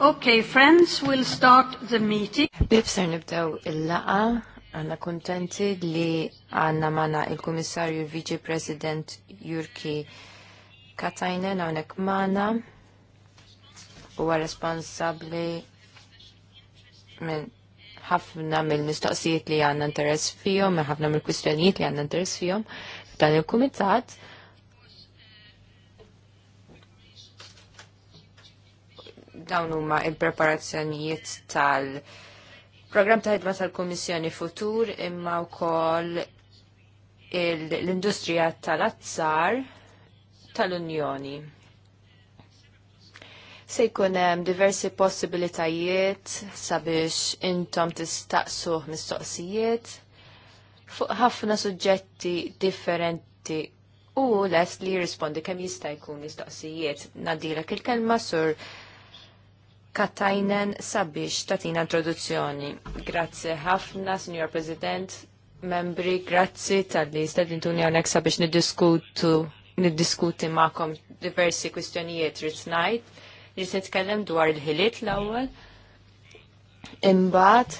Okay, friends, we'll start the meeting. Bibser nibdew il-laqa, għanna kontenti li għanna mana il-Komissarju Vice President Jurki Katajnen għonek mana u responsabli minn ħafna mill-mistoqsijiet li għanna interess fihom, ħafna mill-kwistjonijiet li għanna interess fihom, dan il-Kumitat Dawn huma il-preparazzjonijiet tal- Program ta' ħidma tal kummissjoni Futur imma wkoll l-industrija tal-azzar tal-Unjoni. Se jkun hemm diversi possibilitajiet sabiex intom tistaqsu mistoqsijiet fuq ħafna suġġetti differenti u les li jirrispondi kemm jista' jkun mistoqsijiet. Nadilek il-kelma sur Katajnen sabiex tatina introduzzjoni. Grazzi ħafna, Signor President, membri, grazzi tal-li stedintuni għonek sabiex niddiskutu niddiskuti ma'kom diversi kwistjonijiet rrit ngħid. Rrit nitkellem dwar il-ħiliet l-ewwel. Imbagħad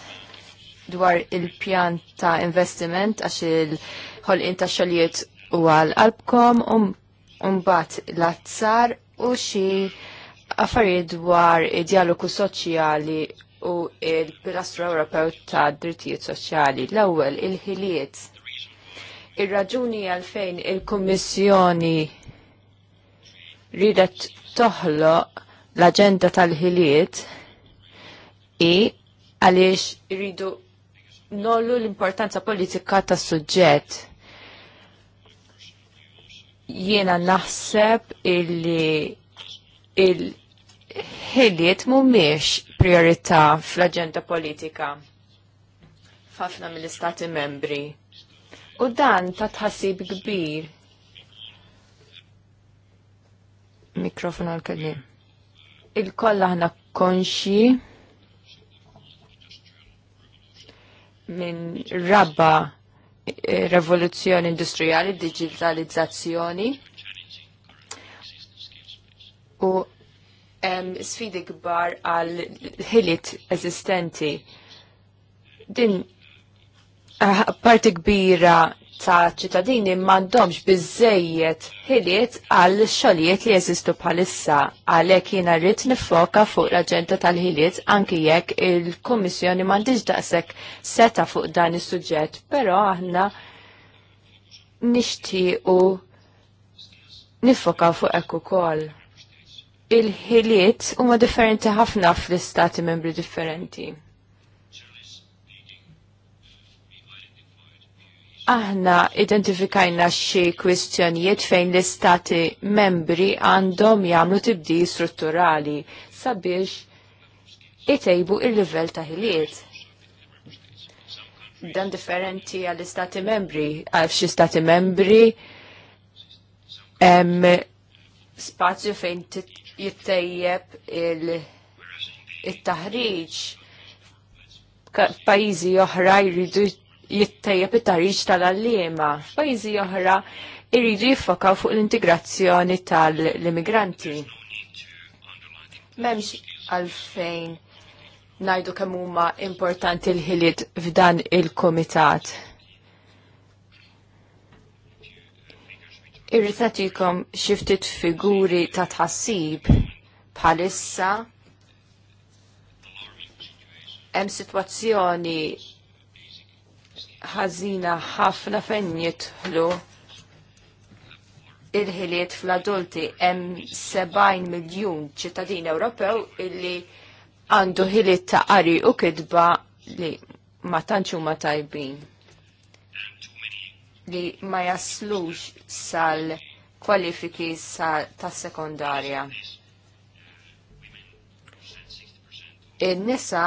dwar il-pjan ta' investiment għax il-ħolqien ta' xogħlijiet u għal qalbkom u um, um, l-azzar u xi affarijiet dwar id-dialogu soċjali u il-pilastru Ewropew ta' drittijiet soċjali. L-ewwel il-ħiliet. Ir-raġuni għalfejn il-Kummissjoni ridet toħloq l-aġenda tal-ħiliet i għaliex iridu nollu l-importanza politika tas suġġett jiena naħseb illi il il-ħiliet mhumiex priorità fl-aġenda politika f'ħafna mill-istati membri. U dan ta' tħassib kbir. Mikrofon għal-kellim. Il-kolla ħna konxi minn rabba eh, rivoluzzjoni industrijali, digitalizzazzjoni u sfidi kbar għal ħilit eżistenti. Din eh, parti kbira ta' ċittadini m'għandhomx biżejjed ħiliet għal xogħlijiet li jeżistu bħalissa għalhekk jiena rrid nifoka fuq l-aġenda tal-ħiliet anki jekk il-Kummissjoni m'għandix daqshekk seta' fuq dan is-suġġett, però aħna nixtiequ nifoka fuq hekk ukoll il-ħiliet huma differenti ħafna fl-istati membri differenti. Aħna identifikajna xi kwistjonijiet fejn l-istati membri għandhom jagħmlu tibdi strutturali sabiex itejbu il-livell ta' ħiliet dan differenti għall-istati membri, għal xi stati membri hemm spazju fejn jittejjeb il-taħriġ pajizi oħra jridu jittejjeb it-taħriġ tal-allima. Pajizi oħra jridu jiffokaw fuq l-integrazzjoni tal-immigranti. Memx għalfejn najdu kemm huma importanti l-ħiliet f'dan il-komitat. Irritatikom xiftit figuri ta' tħassib bħalissa hemm sitwazzjoni ħażina ħafna fejn jidħlu il-ħiliet fl-adulti hemm 70 miljun ċittadin Ewropew illi għandu ħiliet ta' qari u kidba li ma tantx huma tajbin li ma jaslux sal-kwalifiki ta' tas sekondarja. In-nisa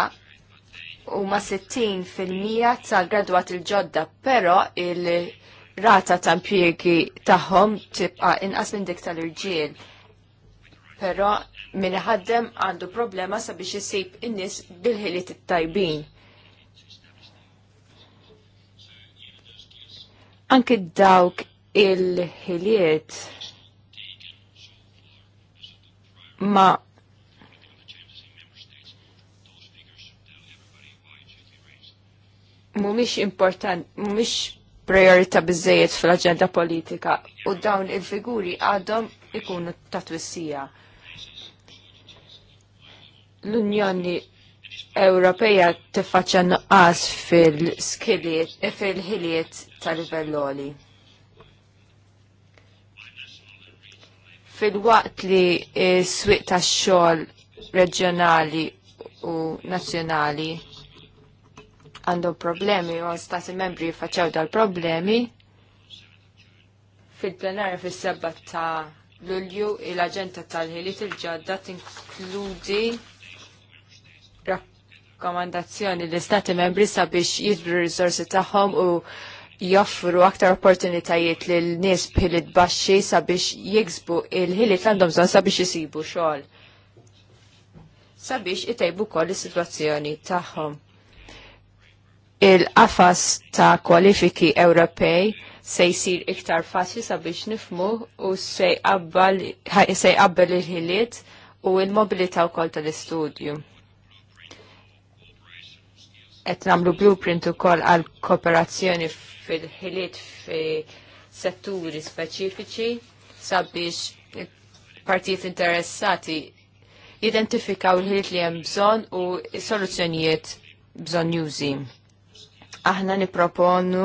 huma 60% fil-mija tal-gradwat il-ġodda, però il-rata ta' impjiegi tagħhom tibqa' inqas minn dik tal-irġiel. Però min ħaddem għandu problema sabiex isib in-nies bil-ħiliet it-tajbin Anki dawk il-ħiliet ma mumiex important, mumiex priorita bizzejiet fil-agenda politika u dawn il-figuri għadhom ikunu ta' twissija. L-Unjoni Ewropeja tiffaċċa nuqqas fil-skiliet, fil-ħiliet tal-livelloli. Fil-waqt li s-swiq tax-xogħol reġjonali u nazzjonali għandhom problemi u stati membri faċċaw dal-problemi, fil plenarja fis-seba ta' Lulju il-Aġenda tal-ħiliet il-ġadda tinkludi rakkomandazzjoni li stati membri sabiex jidru r-risorsi tagħhom u joffru aktar opportunitajiet l nies bħilit baxxi sabiex jiksbu il-ħiliet għandhom bżonn sabiex isibu xogħol. Sabiex itejbu wkoll is-sitwazzjoni tagħhom. Il-qafas ta' kwalifiki Ewropej se jsir iktar faċli sabiex nifmu u se jqabbel il-ħiliet u l-mobilità wkoll tal-istudju qed nagħmlu blueprint ukoll għal kooperazzjoni fil-ħiliet fi setturi speċifiċi sabiex partijiet interessati jidentifikaw il-ħiliet li hemm bżonn u soluzzjonijiet bżonn jużi. Aħna niproponu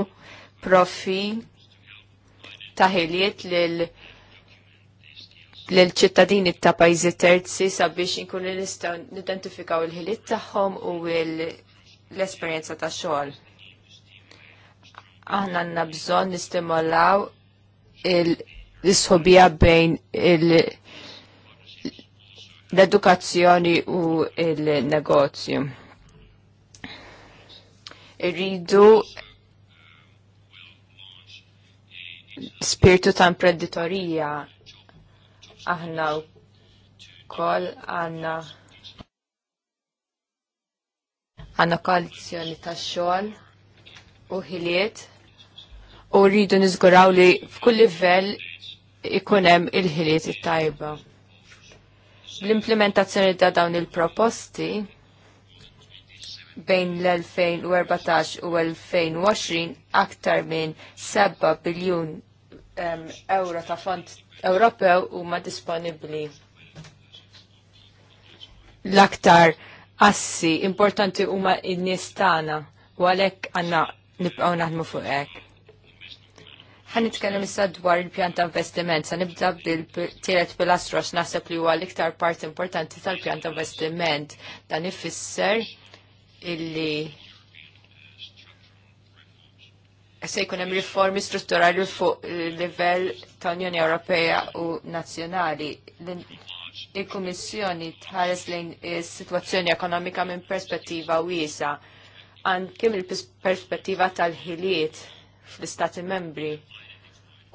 profi ta' ħiliet lil l-ċittadini ta' pajzi terzi sabiex inkunu nistgħu nidentifikaw il-ħiliet tagħhom u l l-esperienza ta' xogħol. Aħna għandna bżonn nistimolaw l-isħobija bejn l-edukazzjoni u l-negozju. Irridu spiritu ta' imprenditorija aħna u kol għanna għanna koalizjoni ta' xogħol u ħiliet u rridu niżguraw li f'kull livell ikun hemm il-ħiliet it-tajba. Bl-implementazzjoni ta' dawn il-proposti bejn l-2014 u 2020 aktar minn 7 biljun euro ta' fond Ewropew huma disponibbli l-aktar assi importanti huma n-nies tagħna u għalhekk għandna nibqgħu naħdmu fuq hekk. Ħan nitkellem issa dwar il-pjan ta' investiment, sa' nibda bil-tielet pilastru għax naħseb li huwa l-iktar part importanti tal-pjan ta' investiment. Dan ifisser illi se jkun hemm riformi strutturali fuq il livell ta' Unjoni Ewropea u nazzjonali il-Kummissjoni tħares lejn is-sitwazzjoni ekonomika minn perspettiva wiesa kemm il perspettiva tal-ħiliet fl-Istati membri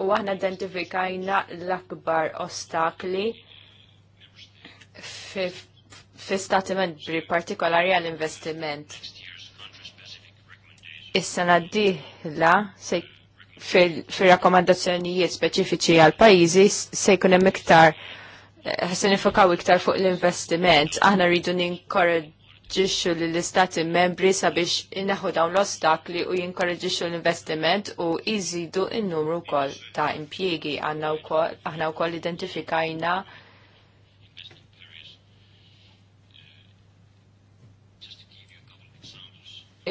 u aħna identifikajna l-akbar ostakli fl-Istati membri partikolari għall-investiment. Is-sena diħla fil-rakkomandazzjonijiet speċifiċi għal pajjiżi se jkun hemm iktar ħasinifikaw iktar fuq l-investiment, aħna rridu ninkoraġixxu lill-istati membri sabiex inneħu dawn l-ostakli u jinkoraġixxu l-investiment u jizidu il numru wkoll ta' impjiegi aħna wkoll identifikajna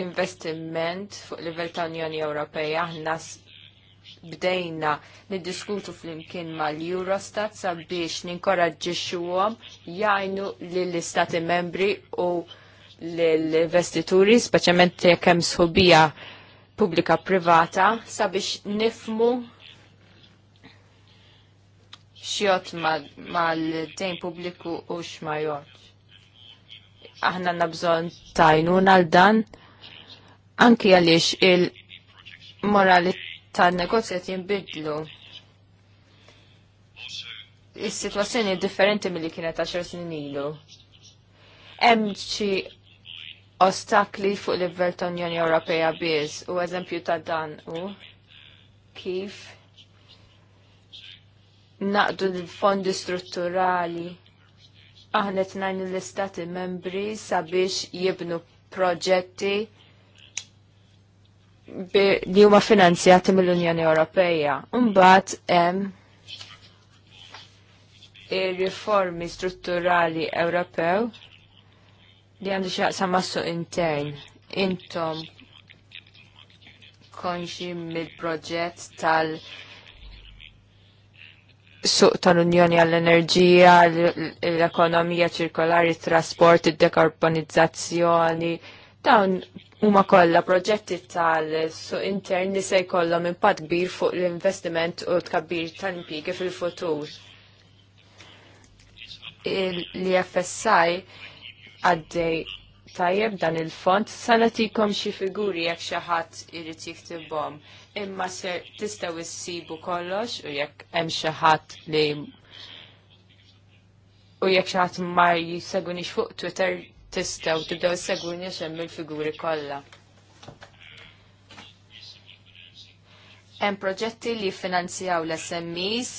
investiment fuq livell ta' Unjoni Ewropea aħna bdejna niddiskutu fl-imkien mal-Eurostat sabiex ninkoraġġixxuhom jgħinu lill-istati membri u l-investituri, speċjalment jekk hemm sħubija pubblika privata, sabiex nifmu xjot mal-dejn pubbliku u xmajot. Aħna nabżon tajnuna għal dan, anki għaliex il moralit tan-negozjat jinbidlu. Is-sitwazzjoni differenti milli kienet 10 snin ilu. Hemm xi ostakli fuq livell ta' Unjoni Ewropea biss u eżempju ta' dan u kif naqdu l-fondi strutturali aħna tnajn l-istati membri sabiex jibnu proġetti li huma finanzjati mill-Unjoni Ewropea. Mbagħad hemm ir-riformi strutturali Ewropew li għandu xaqsam massu intern. Intom konxi mill-proġett tal- suq tal-Unjoni għall-enerġija, l-ekonomija ċirkolari, trasport, id-dekarbonizzazzjoni, dawn huma kollha proġetti tal-suq intern li se jkollhom impatt kbir fuq l-investiment u tkabbir tal-impjiegi fil-futur. L-FSI għaddej tajjeb dan il-font, sanatikom xi figuri jekk xi ħadd irid jiktibhom. Imma ser tistgħu issibu kollox u jekk hemm xi ħadd li u jekk xi ħadd ma jisegwinix fuq Twitter tistaw tibdaw segwini x'emm il-figuri kollha. Hemm proġetti li finanzjaw l-SMEs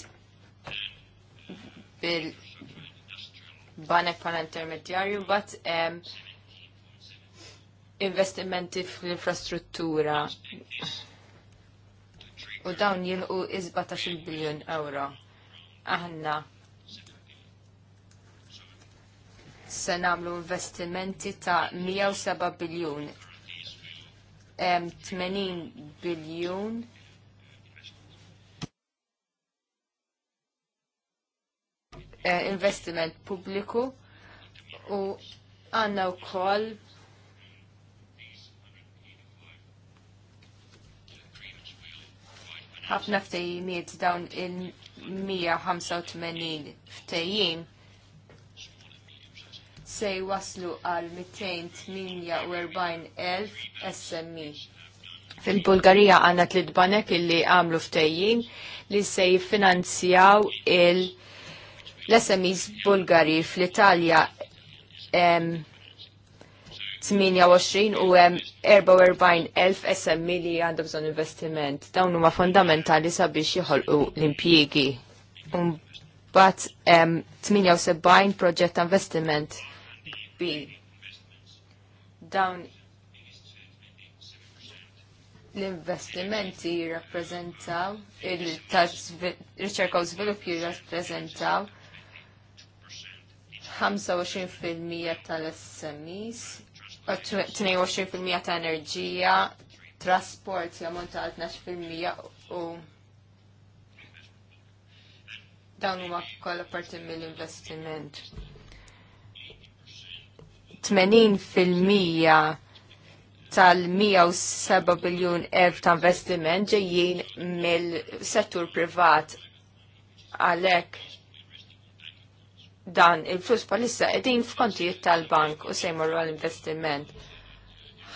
bil-banek bħala intermedjarju, bat hemm investimenti fl-infrastruttura u dawn jilqu izba ta' biljon euro. Aħna se nagħmlu investimenti ta' 107 biljun. 80 biljun e, investiment pubbliku u għanna u koll ħafna ftejimiet dawn il-185 ftejim se jwaslu għal 248.000 SMI. E. Fil-Bulgarija għanna tlit banek illi għamlu ftejjin li se jiffinanzjaw l-SMIs Bulgari fl-Italja 28 u hemm 44,000 SMI li għandhom bżonn investiment. Dawn huma fondamentali sabiex jħolqu l-impjiegi. Mbagħad 78 proġett investiment B. Dawn l-investimenti jirrappreżentaw, il-riċerka u żvilupp jirrappreżentaw 25% tal-SMEs, 22% ta' enerġija, trasport jammonta għal 12% u dawn huma kollha parti mill-investiment. 80% tal-107 biljun ev ta' investiment ġejjin mill-settur privat għalek dan il-flus palissa edin f'kontijiet tal-bank u sejmur għal-investiment.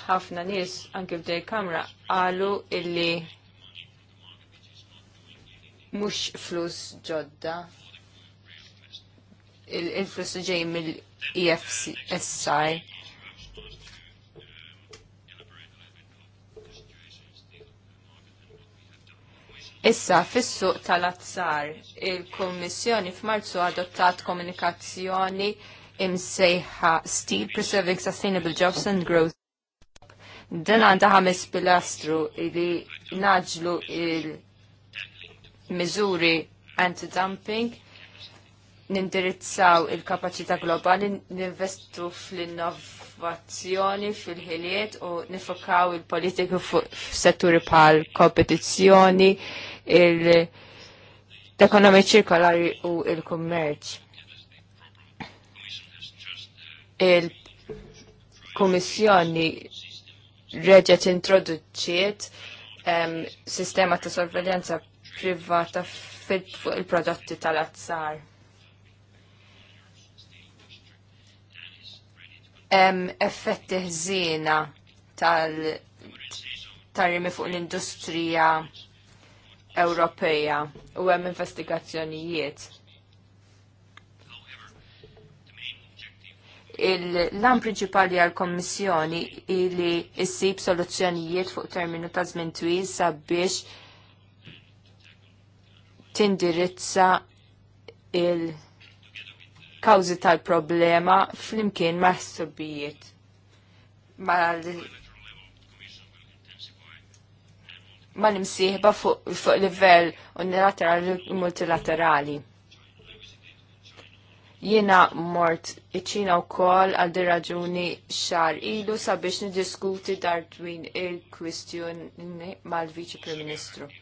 ħafna nies anke f'dej kamra għalu illi mhux flus ġodda il-flus ġej mill-EFSI. Issa, fis-suq tal-azzar, il-Kommissjoni f'Marzu adottat komunikazzjoni imsejħa Steel Preserving Sustainable Jobs and Growth. Dan għandha ħames pilastru li naġlu il-miżuri anti-dumping, nindirizzaw il-kapacità globali, ninvestu fl-innovazzjoni, fil-ħiliet u nifokaw il politiku f-setturi pal kompetizzjoni, l-ekonomi ċirkolari u il-kummerċ. Il-Kummissjoni reġet introduċiet um, sistema ta' sorveljanza privata fil prodotti tal-azzar hemm effetti ħżiena tal-tarrimi fuq l-industrija Ewropeja u hemm investigazzjonijiet. l-lan prinċipali għal-Kommissjoni ili issib soluzzjonijiet fuq terminu ta' żmien twil sabiex tindirizza il- kawzi tal-problema fl-imkien ma' s Ma' ma' fuq fu livell unilaterali u multilaterali. Jiena mort iċina u kol għal di raġuni xar ilu sabiex nidiskuti dartwin il-kwistjoni mal-Viċi Prim Ministru.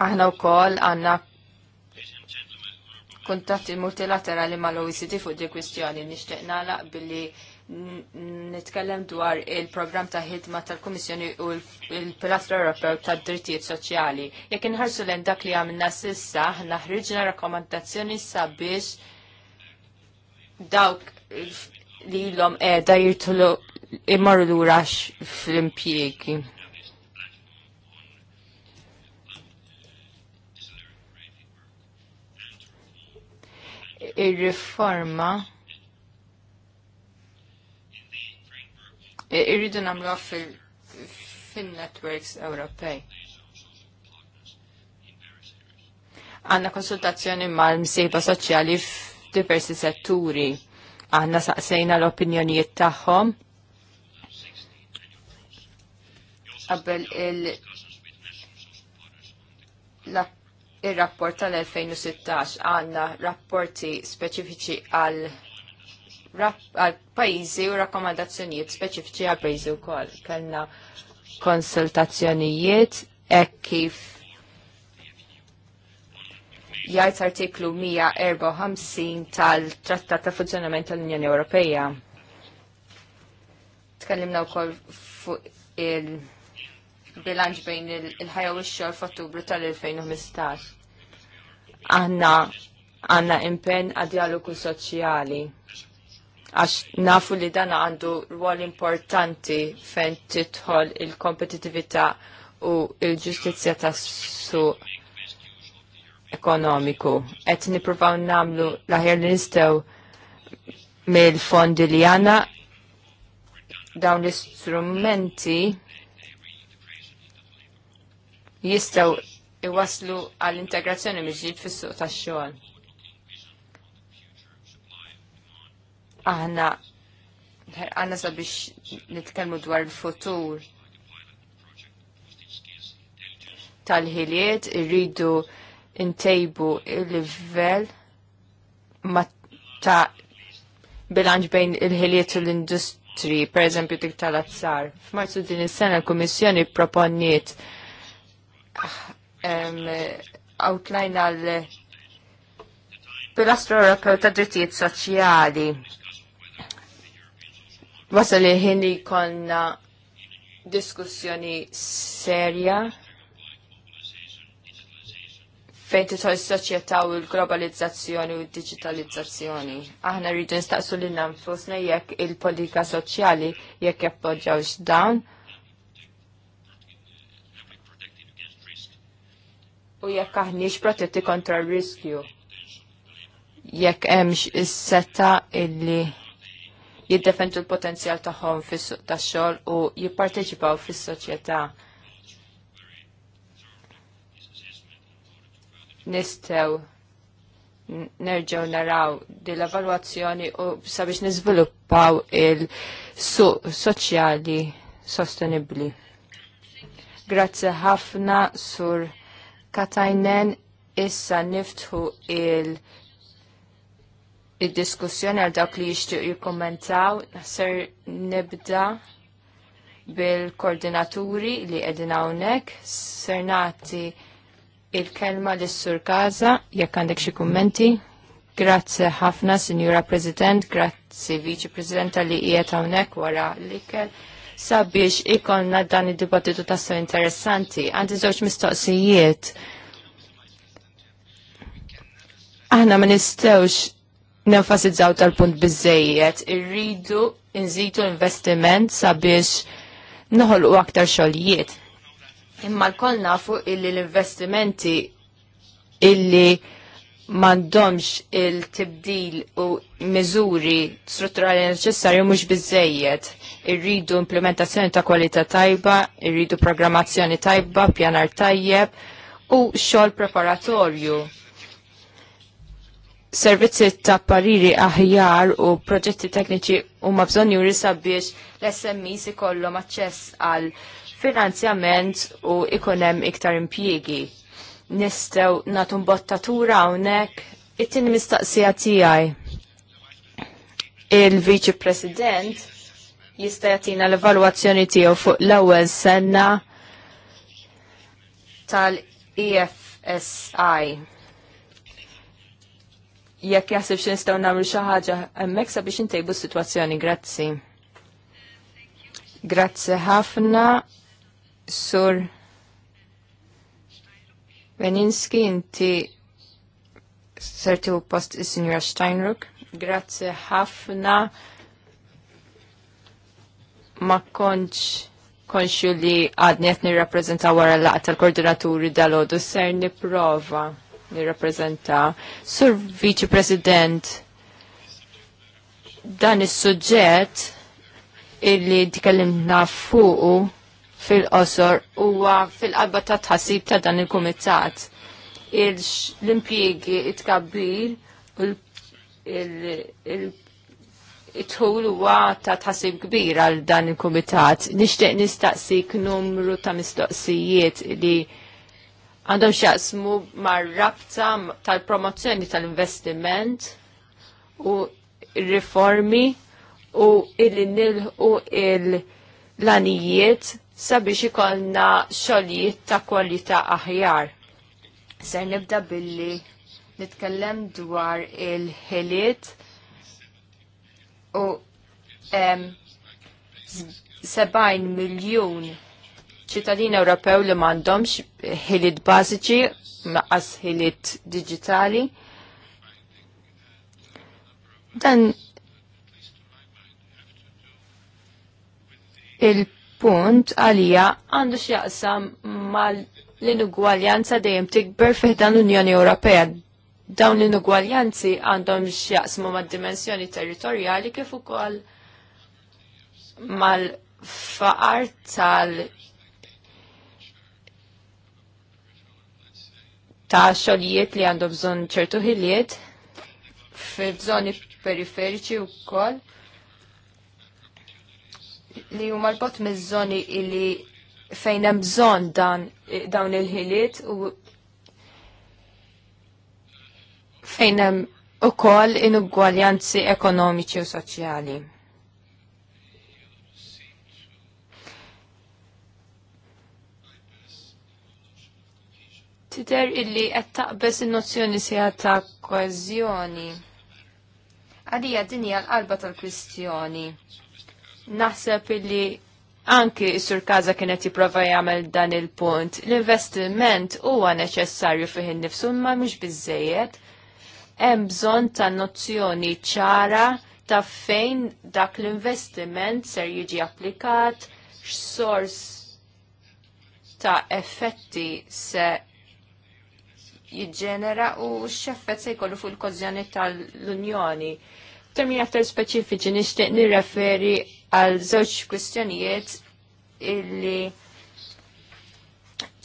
Aħna wkoll għandna kuntatti multilaterali l oecd fuq di kwistjoni nixtieq nagħlaq billi nitkellem dwar il-programm ta' ħidma tal-Kummissjoni u l pilastro Ewropew tad-Drittijiet Soċjali. Jekk inħarsu l dak li għamilna sissa, aħna ħriġna rakkomandazzjoni sabiex dawk li l-om edha jirtulu imorru l-urax fl-impjiegi. il-reforma irridu nagħmluha fil-networks Ewropej. Għanna konsultazzjoni mal-msejba soċjali f'diversi setturi. Għanna saqsejna l-opinjonijiet tagħhom. Qabel il- lapp il-rapport tal-2016 għanna rapporti speċifiċi għal għal pajizi u rakkomandazzjonijiet speċifiċi għal pajizi u kol. Kellna konsultazzjonijiet e kif jgħid artiklu 154 tal-Trattat ta' Funzjonament tal-Unjoni Ewropea. Tkellimna wkoll fuq il- bilanċ bejn il-ħajja u x-xogħol f'Ottubru tal-2015. Aħna għandna impenn għad dialogu soċjali. Għax nafu li dan għandu rwol importanti fejn titħol il-kompetitività u il-ġustizzja tas su ekonomiku. Qed nippruvaw namlu l-aħjar li nistew mill-fondi li għandna dawn l-istrumenti jistaw iwaslu għall-integrazzjoni miġġid fis-suq tax-xogħol. Aħna ħerqana sabiex nitkellmu dwar il-futur tal-ħiliet, irridu ntejbu il-livell ta' bilanċ bejn il-ħiliet u l-industri, per eżempju tiktal tal-azzar. F'Marzu din is-sena l-Kummissjoni proponiet outline għal pilastru Ewropew ta' drittijiet soċjali. Wasal li ħin li konna diskussjoni serja fejn titħol soċjetà u l-globalizzazzjoni u d-digitalizzazzjoni. Aħna rridu nistaqsu lil nfusna jekk il-politika soċjali jekk jappoġġawx dawn u jekk aħniex protetti kontra r-riskju. Jekk hemmx is-seta illi jiddefendu l-potenzjal tagħhom fis tax-xogħol u jipparteċipaw fis-soċjetà. Nistgħu nerġaw naraw din l evalwazzjoni u sabiex niżviluppaw il-suq soċjali sostenibbli. Grazzi ħafna sur Katajnen issa niftħu il- il-diskussjoni għal dawk li jixtieq jikkommentaw, ser nibda bil-koordinaturi li qegħdin hawnhekk, ser nati il-kelma lis sur Gaza jekk għandek xi kummenti. Grazzi ħafna, Signora President, grazie Vice President li qiegħed hawnhekk wara l-ikel sabiex ikonna dan id-dibattitu tassu interessanti. Għandi żewġ mistoqsijiet. Aħna ma nistgħux nenfasizzaw tal-punt bizzejiet. irridu nżitu investiment sabiex u aktar xoljiet. Imma l-koll nafu illi l-investimenti illi mandomx il-tibdil u miżuri strutturali neċessarju mhux bizzejiet. Irridu implementazzjoni ta' kwalità tajba, irridu programmazzjoni tajba, pjanar tajjeb u xogħol preparatorju. Servizzi ta' pariri aħjar u proġetti tekniċi huma bżonn juri sabiex l-SMEs ikollhom aċċess għal finanzjament u ikun hemm iktar impjiegi nistaw natum bottatura għonek, it mistaqsija tijaj. Il-Viċi President jista' l-evalwazzjoni tiegħu fuq l-ewwel senna tal-EFSI. Jekk jasib xi nistgħu nagħmlu xi ħaġa hemmhekk sabiex intejbu s-sitwazzjoni, grazzi. Grazzi ħafna sur Veninski, inti sertu post il-Sinjora Steinruck. Grazie ħafna. Ma konċ konxu li għadni għet nirrapprezenta wara laqat tal-koordinaturi dal-ħodu ser niprofa nirrapprezenta. Sur Vice President, dan is il suġġett illi tkellimna fuqu fil-qosor huwa fil-qalba ta' tħassib ta' dan il-kumitat. L-impjiegi it-kabbir it-tħul huwa ta' tħassib kbir għal dan il-kumitat. Nixtieq nistaqsik numru ta' mistoqsijiet li għandhom xaqsmu mar-rabta tal-promozzjoni tal-investiment u riformi u il u il-lanijiet sabiex ikollna xogħlijiet ta' kwalità aħjar. Ser nibda billi nitkellem dwar il-ħiliet u 70 miljun ċittadini Ewropew li m'għandhomx ħiliet bażiċi maqas ħiliet diġitali. Dan il punt għalija għandu x'jaqsam mal l-inugwaljanza dejjem tikber fih dan l-Unjoni Ewropea. Dawn l-inugwaljanzi għandhom x'jaqsmu mad-dimensjoni territorjali kif ukoll mal-faqar tal- ta' xogħlijiet li għandhom bżonn ċertu ħiliet fi żoni periferiċi wkoll li huma l-bot miż-żoni li fejn hemm bżonn dan dawn il-ħiliet u fejn hemm ukoll inugwaljanzi ekonomiċi u soċjali. Tider illi qed taqbes in-nozzjoni sija ta' kważjoni. Għadija din hija l-qalba tal-kwistjoni. Naħseb illi anki s-sur kaza kienet jiprofa jagħmel dan il-punt. L-investiment huwa neċessarju fih innifsu imma mhux biżejjed. Hemm bżonn ta' nozzjoni ċara ta' fejn dak l-investiment ser jiġi applikat, x'sors ta' effetti se jiġġenera u x'effett se jkollu fuq il kożjoni tal-Unjoni. Terminator aktar speċifiċi nixtieq nirreferi għal żewġ kwistjonijiet illi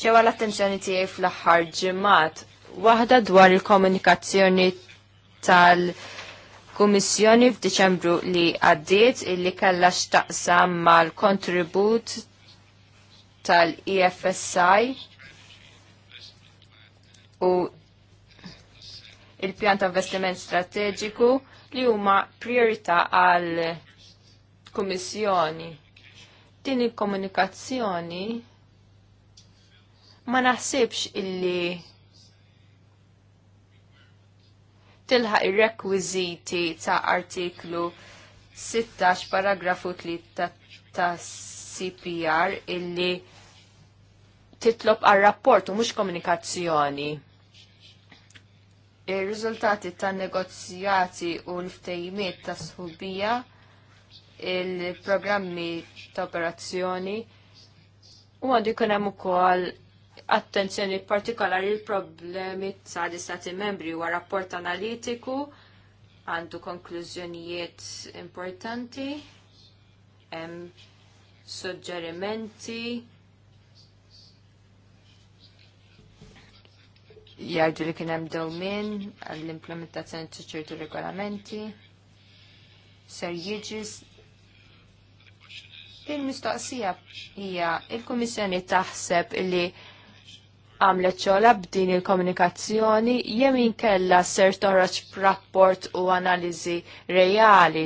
ċewa l-attenzjoni tiegħi fl-aħħar ġimgħat. Waħda dwar il-komunikazzjoni tal-Kummissjoni f'Diċembru li għaddiet illi kellha x'taqsam mal-kontribut tal-EFSI u il-pjan ta' investiment strateġiku li huma priorità għal kummissjoni. Din il-komunikazzjoni ma naħsibx illi tilħaq ir-rekwiżiti ta' artiklu 16 paragrafu 3 ta', CPR illi titlob għal rapport u mhux komunikazzjoni. Ir-riżultati tan negozjati u l-ftejmiet ta' sħubija il-programmi ta' operazzjoni u għandu jkun hemm ukoll attenzjoni partikolari l-problemi ta' l-istati membri u rapport analitiku għandu konklużjonijiet importanti, hemm suġġerimenti, jgħidu li kien hemm dewmien għall-implementazzjoni ta' ċertu regolamenti, ser jiġis fil mistoqsija hija il-Kummissjoni taħseb li għamlet ċola b'din il-komunikazzjoni jew inkella ser toħroġ rapport u analiżi reali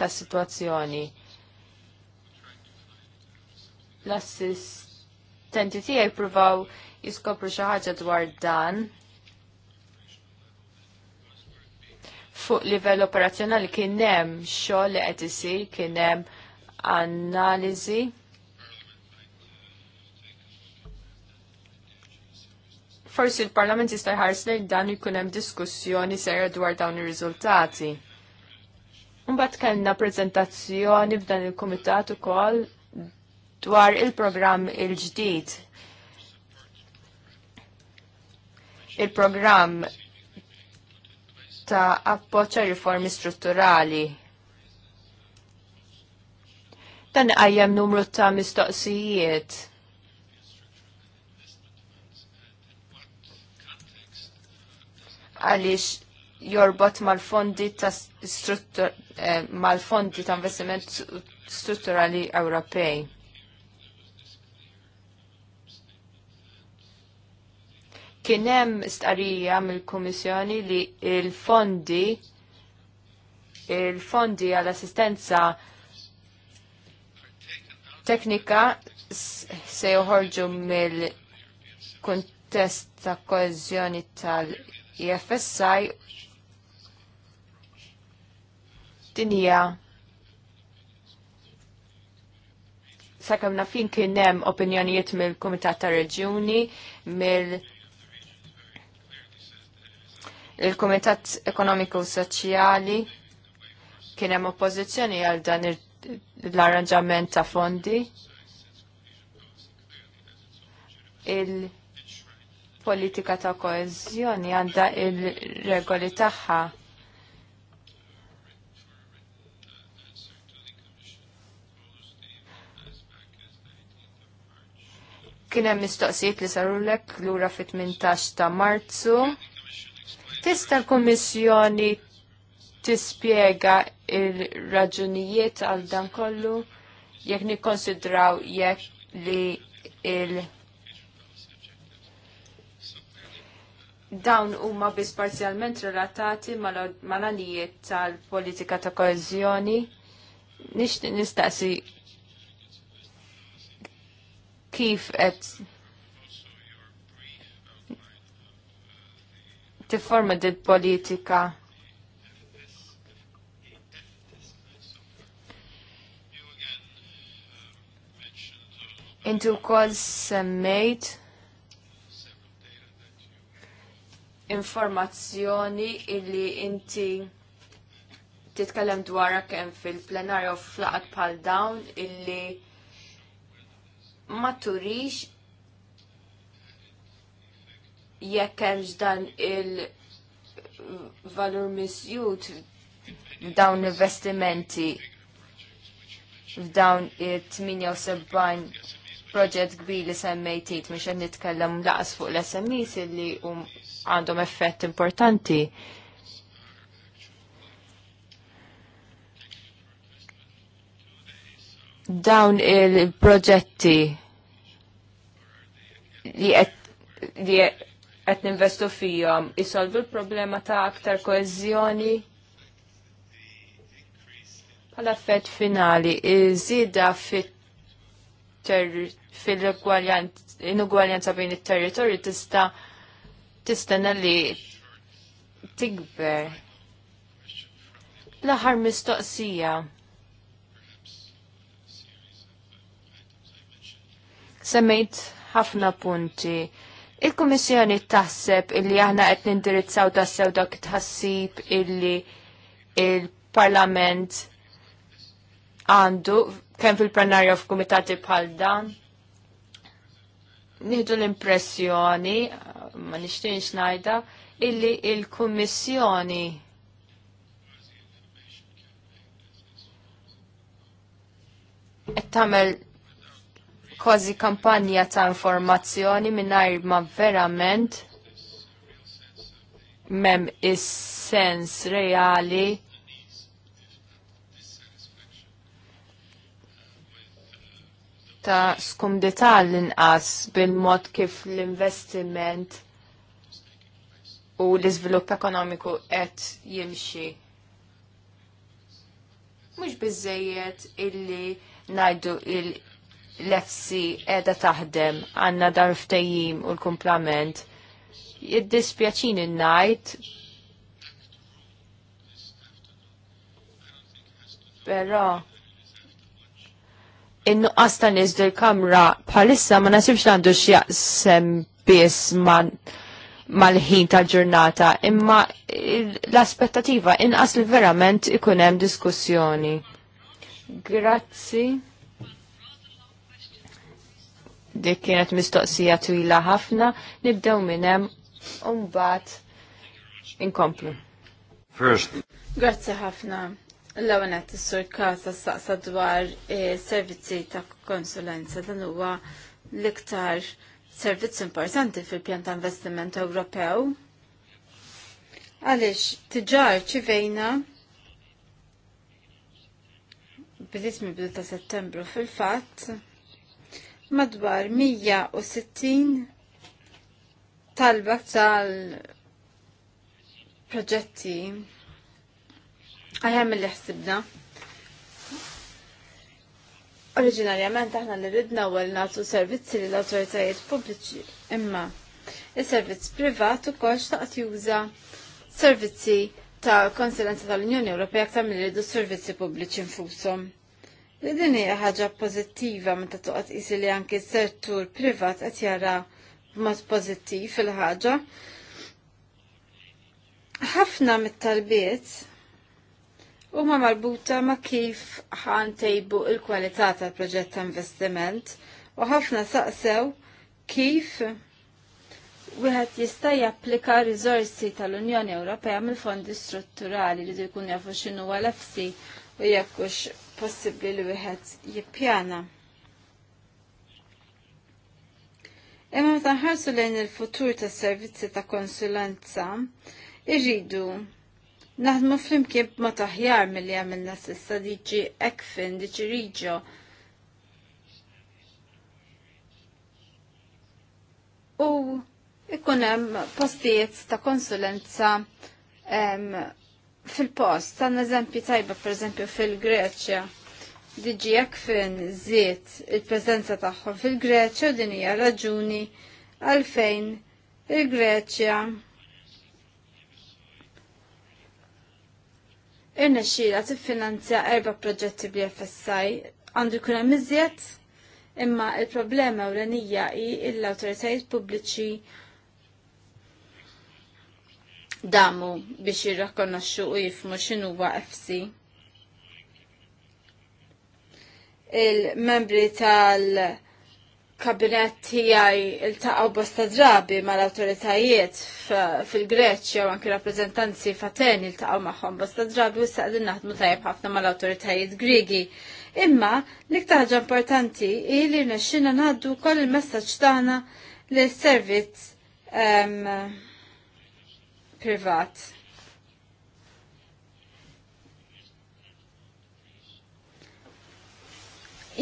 tas situazzjoni. L-assistenti tiegħi pruvaw jiskopru xi ħaġa dwar dan fuq livell operazzjonali kien hemm xogħol li qed isir kien hemm analizi Forsi l-Parlament jista' jħares lejn dan ikun hemm diskussjoni serja dwar dawn ir-riżultati. Mbagħad kellna preżentazzjoni f'dan il-kumitat ukoll dwar il-programm il-ġdid. Il-programm ta' appoċċa riformi strutturali Dan għajjem numru ta' mistoqsijiet. Għaliex jorbot mal-fondi ta' eh, mal-fondi ta' investiment strutturali Ewropej. Kienem starija mill-Komissjoni li il-fondi il-fondi għall-assistenza il fondi il fondi għal assistenza teknika se joħorġu mill-kuntest ta' kozjoni tal-IFSI dinja sakemm nafin kien hemm opinjonijiet mill-Kumitat ta' Reġjuni, mill- il-Kumitat Ekonomiku Soċjali kien hemm oppożizzjoni għal dan il- l-arranġament ta' fondi, il-politika ta' koezjoni għandha il-regoli tagħha. Kien hemm mistoqsijiet li sarulek lura fit-18 ta' Marzu. Tista' l-Kummissjoni tispjega il-raġunijiet għal dan kollu jekk nikkonsidraw jekk li il- dawn huma biss parzjalment relatati mal-għanijiet tal-politika ta' koezjoni. Nixtieq nistaqsi kif qed tifforma dil-politika Intu wkoll semmejt informazzjoni illi inti titkellem dwarha kemm fil-plenarju flaqat bħal dawn illi ma turix jekk hemmx dan il-valur misjut f'dawn l-investimenti f'dawn it-78 proġett kbir li semmejtit, miex qed nitkellem laqas fuq l-SMEs li għandhom effett importanti. Dawn il-proġetti li qed ninvestu fihom isolvu l-problema ta' aktar koeżjoni bħala effett finali, iżida fit fil-inugwaljanza bejn it-territorju tista' tistenna li tikber. L-aħħar mistoqsija. Semmejt ħafna punti. Il-Kummissjoni taħseb illi aħna qed nindirizzaw tassew dak it illi il-Parlament għandu kemm fil-plenarja f'kumitati bħal dan. Nieħdu l-impressjoni, ma nixtiex ngħidha, illi il-Kummissjoni qed tagħmel kważi kampanja ta' informazzjoni mingħajr ma verament mem is-sens reali ta' skumdità l-inqas bil-mod kif l-investiment u l-iżvilupp ekonomiku qed jimxi. Mhux biżejjed illi ngħidu il l-FC qiegħda taħdem għandna dar ftejjim u l-kumplament. id in ngħid però in-nuqqas ta' nies kamra bħalissa ma nasibx għandu x'jaqsem biss mal-ħin tal-ġurnata, imma l-aspettativa inqas li verament ikun hemm diskussjoni. Grazzi. Dik kienet mistoqsija twila ħafna, nibdew minn hemm u mbagħad inkomplu. First. Grazzi ħafna. L-għanet s-sur kasa s-saqsa dwar eh, servizzi ta' konsulenza dan huwa l-iktar servizz importanti fil-pjan ta' investiment Ewropew. Għalix, tiġar ċivejna bdiet mibdu ta' settembru fil-fat madwar 160 talba tal-proġetti għajem mill-li ħsibna. Oriġinarjament aħna li ridna u nagħtu servizzi lill awtoritajiet pubbliċi imma is-servizz privat ukoll xtaqt juża servizzi ta' konsulenza tal-Unjoni Ewropea aktar mill ridu servizzi pubbliċi nfushom. Li din hija ħaġa pożittiva meta toqgħod qisi li anke s-settur privat qed jara b'mod pożittiv fil-ħaġa. Ħafna mit-talbiet ma marbuta ma' kif ħan tejbu il-kwalità tal-proġett ta' investiment u ħafna saqsew kif wieħed jista' japplika riżorsi tal-Unjoni Ewropea mill-fondi strutturali li jkun jafu x'inhu għal-efsi u jekk hux possibbli li wieħed jippjana. Imma meta nħarsu lejn il-futur tas-servizzi ta' konsulenza, irridu Naħdmu flimkien ma taħjar mill-li għamilna sissa diġi ekfin, diġi riġo. U ikun hemm postijiet ta' konsulenza fil-post, tan eżempju tajba per eżempju fil-Greċja. Diġi ekfin ziet il-prezenza tagħhom fil-Greċja u din hija raġuni għalfejn il-Greċja. il greċja t tiffinanzja erba' proġetti bli FSI għandu jkun hemm iżjed imma il-problema ewlenija hi l-awtoritajiet pubbliċi damu biex jirrakonnaxxu u jifmu x'inhuwa FC. Il-membri tal- kabinet tijaj il-taqaw bosta drabi ma l-autoritajiet fil-Greċja u anki rappresentanzi faten il-taqaw maħħom bosta drabi u saqdin naħdmu tajab ħafna ma l-autoritajiet Grigi. Imma l-iktar importanti i li nexxina naħdu kol il-messaċ tagħna li servizz ehm, privat.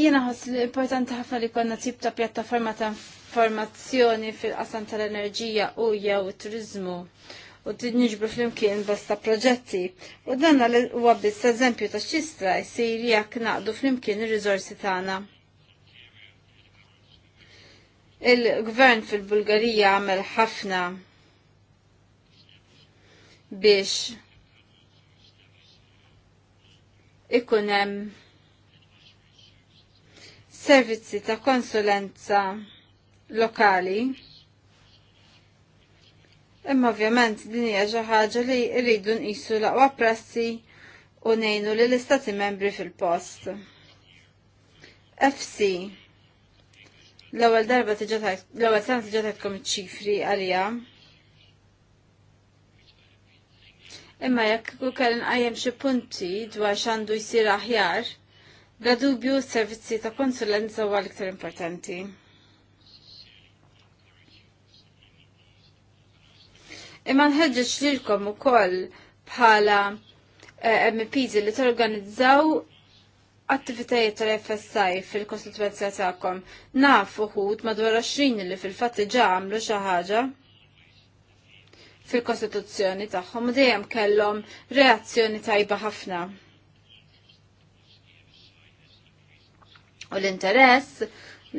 Jiena għas li importanti ħafna li konna tip ta' pjattaforma ta' informazzjoni fil-qasam tal-enerġija u jew turizmu u t-nġbru fl-imkien basta proġetti. U danna li huwa biss eżempju ta' xistra jsir jekk naqdu fl-imkien ir-riżorsi tagħna. Il-gvern fil-Bulgarija għamel ħafna biex ikun hemm servizzi ta' konsulenza lokali. Imma ovvjament din hija xi ħaġa li rridu nqisu laqwa prezzi u ngħinu lill istati membri fil-post. FC l-ewwel darba l-ewwel sena tiġa tgħidkom iċ-ċifri għalija. Imma jekk kelli nqajjem xi punti dwar x'għandu jsir aħjar, Bla dubju s-servizzi ta' konsulenza huwa l-iktar importanti. Imma nħeġġeġ lilkom ukoll bħala eh, MPs li torganizzaw attivitajiet tal-FSI fil-kostituenzja tagħkom. Naf uħud madwar 20 li fil-fatt diġà għamlu xi ħaġa fil-kostituzzjoni tagħhom u dejjem kellhom reazzjoni tajba ħafna. U l-interess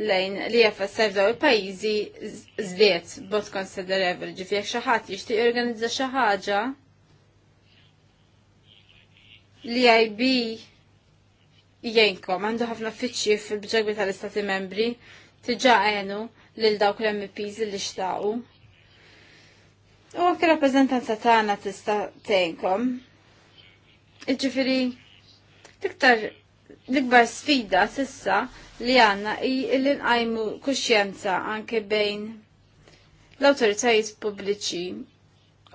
lejn li jaffassar daw il-pajizi zviet, bot konsiderevoli ġifjek xaħat jishtiq jorganizza xaħġa li IB jenkom għandu ħafna fitxi fil-bġegbi tal-istati membri tiġa għenu lil dawk l-MPs li xtaqu. U għak rappresentanza tagħna tista' tgħinkom. Iġifiri, tiktar l-ikbar sfida sissa li għanna li nqajmu kuxjenza anke bejn l-autoritajiet pubbliċi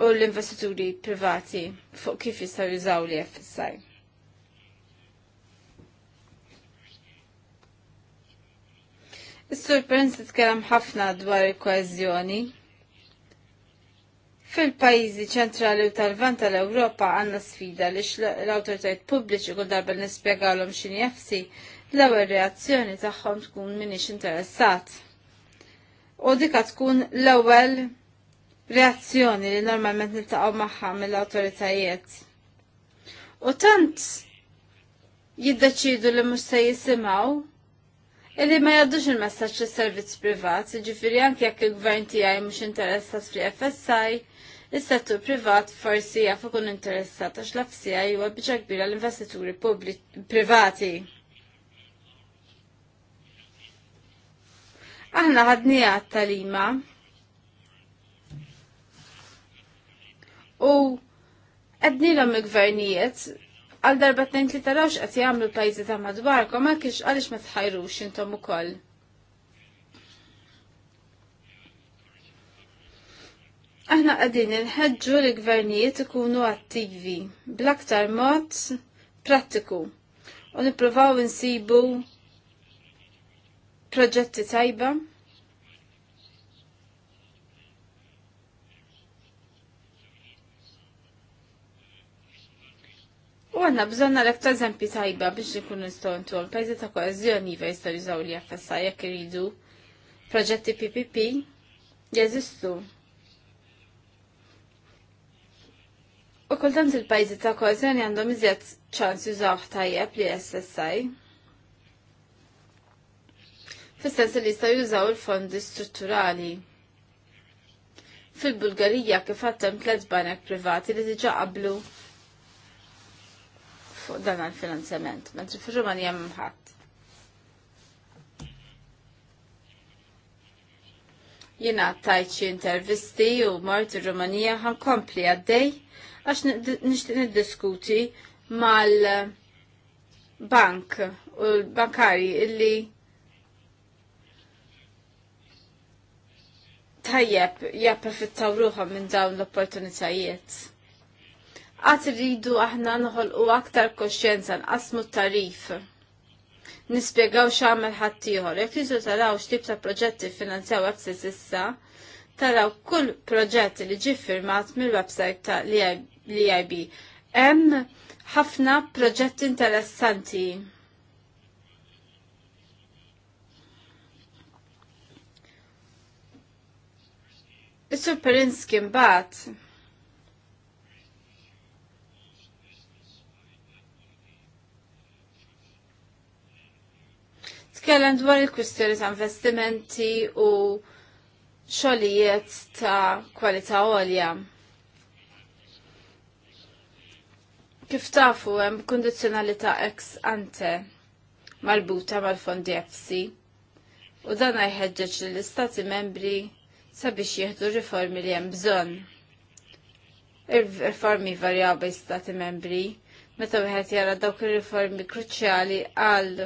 u l-investituri privati fuq kif jistaw jużaw li FSI. Is-surprenz titkellem ħafna dwar il-koezjoni Fil-pajizi ċentrali u tal-vant tal-Ewropa għanna sfida li l-autoritajt pubbliċi kull darba nispjegawlhom x'inhi jefsi l-ewwel reazzjoni tagħhom tkun minix interessat. U dika tkun l-ewwel reazzjoni li normalment niltaqgħu magħha mill-awtoritajiet. U tant jiddeċidu li mhux se jisimgħu Illi ma jgħaddux il-messaċ li servizz privat, ġifiri anke jekk il-gvern tijaj mux interessat fri FSI, Is-settur privat forsi jaf ikun interessat għax l-afsija huwa biċa kbira l-investituri privati. Aħna ħadnija talima u għednilom il-gvernijiet għal darba t-nejn li tarawx għat jgħamlu pajzi ta' madwarkom, għal kiex għalix ma tħajrux intom u koll. Aħna għadin nħedġu li gvernijiet ikunu attivi bl-aktar mod prattiku u nippruvaw insibu proġetti tajba. U għanna bżonna l-ektar eżempi tajba biex nkunu nistontu għal pajzi ta' koezjoni jiva jistaw jużaw li jaffessa jekk iridu proġetti PPP jeżistu kultant il-pajzi ta' kozjoni għandhom iżjed ċans jużaw tajjeb li SSI. Fis-sens li jistaw jużaw il-fondi strutturali. Fil-Bulgarija kif għattem tliet banek privati li diġa' qablu fuq dan għal-finanzjament, mentri fir-Rumanija mħat. Jena tajċi intervisti u mort il għan kompli għaddej għax nixtieq niddiskuti mal-bank u l-bankari illi tajjeb japprofittaw ruħhom minn dawn l-opportunitajiet. Għat rridu aħna noħolqu aktar koxjenza nqasmu tarif nispiegaw xamel ħattijħor. Jek tiżu taraw xtib ta' proġetti finanzjaw Access sissa, taraw kull proġett li ġi firmat mill-website ta' li li jajbi. Hemm ħafna proġetti interessanti. Is-Sur Perinski mbagħad Tkellem dwar il-kwistjoni ta' investimenti u xogħlijiet ta' kwalità għolja. Kif tafu hemm kundizzjonalità ex ante marbuta mal-fondi EFSI u dan jħeġġeġ l-istati membri sabiex jieħdu riformi li hemm bżonn. Il-riformi varjaw bej stati membri meta wieħed jara dawk ir-riformi kruċjali għal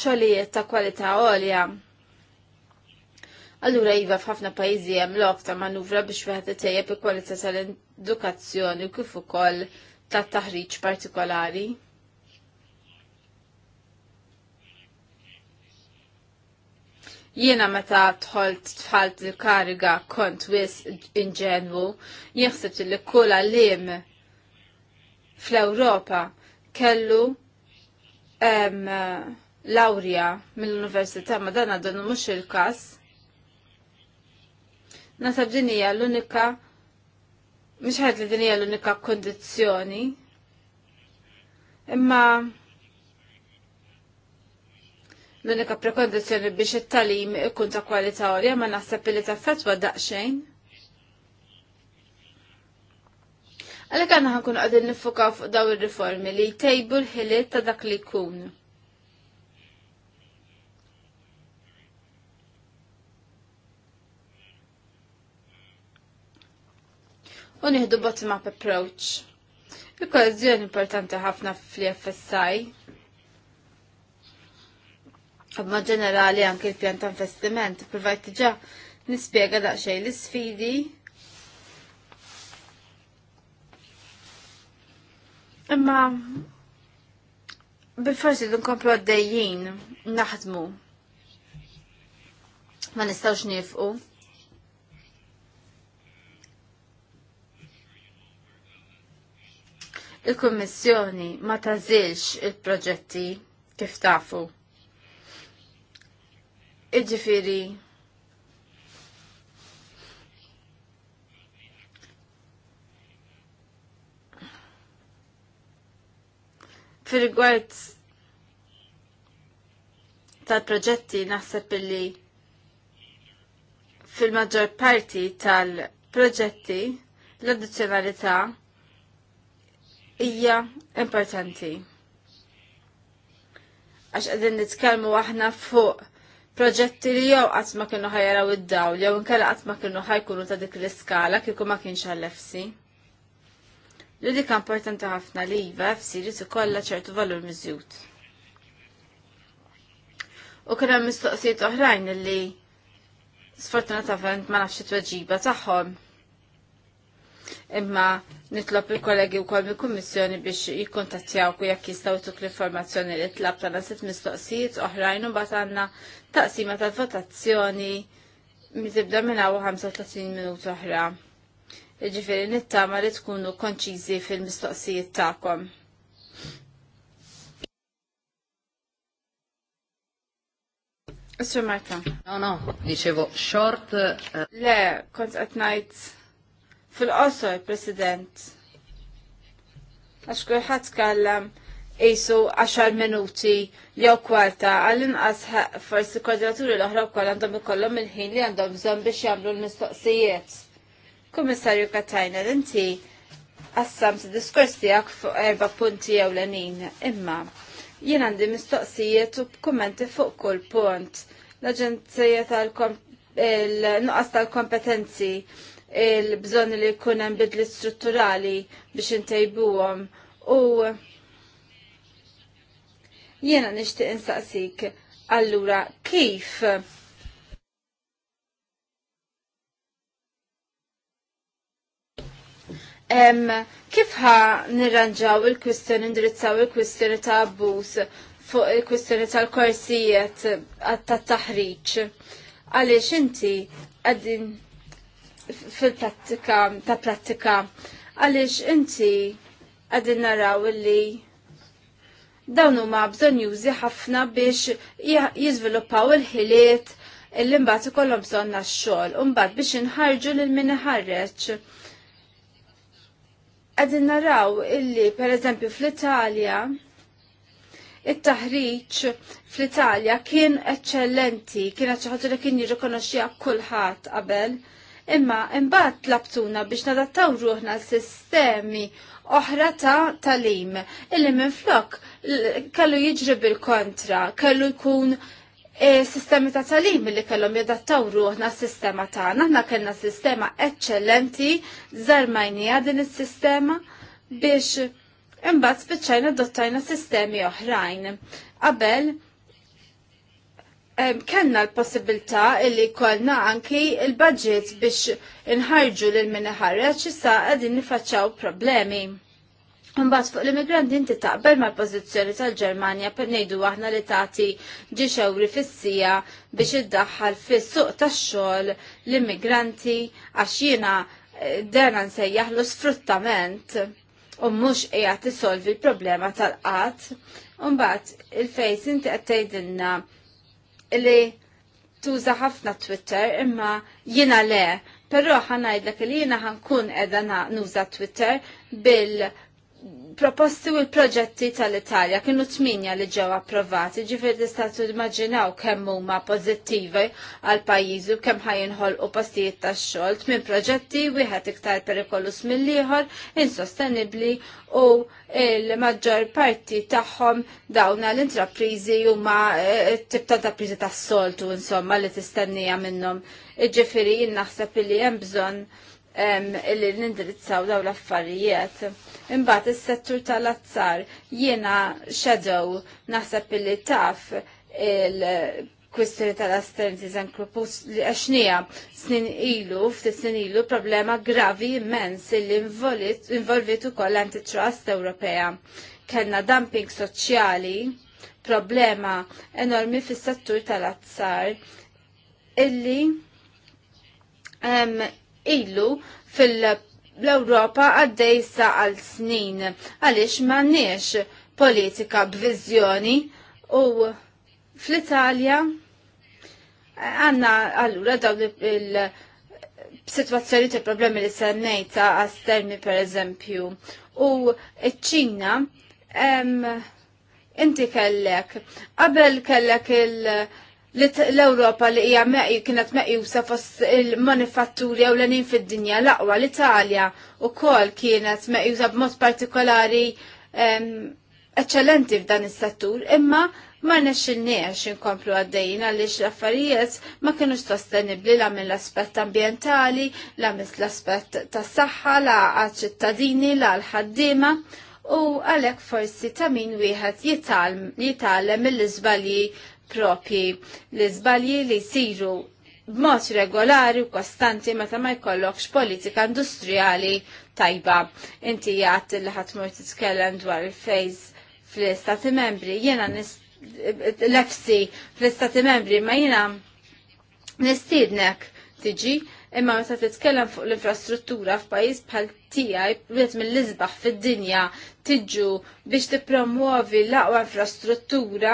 xogħlijiet ta' kwalità għolja Allura iva f'ħafna pajizi jem lof ta' manuvra biex wieħed itejjeb il-kwalità tal-edukazzjoni u kif ukoll tat-taħriġ partikolari. jiena meta tħolt tħalt il-kariga kont wis inġenwu, jieħseb li kull għalim fl-Ewropa kellu um, lawrja mill-Università ma dan għadu mhux il-każ. Nasab din hija l-unika mhix ħadd li din hija l-unika kondizzjoni. Imma l-unika prekondizzjoni biex it-talim ikun ta' kwalità għorja, ma naħseb li ta' fetwa daqsxejn. Għalhekk għanna ħankun għadin nifuka fuq daw ir-riformi li jtejbu l-ħiliet ta' dak li jkun. u nieħdu bottom-up approach. Il-koezjoni importanti ħafna fl-FSI. Ma ġenerali anke il-pjan ta' investiment, provajt ġa nispjega daqsxejn l-isfidi. Imma bil-forsi d-nkomplu għaddejjien naħdmu ma nistawx nifqu. il-Kummissjoni ma tażilx il-proġetti kif tafu. Iġifiri, fil-rigward tal-proġetti naħseb li fil-maġġor parti tal-proġetti l-addizzjonalità hija importanti. Għax qegħdin nitkellmu aħna fuq proġetti li jew qatt ma kienu ħajaraw id-dawl jew nkella qatt ma kienu ħajkunu ta' dik l-iskala kieku ma kienx għal efsi L-udika importanti ħafna li iva efsi li tikollha ċertu valur miżjud. U kien hemm mistoqsijiet oħrajn li sfortunatament ma nafx it-tweġiba tagħhom imma nitlob il-kollegi wkoll mill-Kummissjoni biex jikkuntattjawk ku jekk jistgħu tuk l-informazzjoni li tlab tana sitt mistoqsijiet oħrajn u bat għanna taqsima tal-votazzjoni mi tibda minn hawn 35 minut oħra. Jiġifieri nittama li tkunu konċiżi fil-mistoqsijiet tagħkom. Sir Marta. No, no, dicevo, short... Uh... Le, kont at night Fil-qosor, President, għax kulħadd tkellem jisu 10 minuti jew kwarta għall-inqas forsi koordinaturi l-oħra wkoll għandhom ikollhom il-ħin li għandhom bżonn biex jagħmlu l-mistoqsijiet. Kummissarju Katajna, inti qassam diskors tiegħek fuq erba' punti ewlenin, imma jien għandi mistoqsijiet u kummenti fuq kull punt. L-Aġenzija tal-Nuqqas tal-Kompetenzi il bżon li jkun hemm bidli strutturali biex intejbuhom u jiena nixtieq insaqsik allura kif Um, kif ħa nirranġaw il-kwistjoni, indirizzaw il-kwistjoni ta' abbuż fuq il-kwistjoni tal-korsijiet tat-taħriġ? Għaliex inti għaddin fil-prattika ta' prattika għaliex inti għadin naraw li dawn huma juzi ħafna biex jiżviluppaw il-ħiliet illi mbagħad ikollhom bżonn għax-xogħol u mbagħad biex inħarġu lil min iħarreġ. Qegħdin naraw illi pereżempju fl-Italja it-taħriġ fl-Italja kien eċċellenti, kien ħaġa li kien jirrikonoxxiha kulħadd qabel imma imbagħad tlabtuna biex nadattaw ruħna l-sistemi oħra ta' talim illi minflok kellu jiġri bil-kontra, kellu jkun E, sistemi ta' talim li kellhom jadattaw ruħna s-sistema tagħna. Aħna kellna sistema eċċellenti, żarmajnija din is-sistema biex imbagħad spiċċajna dottajna sistemi oħrajn. Qabel kellna l-possibilità li kollna anki il-budget biex inħarġu lil min iħarreġ issa qegħdin nifaċċaw problemi. Mbagħad fuq l-immigranti inti taqbel mal-pożizzjoni tal-Ġermanja per ngħidu aħna li tagħti ġiex ewri biex iddaħħal fis-suq tax-xogħol l-immigranti għax jiena eh, dena nsejjaħ l-sfruttament u mhux qiegħed tisolvi l-problema tal-qatt. Mbagħad il-fejs inti qed tgħidilna li tuża ħafna Twitter imma jina le. Però ħanajdlek li jina ħankun edha nuża Twitter bil- proposti u l-proġetti tal-Italja kienu tminja li ġew approvati, ġifir tistatu immaġinaw kemm huma pożittivi għal pajjiżi u kemm ħajinħol u postijiet tax-xogħol minn proġetti wieħed iktar perikolus mill-ieħor, insostenibbli u l-maġġor parti tagħhom dawna l-intrapriżi huma eh, tip ta' intrapriżi tas-soltu insomma li tistennija minnhom. Ġifieri naħseb li hemm bżonn illi nindirizzaw daw l-affarijiet. Imbagħad is-settur tal-azzar jiena shadow naħseb illi taf il-kwistjoni tal zan kropus li għaxnija snin ilu, ftit snin ilu, problema gravi immens illi involvit ukoll antitrust Ewropea. Kellna dumping soċjali, problema enormi fis-settur tal-azzar illi ilu fil-Europa għaddej għal snin għaliex m'għandniex politika b'viżjoni u fl-Italja għanna allura dawn il- situazzjoni ta' problemi li semmejta għastermi per eżempju. U ċina inti kellek, qabel kellek il- l-Europa li hija meqi kienet meqjusa fost il-manifatturi ewlenin fid-dinja l-aqwa l-Italja u kol kienet meqjusa b'mod partikolari eccellenti f'dan is-settur, imma ma nexxilniex inkomplu għaddejjin għaliex l-affarijiet ma kienux sostenibbli la l aspett ambientali, la mis l-aspett tas-saħħa, la għal-ċittadini, la l-ħaddiema u għalhekk forsi ta' min wieħed jitgħallem mill-iżbalji propi li zbalji li jsiru b'mod regolari u kostanti meta ma jkollokx politika industrijali tajba. Inti jgħat li ħatmur titkellem dwar il-fejz fl-istati membri, jena l-efsi fl-istati membri ma jena nistidnek tiġi imma meta titkellem fuq l-infrastruttura f'pajjiż bħal tiegħi wieħed mill-isbaħ fid-dinja tiġu biex tippromuovi l-aqwa infrastruttura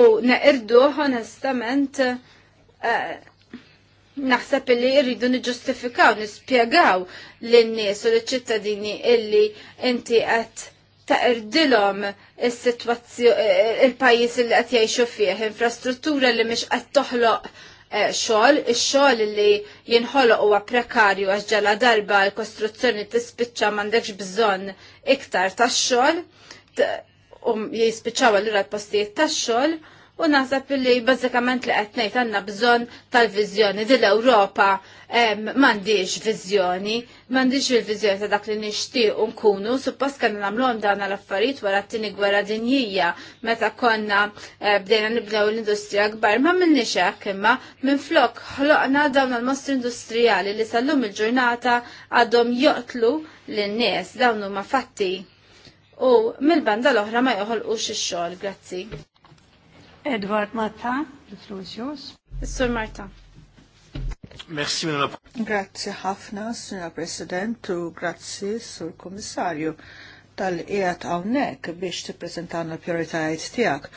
u neqirduh onestament eh, naħseb illi rridu niġustifikaw, nispjegaw lin-nies u l-ċittadini illi inti qed taqrdilhom is-sitwazzjoni il-pajjiż li qed jgħixu fih, infrastruttura li mhix qed toħloq Eh, xogħol, ix-xogħol li jinħoloq huwa prekarju għax darba l-kostruzzjoni tispiċċa m'għandekx bżonn iktar tax-xogħol, um jispiċċaw allura l-postijiet tax-xogħol u naħseb li bazzikament li għetnejt għanna bżon tal-vizjoni dil-Europa mandiġ vizjoni, mandiġ il-vizjoni ta' dak li nishti unkunu, suppost kanna namlu għam dan l-affarijiet wara t-tini gwera dinjija, meta konna eh, bdejna nibnew l-industrija gbar, ma minn hekk imma minn flok ħloqna dawn l-mostri industrijali li sallum il-ġurnata għadhom joqtlu l-nies, dawn huma fatti u mill-banda l-oħra ma joħolqux ix-xogħol, grazzi. Edward Marta, the floor is yours. Mr. Marta. Merci, Madame la Grazie ħafna, Signora President, u grazie, Sur Commissario, tal-qiegħed hawnhekk biex tippreżentana l-prijoritajiet tiegħek.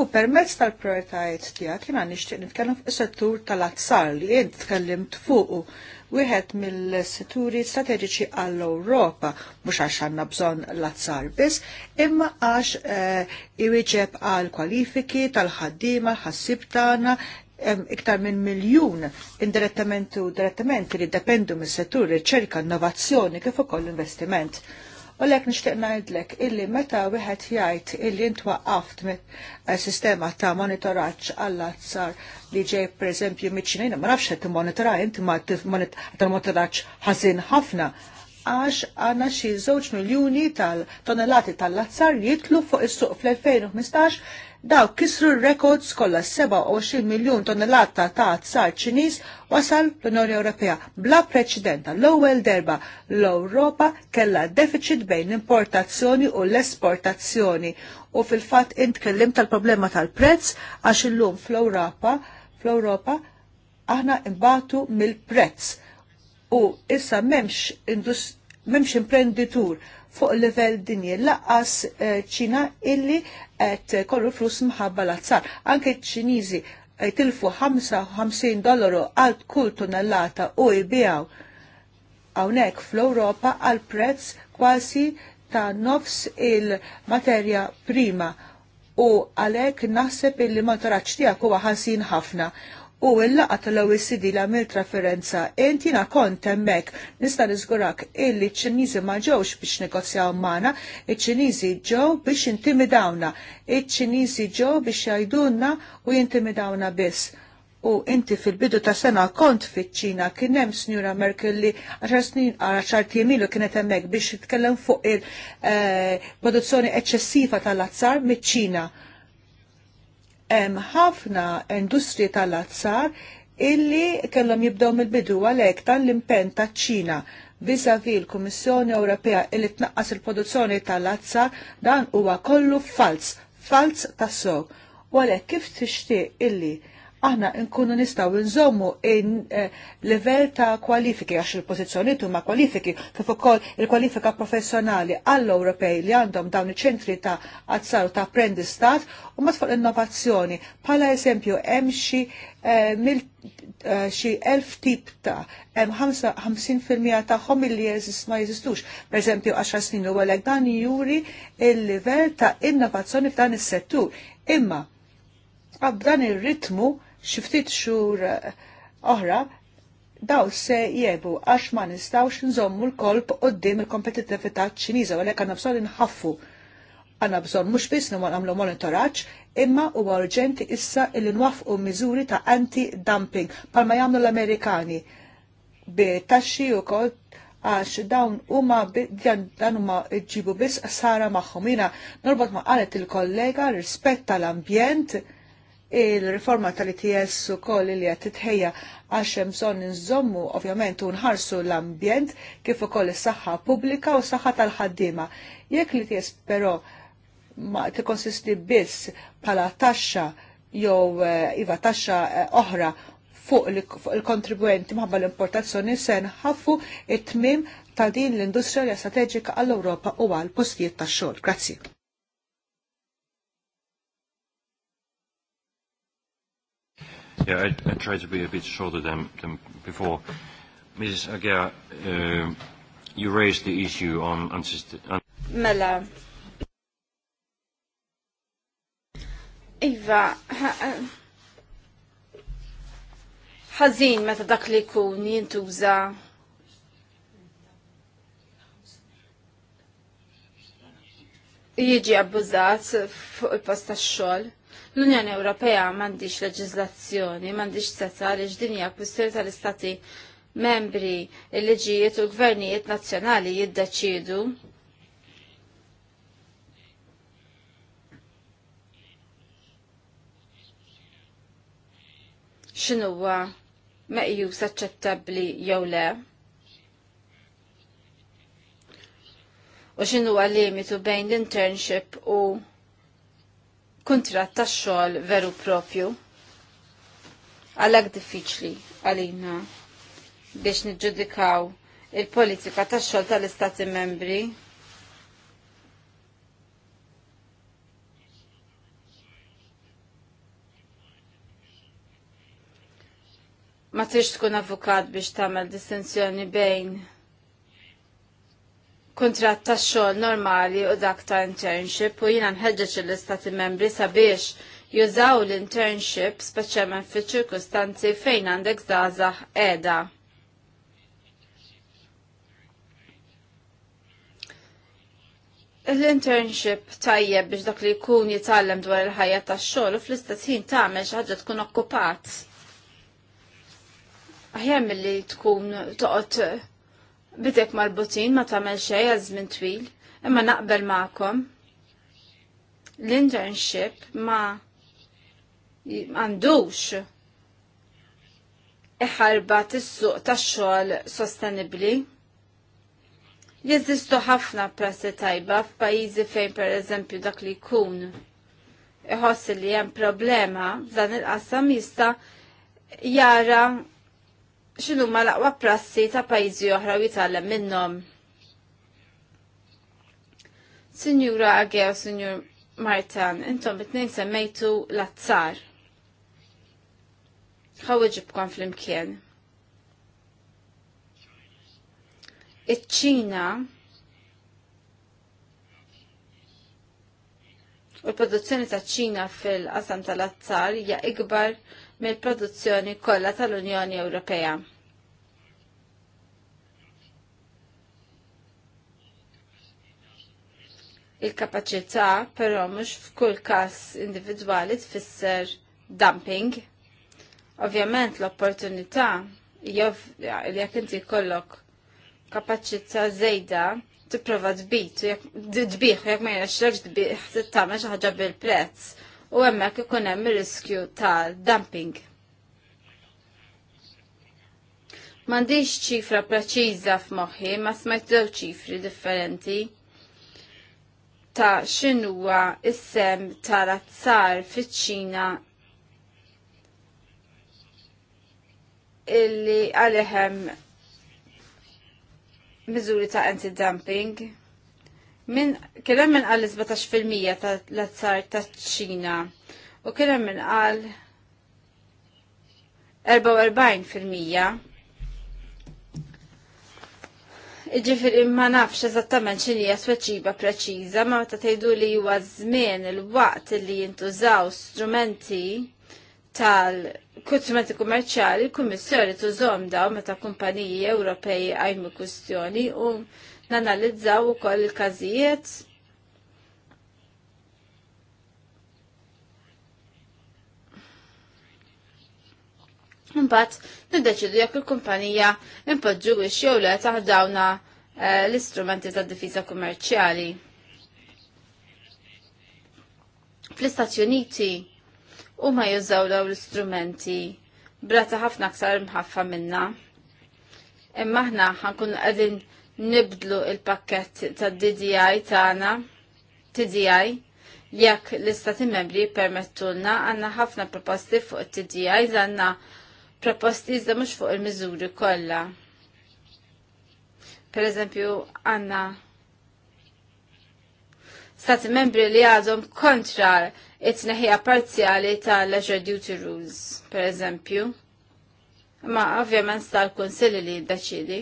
U permezz tal-prijoritajiet tiegħek jiena nixtieq nitkellem fuq is-settur tal-azzar li jien tkellimt fuqu wieħed mill-setturi strateġiċi għall-Ewropa, mhux għax għandna bżonn l-azzar biss, imma għax eh, iwieġeb għal kwalifiki tal-ħaddiema, ħassib tagħna, iktar minn miljun indirettament u direttament li dependu mis settur riċerka, innovazzjoni kif ukoll investiment. U lek nishtiq najdlek illi meta wieħed jgħid illi intwaqqaft eh, sistema ta' monitoraġġ għall azzar li ġej pereżempju miċċinina, ma nafx qed monitora inti ma monitoraġġ ħażin ħafna għax għanna xi żewġ miljuni tal tonellati tal-azzar jitlu fuq is-suq fl-2015 Daw kisru r-rekords kollha 27 miljun tonnellata ta' azzar Ċiniż wasal l-Unjoni Ewropea bla preċedenta l-ewwel derba l-Ewropa kellha deficit bejn l-importazzjoni u l-esportazzjoni u fil-fatt intkellim tal-problema tal-prezz għax illum fl-Ewropa fl-Ewropa aħna imbatu mill-prezz u issa memx, memx imprenditur fuq livell dinji laqqas eh, ċina illi qed kollu flus mħabba l-azzar. Anke ċ-Ċiniżi jtilfu eh, 55 dollaru għal kull tunnellata u jibijaw hawnhekk fl-Ewropa għal prezz kważi ta' nofs il-materja prima u għalek naħseb il-li ma taraċ tijak huwa ħasin ħafna u l-laqa tal-OECD la għamilt referenza intina kont emmek nista nizgurak illi ċinizi ċiniżi ma ġewx biex negozjaw mana, iċ-Ċiniżi ġew biex intimidawna, iċ-Ċiniżi ġew biex jajdunna u jintimidawna biss. U inti fil-bidu ta' sena kont fiċ-ċina kien hemm Snjura Merkel li għaxar snin għaxar ċarti kienet hemmhekk biex jitkellem fuq il-produzzjoni eh, eċċessiva tal-azzar miċ-Ċina hemm ħafna industri tal-azzar illi kellhom jibdew mill-bidu għalhekk tal l-impenn taċ-Ċina vis-a-vis l-Kummissjoni Ewropea illi tnaqqas il-produzzjoni tal-azzar dan huwa kollu fals, fals tas U Għalhekk kif tixtieq illi aħna nkunu nistaw nżommu in eh, level ta' kwalifiki għax il-pozizjoniet huma kwalifiki kif ukoll il-kwalifika professjonali għall-Ewropej li għandhom dawn iċ-ċentri ta' azzar ta' apprendistat u ma tfol innovazzjoni. Bħala eżempju hemm eh, eh, xi elf tip ta' hemm 50% tagħhom illi jeżist ma jeżistux. Pereżempju 10 snin u għalhekk dan juri il-livell ta' innovazzjoni f'dan is-settur. Imma dan ir-ritmu xiftit xur eh, oħra daw se jiebu għax ma nistawx nżommu l-kolb d-dim il-kompetitività ċiniża u għalhekk għandna bżonn inħaffu. għanna bżonn mhux biss nimma nagħmlu monitoraċ, imma huwa urġenti issa il nwaffqu miżuri ta' anti-dumping palma jagħmlu l-Amerikani bi taxxi wkoll għax dawn huma dan huma ġibu biss sara magħhom. Jiena norbot ma qalet il-kollega rispett tal-ambjent il-riforma tal-ITS u koll li għed titħeja għaxem bżon nżommu ovvjament u nħarsu l-ambjent kif ukoll is-saħħa pubblika u s-saħħa tal-ħaddiema. Jekk li ties però ma tikkonsisti biss bħala taxxa jew eh, iva taxxa eh, oħra fuq il kontribuenti maħba l-importazzjoni sen ħaffu it-tmim ta' din l-industrija strateġika għall-Ewropa u għall postijiet tax xogħol. Grazzi. Yeah, I, I try to be a bit shorter than, than before. Mrs. Aguirre, uh, you raised the issue on... on Mela. Iva, ħazin meta dak li kun jintuża jiġi abbużat fuq il pasta tax-xogħol. L-Unjoni Ewropea m'għandix leġiżlazzjoni, m'għandix setta li ġdinja kwistjoni tal-istati membri il-liġijiet u l-gvernijiet nazzjonali jiddeċidu x'inhuwa meqjus aċċettabbli jew le. U x'inhuwa limitu bejn l-internship u kuntratt ta' xogħol veru propju. Għalhekk diffiċli għalina biex niġġudikaw il-politika ta' xogħol tal-Istati membri. Ma trix tkun avukat biex tagħmel distinzjoni bejn kontrat ta' xogħol normali u dak ta' internship u jiena nħeġġeġ l-istati membri sabiex jużaw l-internship speċjalment fi ċirkustanzi fejn għandek żgħażagħ qiegħda. L-internship tajjeb biex dak li jkun jitgħallem dwar il-ħajja tax-xogħol u fl-istess ħin tagħmel xi ħaġa tkun okkupat. Aħjem milli tkun toqgħod bidek marbutin ma tagħmel xej għal żmien twil, imma naqbel ma'kom. L-internship ma għandux iħarba tis-suq tax-xogħol sostenibbli. Jeżistu ħafna prassi tajba f'pajjiżi fejn pereżempju dak li jkun iħossi li hemm problema f'dan il-qasam jista' jara xinu ma laqwa prassi ta' pajzi oħra u jitallem minnom. Signora u Signor Martan, intom it-nejn semmejtu l-azzar. Ħawġibkom fl-imkien. Iċ-ċina u l-produzzjoni ta' ċina fil-qasam tal-azzar hija ikbar mill-produzzjoni kollha tal-Unjoni Ewropea. Il-kapacità però mhux f'kull każ individwali tfisser dumping. Ovvjament l-opportunità jekk inti jkollok kapaċità żejda tipprova tbit, tbieħ, jekk ma jgħax tbieħ, tittamel xi ħaġa bil-prezz u hemmhekk ikun hemm ir-riskju ta' dumping. M'għandix ċifra preċiża f'moħħi, ma smajt żewġ ċifri differenti ta' x'inhuwa is-sem tal-azzar fiċ-Ċina illi għalihem miżuri ta' anti-dumping. Min, kienem min għal 17% ta' l-azzar ta' ċina u kienem min għal 44% Iġifiri ma nafx eżattament xini jasweċiba preċiża, ma ta' tejdu li huwa żmien il-waqt li jintużaw strumenti tal-kustrumenti kummerċali, kummissjoni tużom daw meta kumpaniji Ewropej għajmu kustjoni u um, nanalizzaw ukoll il-każijiet Imbagħad niddeċidu jekk il-kumpanija impoġġu biex jew le taħdawna eh, l-istrumenti tad difiża kummerċjali. Fl-Istati Uniti huma jużaw daw l-istrumenti brata ħafna ksar mħaffa minna. Imma aħna ħankun qegħdin nibdlu il-pakket ta' DDI tagħna TDI jekk l-istati membri permettulna għanna ħafna proposti fuq it-TDI zanna proposti iżda mhux fuq il-miżuri kollha. Per eżempju, għanna stati membri li għadhom kontra it-tneħija parzjali ta' leisure duty rules, per eżempju. Ma ovvjament sta l konsili li jiddeċidi.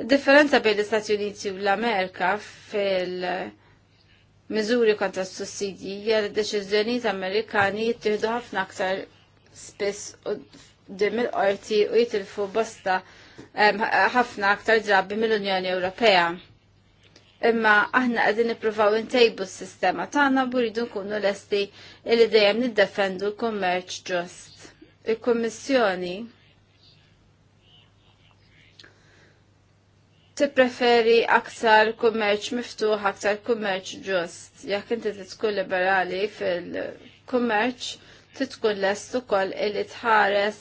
Differenza bejn l-Istati Uniti u l-Amerika fil- miżuri kontra s-sussidji hija deċiżjonijiet Amerikani jittieħdu ħafna aktar spiss dim il-qorti u jitilfu bosta ħafna aktar drabi mill-Unjoni Ewropea. Imma aħna qegħdin nippruvaw intejbu s-sistema tagħna u rridu nkunu lesti li dejjem niddefendu l-kummerċ ġust. Il-Kummissjoni tippreferi aktar kummerċ miftuħ, aktar kummerċ ġust. Jekk inti tkun liberali fil-kummerċ, titkun lest ukoll illi tħares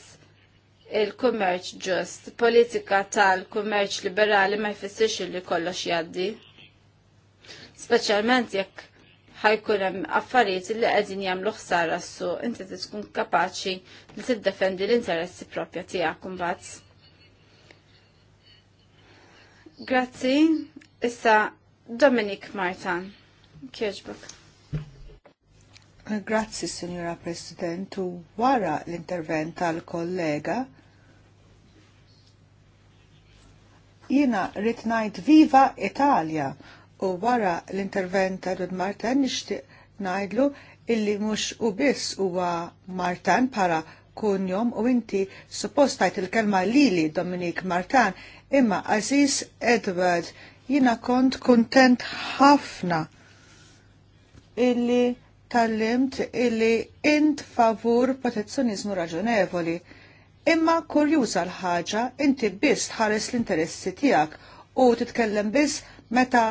il-kummerċ ġust. Politika tal-kummerċ liberali ma jfissirx illi kollox jaddi. Speċjalment jekk ħajkun hemm affarijiet li qegħdin jagħmlu ħsara s-suq, inti tkun kapaċi li tiddefendi l-interessi proprja tiegħek imbagħad. Grazzi, issa Dominik Martan, kieġbuk. Eh, grazzi, Signora President, u wara l-intervent tal-kollega, jina ritnajt Viva Italia, u wara l-intervent tal Martan nishtiq najdlu illi mux u biss huwa Martan para kun jom u inti suppostajt il-kelma lili Dominik Martan imma Aziz Edward jina kont kontent ħafna illi tal-limt illi int favur protezzjonizmu raġonevoli. Imma kurjuża l-ħaġa inti biss tħares l-interessi tijak u titkellem biss meta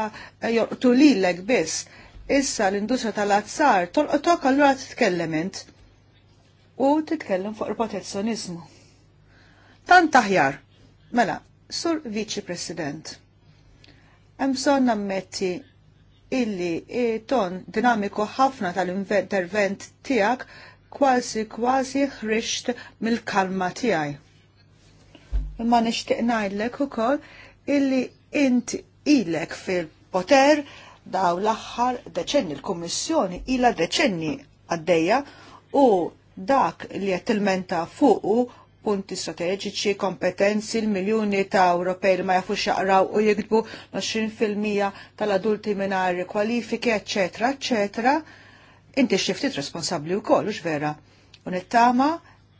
jorqtu lilek biss. Issa l-indusja tal-azzar tolqotok allura titkellem int u titkellem fuq il-protezzjonizmu. Tant aħjar, mela, sur viċi president, hemm nammetti illi ton dinamiku ħafna tal-intervent tijak kważi kważi ħrixt mill-kalma tijaj. Imma nishtiq najdlek u kol illi int ilek fil-poter daw l-axħar deċenni l-Kommissjoni ila deċenni għaddeja u dak li qed fuqu punti strateġiċi, kompetenzi, l-miljoni ta' Ewropej li ma jafux jaqraw u jikdbu 20% tal-adulti minari kwalifiki, eccetera, eccetera, inti xiftit responsabli u kollu vera. U nittama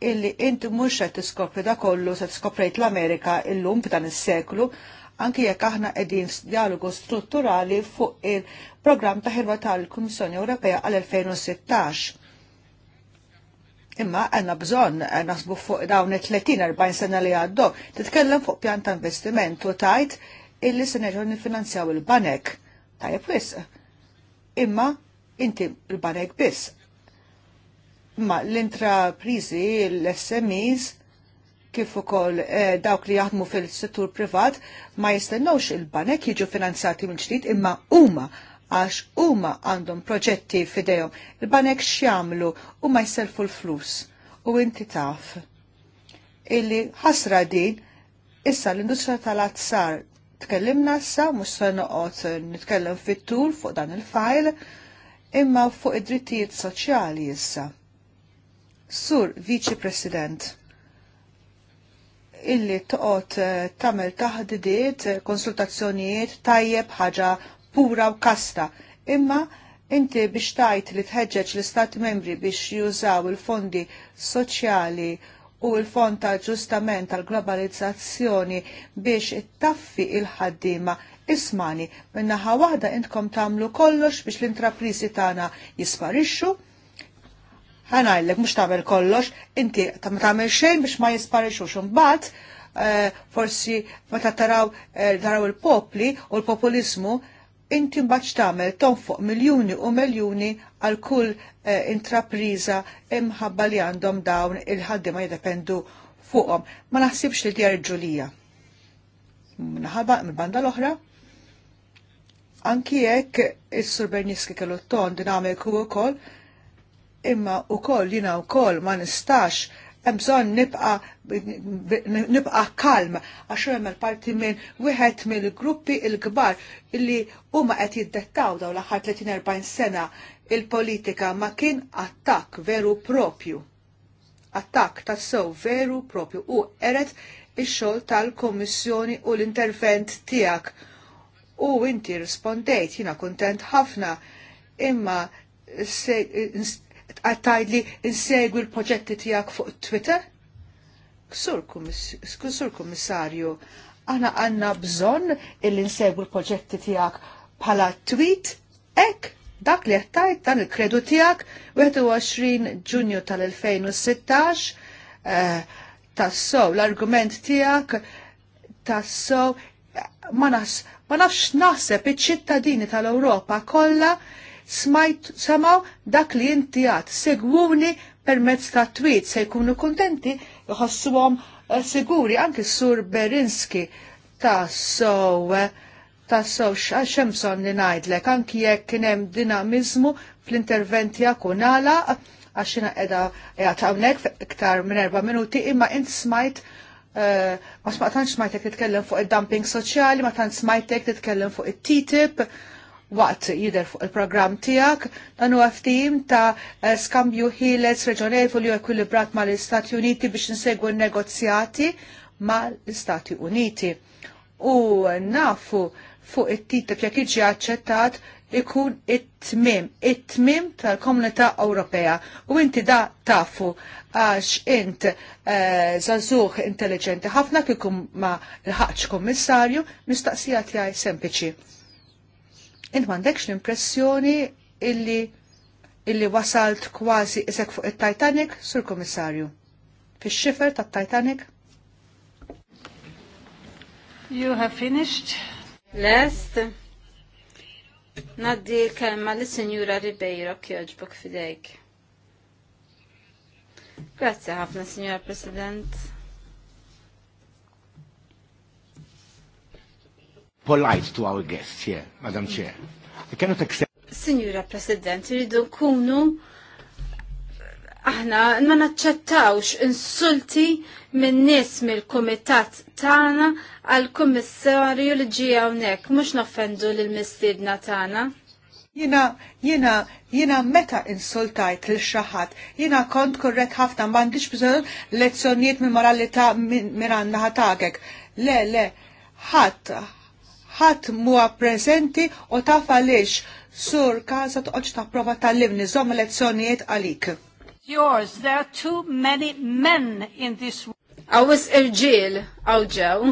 illi inti mux qed tiskopri da kollu se tiskoprejt l-Amerika illum f'dan is-seklu, anki jekk aħna qegħdin dialogu strutturali fuq il-programm ta' ħilwa tal-Kummissjoni Ewropea għal-2016 Imma għanna bżon eh, nasbu fuq dawn 30-40 sena li għaddu, titkellem fuq pjan ta' investiment u tajt illi se neġu nifinanzjaw il-banek. Tajjeb wisq. Imma inti il-banek biss. Imma l-intraprizi, l-SMEs, kif ukoll eh, dawk li jaħdmu fil-settur privat ma jistennewx il-banek jiġu finanzjati minn ġdid imma huma għax huma għandhom proġetti fidejhom. Il-banek x'jagħmlu huma jselfu l-flus u inti taf illi ħasra din issa l-industrija tal-azzar tkellimna issa mhux se noqgħod nitkellem fit-tul fuq dan il-fajl imma fuq id-drittijiet soċjali issa. Sur Viċi President, illi toqgħod eh, tagħmel taħdidiet, konsultazzjonijiet tajjeb ħaġa pura u kasta. Imma inti biex tajt li tħeġġeġ l-Istat membri biex jużaw il-fondi soċjali u l-fond ta' ġustament tal-globalizzazzjoni biex taffi il-ħaddima ismani minna waħda intkom tamlu kollox biex l-intraprizi tagħna jisparixxu ħanajlek mux tamel kollox, inti tam tamel xejn biex ma jisparixxu xumbat, eh, forsi ma taraw, eh, taraw il-popli u l-populizmu, inti mbaċ tamel tonfoq miljoni u miljoni għal kull eh, intrapriza imħabba li għandhom dawn il-ħaddima jidependu fuqhom. Ma naħsibx li djar ġulija. Minħabba mill-banda l-oħra, anki jekk is-Sur Berniski kellu ton dinamiku wkoll, imma wkoll jiena wkoll ma nistax bżonn nibqa' nibqa' kalm għax hemm parti minn wieħed mill-gruppi l-kbar illi huma qed jiddettaw dawn l-aħħar 30-40 sena il-politika ma kien attakk veru propju. Attakk tas-sew veru propju u eret ix-xogħol tal-Kommissjoni u l-intervent tiegħek. U inti rispondejt jiena kuntent ħafna imma se għattajli insegwi l-proġetti tijak fuq Twitter? Sur kummissarju, għana għanna bżon il-insegwi l-proġetti tijak pala tweet, ek dak li għattajt dan il-kredu tijak 21 ġunju tal-2016 eh, tassow l-argument tijak tassow ma nafx naħseb iċ-ċittadini tal-Ewropa kollha smajt samaw dak li inti għad, segwuni permezz ta' tweet se jkunu kontenti għom eh, siguri anki sur Berinski ta' sow eh, ta' sow xemson li najdlek anki jekk kien hemm dinamizmu fl-interventi għakunala għax jina edha jgħatawnek iktar minn erba minuti imma int smajt eh, ma smajtek titkellem fuq id-dumping soċjali, ma tant smajtek titkellem fuq it-TTIP, waqt jider fuq il-programm tijak, dan u għaftim ta' eh, skambju ħiles reġonevoli u ekwilibrat ma' l-Istati Uniti biex nsegwu negozjati ma' l-Istati Uniti. U nafu fuq it tita jek iġi accettat ikun it-tmim, it-tmim tal-Komunità Ewropea. U inti da tafu għax int eh, zazuħ intelligenti ħafna kikum ma l-ħaċ kommissarju, mistaqsija tijaj sempliċi int m'għandekx l-impressjoni illi illi wasalt kważi isek fuq it-Titanic, sur Komissarju. Fix-xifer tat-Titanic? You have finished. Last. Naddi l-kelma li senjura Ribeiro kjoġbok fidejk. Grazie ħafna, Sinjura President. polite to our guests here, Madam Chair. I cannot accept. Signora President, rridu nkunu aħna ma naċċettawx insulti minn nies mill-kumitat tagħna għal kummissarju li ġie hawnhekk mhux noffendu lil mistiedna tagħna. Jina, jina, jina meta insultajt l xaħat jina kont korret ħafna m'għandix bżol lezzjonijiet minn moralità minn għanna ħatagek. Le, le, ħadd ħat muha prezenti u taf għaliex sur kaza ta' prova tal-limni zom lezzjonijiet għalik. Yours, there are too many men in this world. Għawis irġil, għawġaw.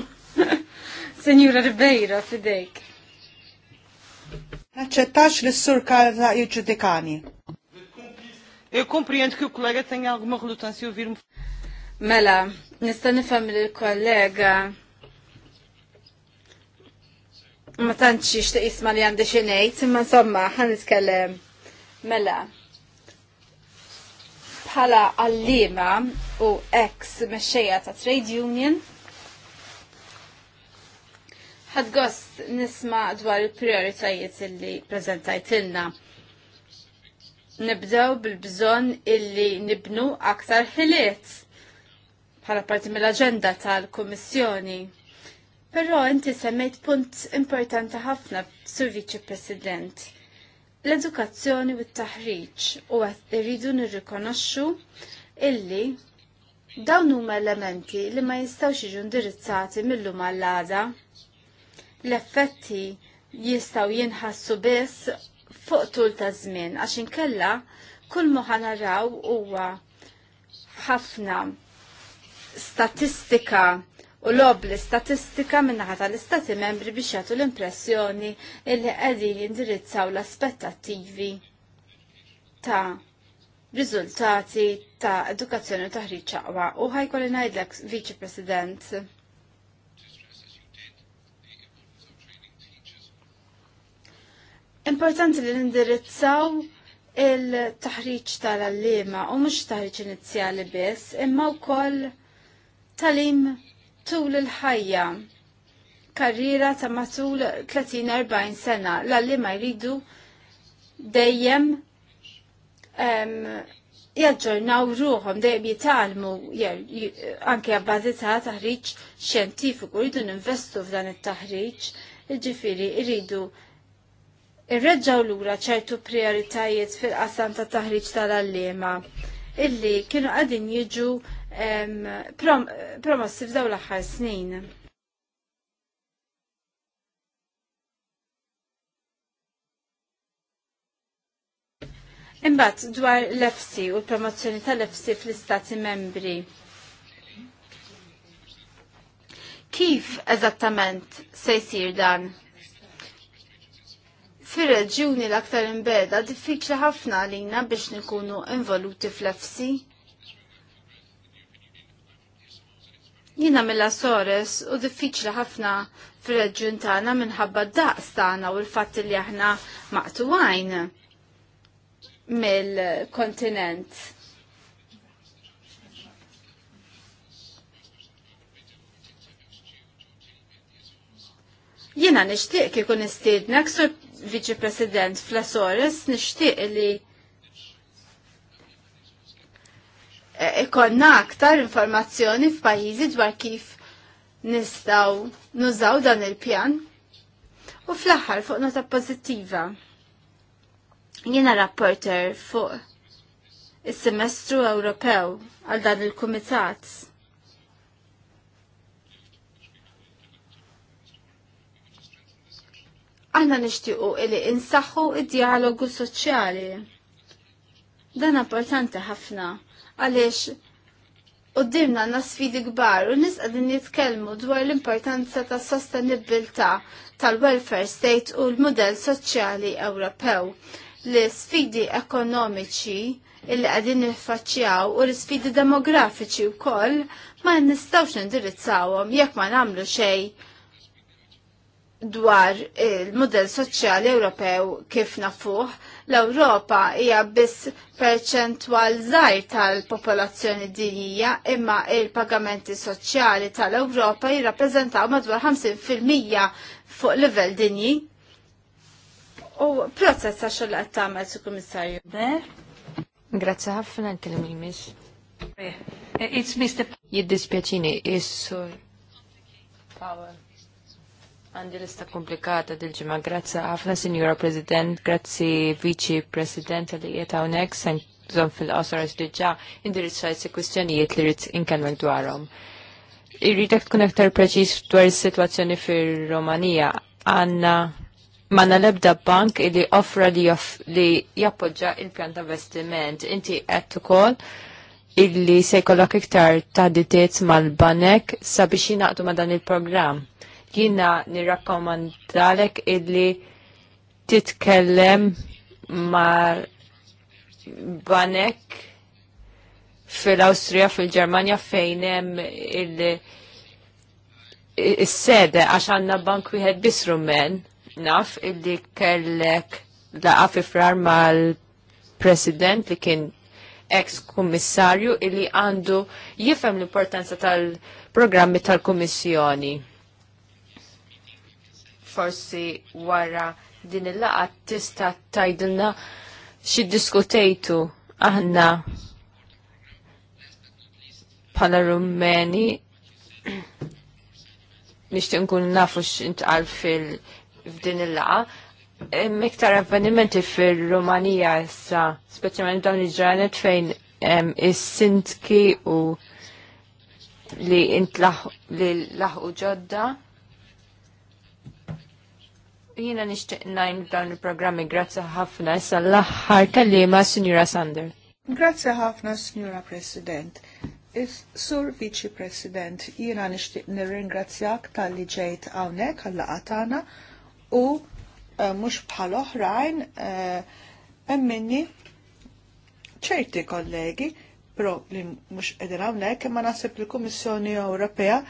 Senjura Ribeira, fidejk. Naċċettax li s-sur kaza jġudikani. Komprient kju kollega tenja għu maħlu tansju Mela, nista nifem li l-kollega ma tantx jixtieq jisma' li għandi xi ngħid, imma insomma ħan nitkellem mela bħala għallima u ex mexxejja ta' trade union. Ħad gost nisma' dwar il-prioritajiet illi preżentajtilna. Nibdew bil-bżonn illi nibnu aktar ħiliet bħala parti mill-aġenda tal-Kummissjoni Però inti semmejt punt importanti ħafna sur Viċi President. L-edukazzjoni u t-taħriġ u rridu nirrikonoxxu illi dawn huma elementi li ma jistgħux jiġu indirizzati mill-lum għall-għada. L-effetti jistgħu jinħassu biss fuq tul ta' żmien għax inkella kull moħa naraw huwa ħafna statistika u lob l-istatistika minnaħa tal-istati membri biex jagħtu l-impressjoni illi qegħdin jindirizzaw l-aspettattivi ta' riżultati ta' edukazzjoni u taħriġ ċaqwa u ħajkolli ngħidlek Viċi President. Importanti li nindirizzaw il-taħriġ tal-allima u mhux taħriġ inizjali biss, imma wkoll talim tul il-ħajja karriera ta' matul 30-40 sena l-alli ma jridu dejjem jaġġornaw ruħom dejjem jitalmu anke għabbazi ta' taħriġ xjentifiku jridu ninvestu f'dan it-taħriġ ġifiri jridu irreġġaw lura ċertu prioritajiet fil-qasam ta' taħriġ tal-allima illi kienu għadin jiġu promossi f'daw l-aħħar snin. Imbagħad dwar l-EFSI u l-promozzjoni tal-EFSI fl-Istati Membri. Kif eżattament se jsir dan? Fir-reġjuni l-aktar imbeda diffiċli ħafna għalina biex nikunu involuti fl-EFSI. Jina milla sores u diffiċli ħafna fil-reġjun tagħna minħabba d-daqs tagħna u l-fatt li aħna għajn mill-kontinent. Jina nishtiq kikun istidnek sur Viċi President Flasores nishtiq li E, ikonna aktar informazzjoni f'pajjiżi dwar kif nistaw nużaw dan il-pjan. U fl-aħħar fuq nota pożittiva. Jiena rapporter fuq is-semestru Ewropew għal dan il-kumitat. Aħna nixtiequ li insaħħu id-dialogu soċjali. Dan importanti ħafna għaliex Qoddimna għanna sfidi kbar u nis għadin jitkelmu dwar l-importanza ta' sostenibilta tal-welfare state u l model soċjali Ewropew. L-sfidi ekonomiċi illi għadin nifacċjaw u l-sfidi demografiċi u koll ma nistawx nindirizzawom jekk ma namlu xej dwar il-modell soċjali Ewropew kif nafuħ L-Ewropa hija biss perċentwal żgħir tal-popolazzjoni dinjija imma il-pagamenti soċjali tal-Ewropa jirrappreżentaw madwar 50% fuq livell dinji. U proċess ta' xogħol qed tagħmel su kummissarju. Grazzi ħafna nkellem il-miss. Eh, eh, Jiddispjaċini, is-sur. Għandi lista komplikata dil-ġimma, grazzi ħafna, Signora President, grazzi Vici President li jieta unek, sen zon fil-qosor diġa indirizzajt se kwistjonijiet li rrid inkelmek dwarhom. Irridek tkun aktar preċis dwar is-sitwazzjoni fir-Romanija. Għandna manna lebda bank li offra li, off, li jappoġġa il-pjan ta' investiment. Inti qed ukoll illi se jkollok iktar ta' ditiet mal-banek sabiex jinaqdu ma' dan il-programm jina nirrakkomandalek illi titkellem ma banek fil-Austria, fil-Germania fejnem il- Is-sede għax għanna bank wieħed biss rumen naf illi kellek laqa fi mal-president li kien ex-kummissarju illi għandu jifhem l-importanza tal-programmi tal-kummissjoni forsi wara din il-laqa tista' tajdilna xi diskutejtu aħna bħala Rumeni nixtieq nkun nafu x'intqal fil f'din il-laqa. Miktar avvenimenti fil-Rumanija issa, speċjalment dawn il-ġranet fejn is-sintki u li intlaħ li laħqu ġodda Jina nishtiq najn dan il-programmi, grazzi ħafna, issa l-axħar kallima, Signora Sander. Grazzi ħafna, Signora President. sur Vici President, jina nishtiq nir-ringrazzjak tal-li ġejt għawnek għall-laqatana u eh, mux bħal oħrajn eh, emmini ċerti kollegi, pro li mux edin għawnek, ma nasib li Kummissjoni Ewropea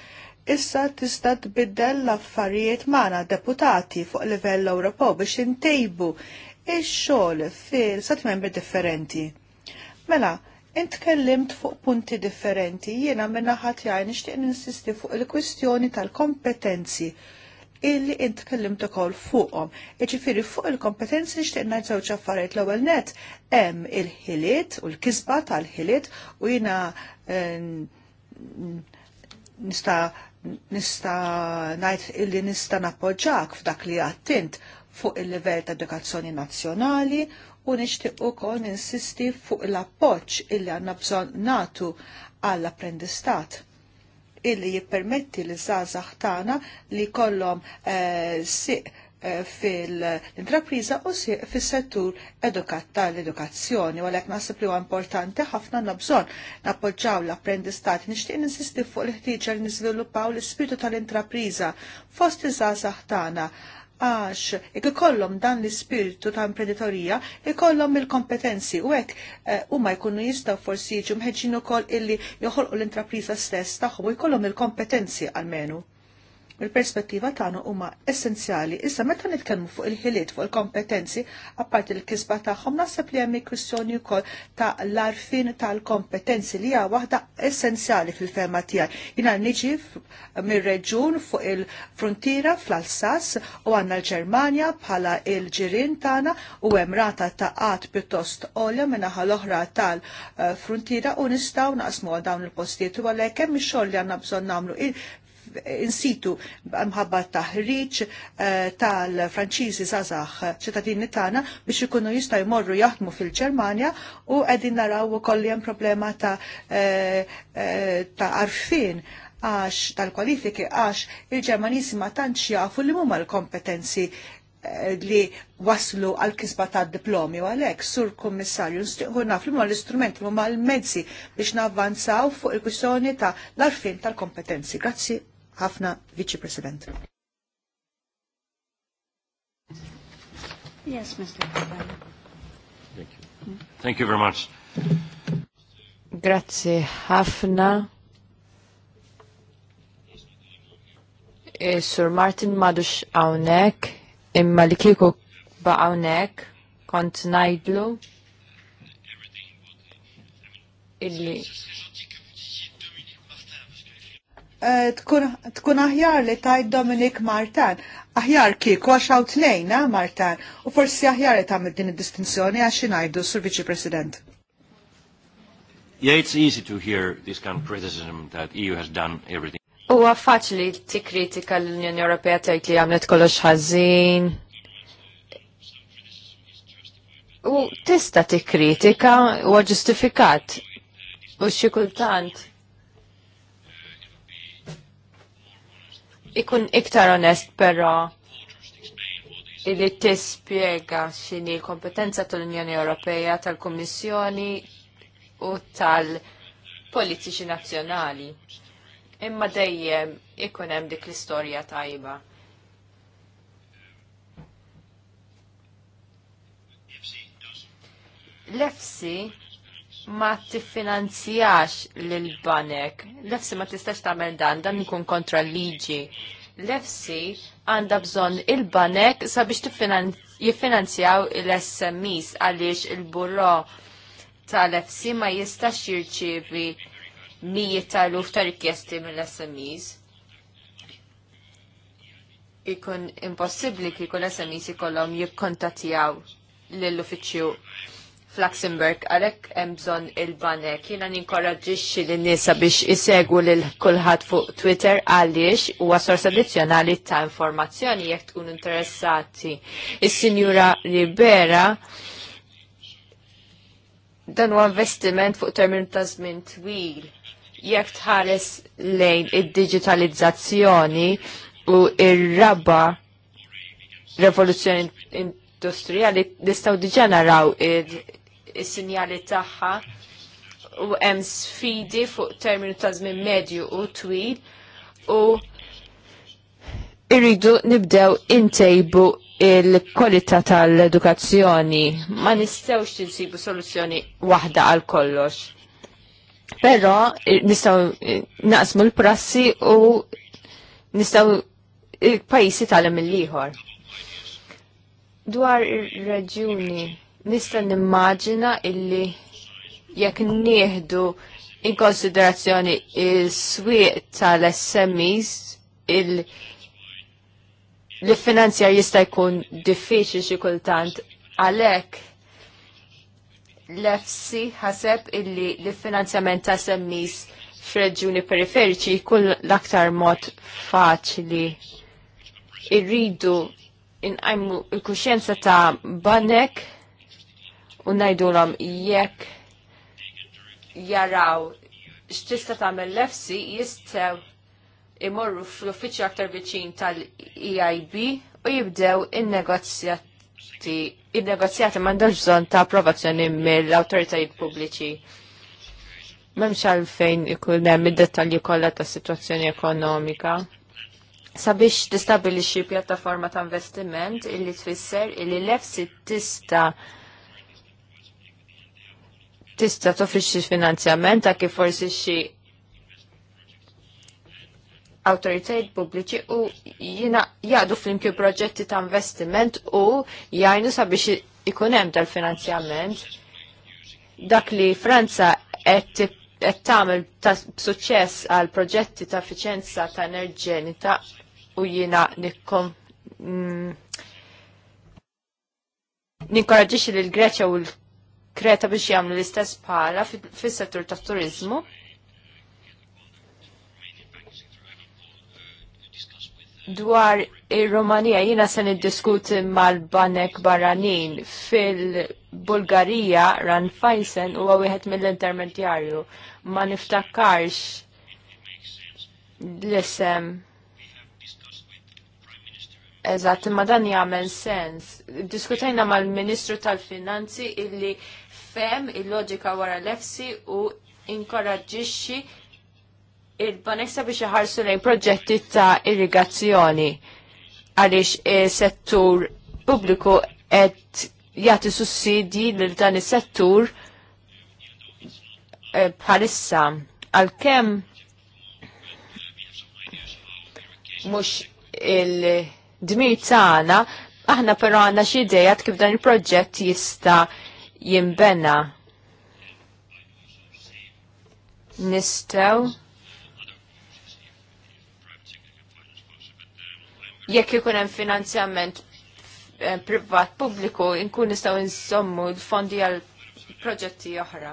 issa tista' tbiddel l-affarijiet mana deputati fuq livell Ewropew biex intejbu ix-xogħol fil-sat membri differenti. Mela, intkellimt fuq punti differenti jiena minna ħatjaj nixtieq ninsisti fuq il-kwistjoni tal-kompetenzi illi intkellimt ukoll fuqhom. Jiġifieri fuq il-kompetenzi nixtieq ngħid żewġ affarijiet l-ewwel net hemm il-ħiliet u l-kisba tal-ħiliet u jiena eh, nista' nista najt illi nista nappoġġak f'dak li għattint fuq il-livell ta' edukazzjoni nazzjonali u nixtieq ukoll ninsisti fuq l-appoġġ illi għandna bżonn natu għall-apprendistat illi jippermetti l żgħażagħ tagħna li kollhom eh, siq Eh, fil-intrapriża u fis-settur edukat tal-edukazzjoni, u għalhekk naħseb li huwa importanti ħafna nabżon bżonn nappoġġaw l-apprendistat. Nixtieq insisti fuq l ħtieġa li niżviluppaw l-ispirtu tal-intrapriża fost iż-żgħażagħ tagħna għax jekk ikollhom dan l-ispirtu ta' imprenditorija, ikollhom il-kompetenzi u hekk eh, huma jkunu jistgħu forsi jiġu mħeġġin ukoll illi joħolqu l-intrapriża stess tagħhom u jkollhom il-kompetenzi għalmenu il perspettiva tagħna huma essenzjali. Issa meta nitkellmu fuq il-ħiliet fuq il-kompetenzi, apparti l-kisba tagħhom naħseb li hemm kwistjoni wkoll ta' l-arfin tal-kompetenzi li hija waħda essenzjali fil-fema tiegħi. Jiena niġi mir-reġun fuq il-frontiera fl-Alsas u għandna l-Ġermanja bħala il-ġirien tagħna u hemm rata ta' qatt pjuttost għolja minaħa l-oħra tal-frontiera eh, u nistgħu naqsmu dawn il-postijiet u għalhekk hemm ix-xogħol li għandna bżonn nagħmlu insitu mħabba taħriġ eh, tal-Franċiżi zazax ċittadini tagħna biex ikunu jistgħu jmorru jaħdmu fil-Ġermanja u qegħdin naraw ukoll hemm problema ta' eh, eh, ta' arfin għax tal-kwalifiki għax il-Ġermaniżi ma tantx jafu li huma l-kompetenzi li waslu għal kisba ta' diplomi u għalek, sur kommissarju, nstiqhu naf li ma l-istrumenti ma l-mezzi biex navvanzaw fuq il-kwistjoni ta' l-arfin tal-kompetenzi. Grazzi ħafna Vice President. Yes, Mr. Kabala. Thank you. Thank you very much. Grazie ħafna. E, Sir Martin madux għawnek, imma li kiku ba għawnek, kont najdlu illi Eh, tkun aħjar li taj Dominik Martan. Aħjar kieku għax għaw tnejna eh, Martan. U forsi aħjar li tagħmel din id-distinzjoni għax ngħidu sur Viċi President. Yeah, it's easy to hear this kind of criticism that EU has done everything. Huwa faċli tikkritika l-Unjoni Ewropea tajt li għamlet kollox ħażin. U tista' tikkritika huwa ġustifikat. U xi kultant ikun iktar onest però illi tispjega x'inhi l-kompetenza tal-Unjoni Ewropea tal-Kummissjoni u tal-politiċi nazzjonali. Imma dejjem ikun hemm dik l-istorja tajba. L-EFSI ma tiffinanzjax l banek. Lefsi ma tistax tagħmel dan, dan ikun kontra liġi. Lefsi għandha bżonn il-banek sabiex jiffinanzjaw il smis għaliex il-burro tal-lefsi ma jistax jirċievi mijiet tal-uf ta' rikjesti mill smis ikun impossibli kieku l-SMEs ikollhom jikkontattjaw lill-uffiċċju Luxemburg għalek emżon il-banek. Jina ninkoraġġixxi l nisa biex isegu lil kulħadd fuq Twitter għaliex huwa sors addizzjonali ta' informazzjoni jekk tkun interessati. Is-Sinjura Ribera dan huwa investiment fuq termin ta' żmien twil. Jekk tħares lejn id-digitalizzazzjoni u ir-raba revoluzzjoni industrijali nistaw diġa naraw is-sinjali tagħha u hemm sfidi fuq terminu ta' żmien medju u twil u irridu nibdew intejbu il-kwalità tal-edukazzjoni ma nistgħux tinsibu soluzzjoni waħda għal kollox. Però nistgħu naqsmu l-prassi u nistgħu il-pajjiżi tal-hemm il-ieħor dwar ir-reġjuni nista' nimmaġina illi jekk nieħdu in konsiderazzjoni il-swieq tal-SMEs il l-finanzjar jista' jkun diffiċli xi kultant għalhekk l-FC ħaseb illi l-finanzjament ta' SMEs f'reġjuni periferiċi jkun l-aktar mod faċli. Irridu inqajmu il-kuxjenza ta' banek u najdulom jekk jaraw x'tista tagħmel lefsi jistgħu imorru fl-uffiċċju aktar viċin tal-EIB u jibdew in-negozjati in-negozjati m'għandhomx bżonn ta' approvazzjoni mill-awtoritajiet pubbliċi. M'hemmx għalfejn ikun hemm id-dettalji kollha tas-sitwazzjoni ekonomika sabiex tistabilixi pjattaforma ta' investiment illi tfisser illi l-EFSI tista' tista' toffri xie finanzjament ta' kif forsi xi autoritajt pubbliċi u jina jgħadu fl-imkju proġetti ta' investiment u jgħajnu sabiex ikun hemm tal-finanzjament. Dak li Franza qed tagħmel ta' suċċess għal proġetti ta' efficienza ta' enerġenita u jina nikkom mm, ninkoraġġix li l-Greċja u l Kreta biex jagħmlu l-istess bħala fis-settur tat-turiżmu. Dwar ir romania jiena se niddiskuti mal-Banek Barranin fil-Bulgarija Ran Fajsen huwa wieħed mill-intermedjarju ma niftakarx l-isem Eżatt, imma dan jagħmel sens. Diskutajna mal-Ministru tal-Finanzi illi fem il-loġika wara l-efsi u inkoraġġixxi il-banessa biex iħarsu lejn proġetti ta' irrigazzjoni għaliex e, settur pubbliku qed jagħti sussidji lil dan is-settur e, bħalissa għalkemm mhux il-dmir tagħna aħna però għandna xi idea kif dan il-proġett jista' Jimbenna, nistaw jekk ikun hemm finanzjament eh, privat pubbliku nkun nistgħu insommu l-fondi għal proġetti oħra.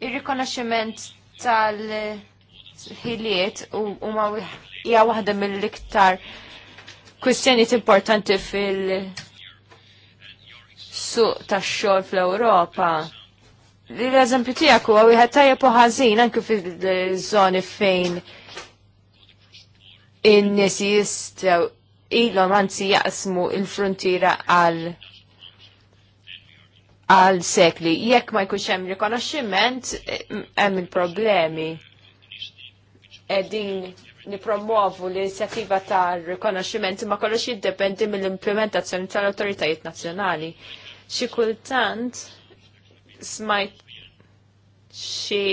Ir-rikonoxximent tal-ħiliet huma hija waħda mill-iktar kwistjonijiet importanti fil- suq tax-xogħol fl-Ewropa. L-eżempju tiegħek huwa wieħed tajjeb u ħażin anke fil-żoni fejn in-nies jistgħu ilhom anzi jaqsmu il-frontiera għal għal sekli. Jekk ma jkunx hemm rikonoxximent, hemm il-problemi. Edin nipromovu l-inizjattiva ta' rikonoxximent ma kollox jiddependi mill-implementazzjoni tal-autoritajiet nazzjonali xi kultant smajt xi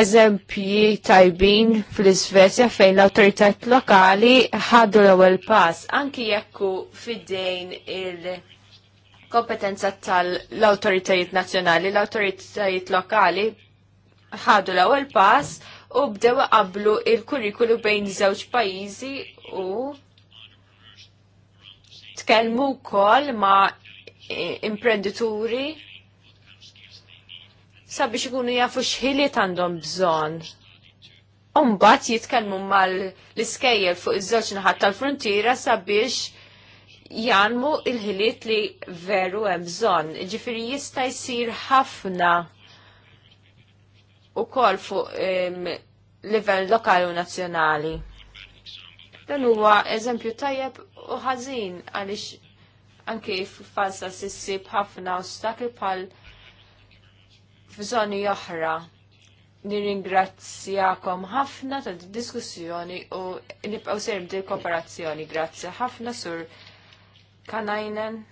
eżempji tajbin fl-Isvezja fejn l-autoritajt lokali ħadu l-ewwel pass anki jekku fidejn il-kompetenza tal-autoritajiet nazzjonali, l-autoritajiet lokali ħadu l-ewwel pass u bdew qablu il-kurrikulu bejn żewġ pajjiżi u tkellmu wkoll ma' imprenditori sabiex ikunu jafu x'ħiliet għandhom bżonn. Umbat jitkellmu mal-iskejjel fuq iż-żewġ naħat tal-frontiera sabiex janmu il-ħiliet li veru hemm bżonn. Ġifieri jista' jsir ħafna ukoll fuq livell lokali u nazzjonali. Dan huwa eżempju tajjeb u ħażin għaliex anke f'falsa sissib ħafna ostakli bħal f'żoni oħra. Nirringrazzjakom ħafna ta' diskussjoni u nibqgħu serb di kooperazzjoni. Grazzi ħafna sur Kanajnen.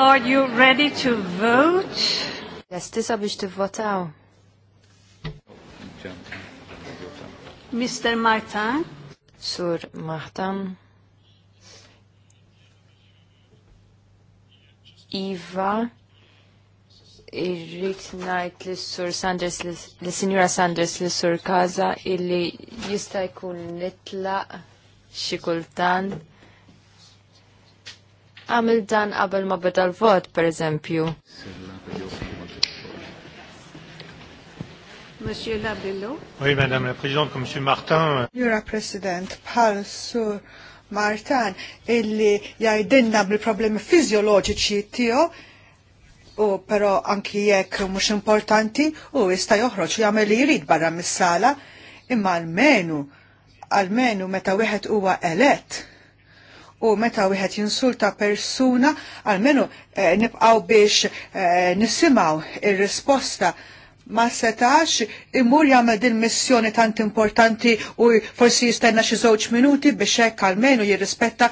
Are you ready to vote? Yes, this to vote out. Mr. Martin. Sir Martin. Eva. irrit najt li sur Sanders, li Signora Sanders li sur Kaza illi jista' jkun nitlaq xi għamil dan qabel ma beda l-vot, per eżempju. Monsieur Labello. Oui, Madame la Présidente, comme Monsieur Martin. Jura euh, President, pal sur Martin, illi jajdinna bil-problemi fizjoloġiċi tiegħu u però anki jekk mhux importanti u jista' joħroġ jagħmel li jrid barra mis-sala imma għalmenu għalmenu meta wieħed huwa elett u meta wieħed jinsulta persuna għalmenu eh, nibqaw biex eh, nisimaw ir-risposta ma setax imur jagħmel din missjoni tant importanti u forsi jistenna xi żewġ minuti biex hekk almenu jirrispetta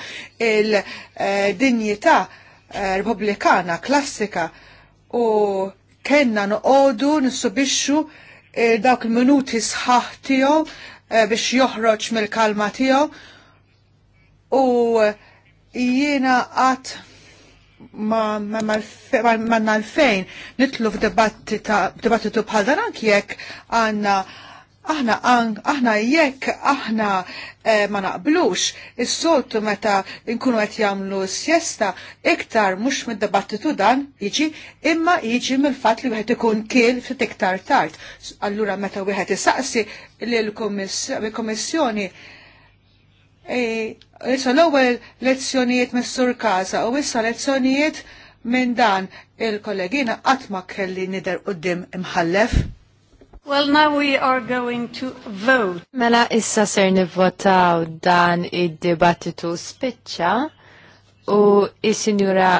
il-dinjità eh, eh, repubblikana klassika u kenna noqogħdu nissubixxu eh, dawk il-minuti sħaħ tiegħu biex joħroġ mill-kalma tiegħu u jiena għat ma l-fejn nitlu f'dibattitu bħal dan anki jekk għanna aħna aħna jekk aħna eh, ma naqblux is-soltu meta nkunu qed jagħmlu s-siesta iktar mhux mid-dibattitu dan jiġi imma jiġi mill-fatt li wieħed ikun kiel ftit iktar tard. Allura meta wieħed isaqsi lill-Kummissjoni E, issa l-ewwel lezzjonijiet mis-sur Kaza u issa lezzjonijiet minn dan il-kollegina qatt ma kelli nider qudiem imħallef. Well, now we are going to vote. Mela issa ser nivvotaw dan id-dibattitu spiċċa u is-sinjura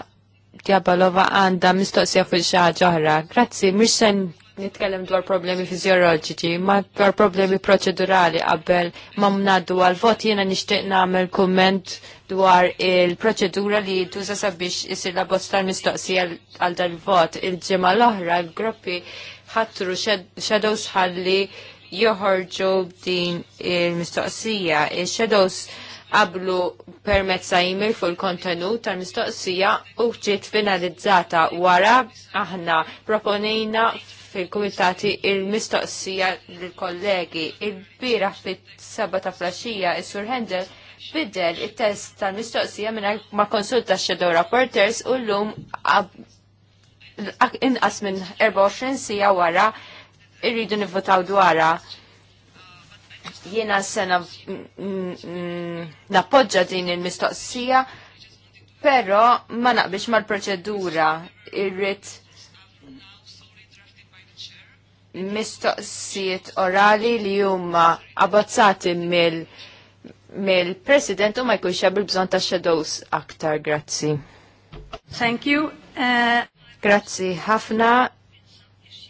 Djabalova għanda mistoqsija fuq xi ħaġa oħra. Grazzi, mhux se nitkellem dwar problemi fizjoloġiċi, ma dwar problemi proċedurali qabel ma mnaddu għal-vot jiena nixtieq nagħmel kumment dwar il-proċedura li tuża sabiex isir la tal mistoqsija għal dal-vot. Il-ġimgħa l-oħra l-gruppi ħattru shadows ħalli joħorġu din il-mistoqsija. Il-shadows qablu permezz email fuq il-kontenut tal-mistoqsija u ġiet finalizzata wara aħna proponejna fil-komitati il-mistoqsija l-kollegi. Il-bira fil sabba ta' flasġija, il-Sur Hendel bidel il-test tal-mistoqsija minna ma konsulta xedow Reporters u l-lum inqas minn 24 sija wara irridu nivvotaw dwara. Jiena sena nappoġġa din il-mistoqsija, pero ma naqbix mal-proċedura irrid mistoqsijiet orali li huma abbozzati mill president president u ma jkunx hemm il-bżonn ta' shadows aktar, grazzi. Thank you. Uh... Grazzi ħafna.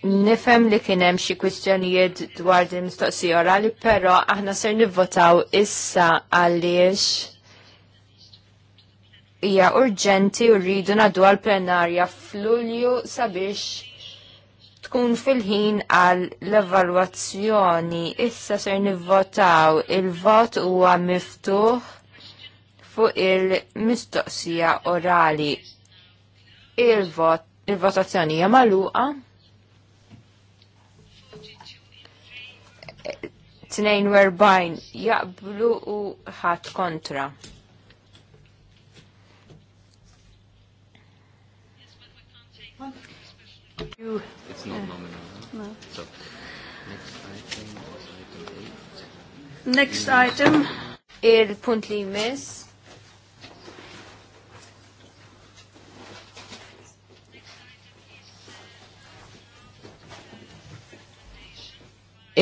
Nifem li kien hemm xi kwistjonijiet dwar din mistoqsija orali, però aħna ser nivvotaw issa għaliex hija urġenti u rridu nadu għal plenarja f'Lulju sabiex tkun fil-ħin għal l-evalwazzjoni. Issa ser nivvotaw il-vot huwa miftuħ fuq il-mistoqsija orali. Il-vot, il-votazzjoni hija magħluqa. 42 jaqblu u ħadd kontra. You, It's not yeah. nominal. Huh? No. So, next item item 8. Next item. Il-punt li jmiss.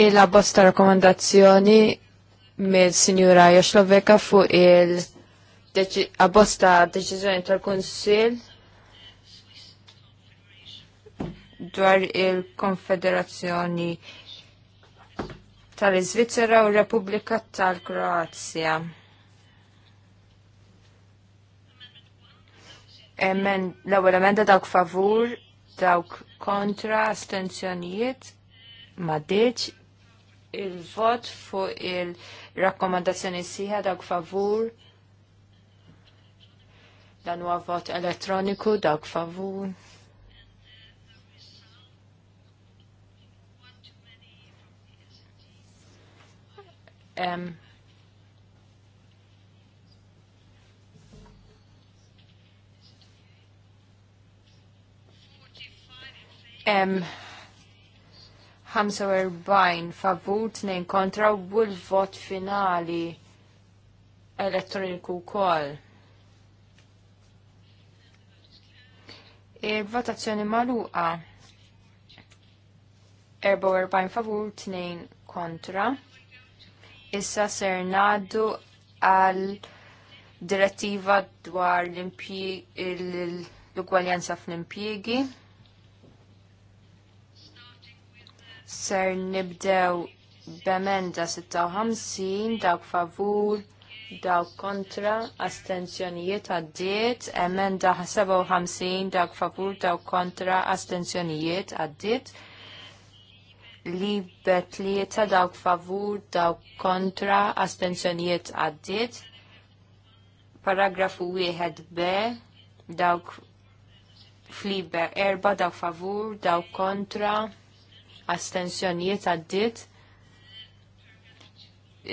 il-abbozz ta' mill-Sinjura Jaxloveka fuq il-abbozz deċiżjoni tal-Kunsill dwar il-Konfederazzjoni tal-Iżvizzera u Repubblika tal-Kroazja. L-ewwel emenda dawk favur, dawk kontra, astenzjonijiet, ma' il-vot fuq il-rakkomandazzjoni siħa dawk favur dan huwa vot elettroniku dawk favur. um, um, 45 favur, 2 kontra u l-vot finali elettroniku kol. Il-votazzjoni maluqa 44 favur, 2 kontra. Issa ser ngħaddu għal direttiva dwar l-ugwaljanza fl-impjiegi. Ser nibdew b'emenda 56 dawk favur, dawk kontra, astenzjonijiet għaddiet, emenda 57 dawk favur, dawk kontra, astenzjonijiet għaddiet, li betlieta dawk favur, dawk kontra, astenzjonijiet għaddit. Paragrafu wieħed B, dawk fliber erba, dawk favur, dawk kontra, astenzjonijiet għaddit.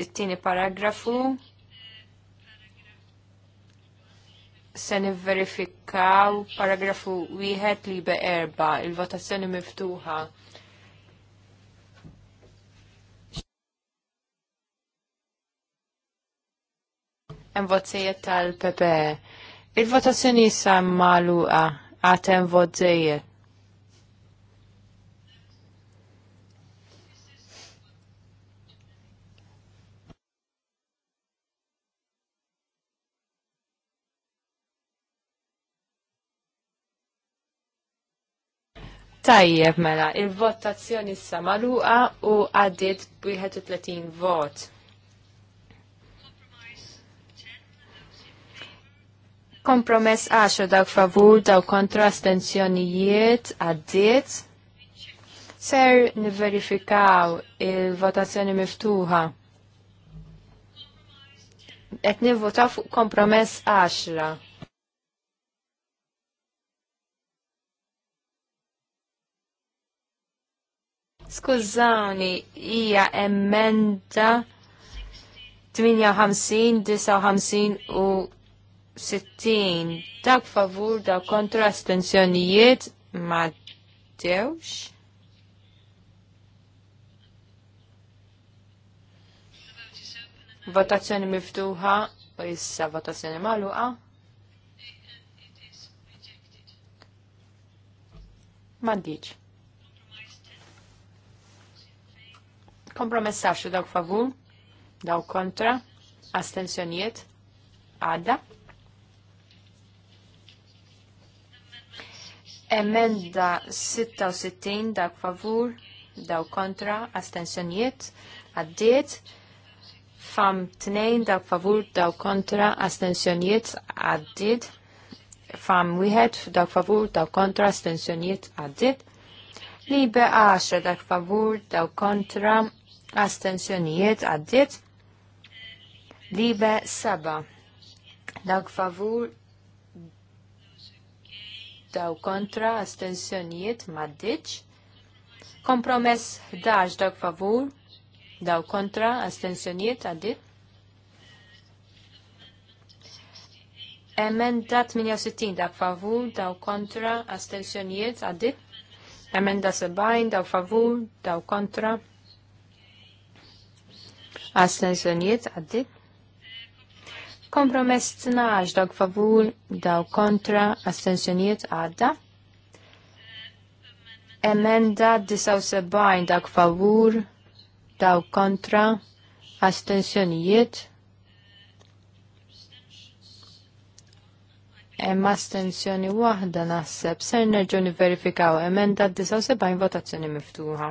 It-tieni paragrafu se nivverifikaw paragrafu wieħed libe erba, il-votazzjoni miftuħa. Hemm votzejiet tal-PPE. Il-votazzjoni issa magħluqa għad hemm votzejiet. Tajjeb mela, il-votazzjoni issa magħluqa u għaddiet 30 vot. Kompromess 10 dawk favur dawk kontra astenzjonijiet għaddiet. Ser niverifikaw il-votazzjoni miftuħa. Et nivvotaw fuq kompromess 10. Skużani, hija emenda 58, 59 u 60 dak favur da kontra astensjonijiet ma dewx. Votazzjoni miftuħa u issa votazzjoni maluqa. Mandiċ. Kompromessaxu dak favur, dawk kontra, astensjonijiet, għadda. Emenda 66 dak favur, daw kontra, astensioniet għaddiet. Fam 2 dak favur, daw kontra, astensioniet għaddiet. Fam 1 dak favur, daw kontra, astensioniet għaddiet. Libe 10 dak favur, daw kontra, astensioniet għaddiet. Libe 7 dak favur, daw kontra astensjonijiet maddiċ. Kompromess 11 daw favur, daw kontra astensjonijiet għaddit. Emenda 68 dak favur, daw kontra, astensjonijiet għaddit. Emenda 70 daw favur, daw kontra, astensjonijiet għaddit. Kompromess 12 dawk favur, daw kontra, astensjonijiet għadda. Emenda 79 dawk favur, daw kontra, astensjoniet. Emma astensjoni waħda nasseb ser nerġgħu verifikaw, emenda 79 votazzjoni miftuħa.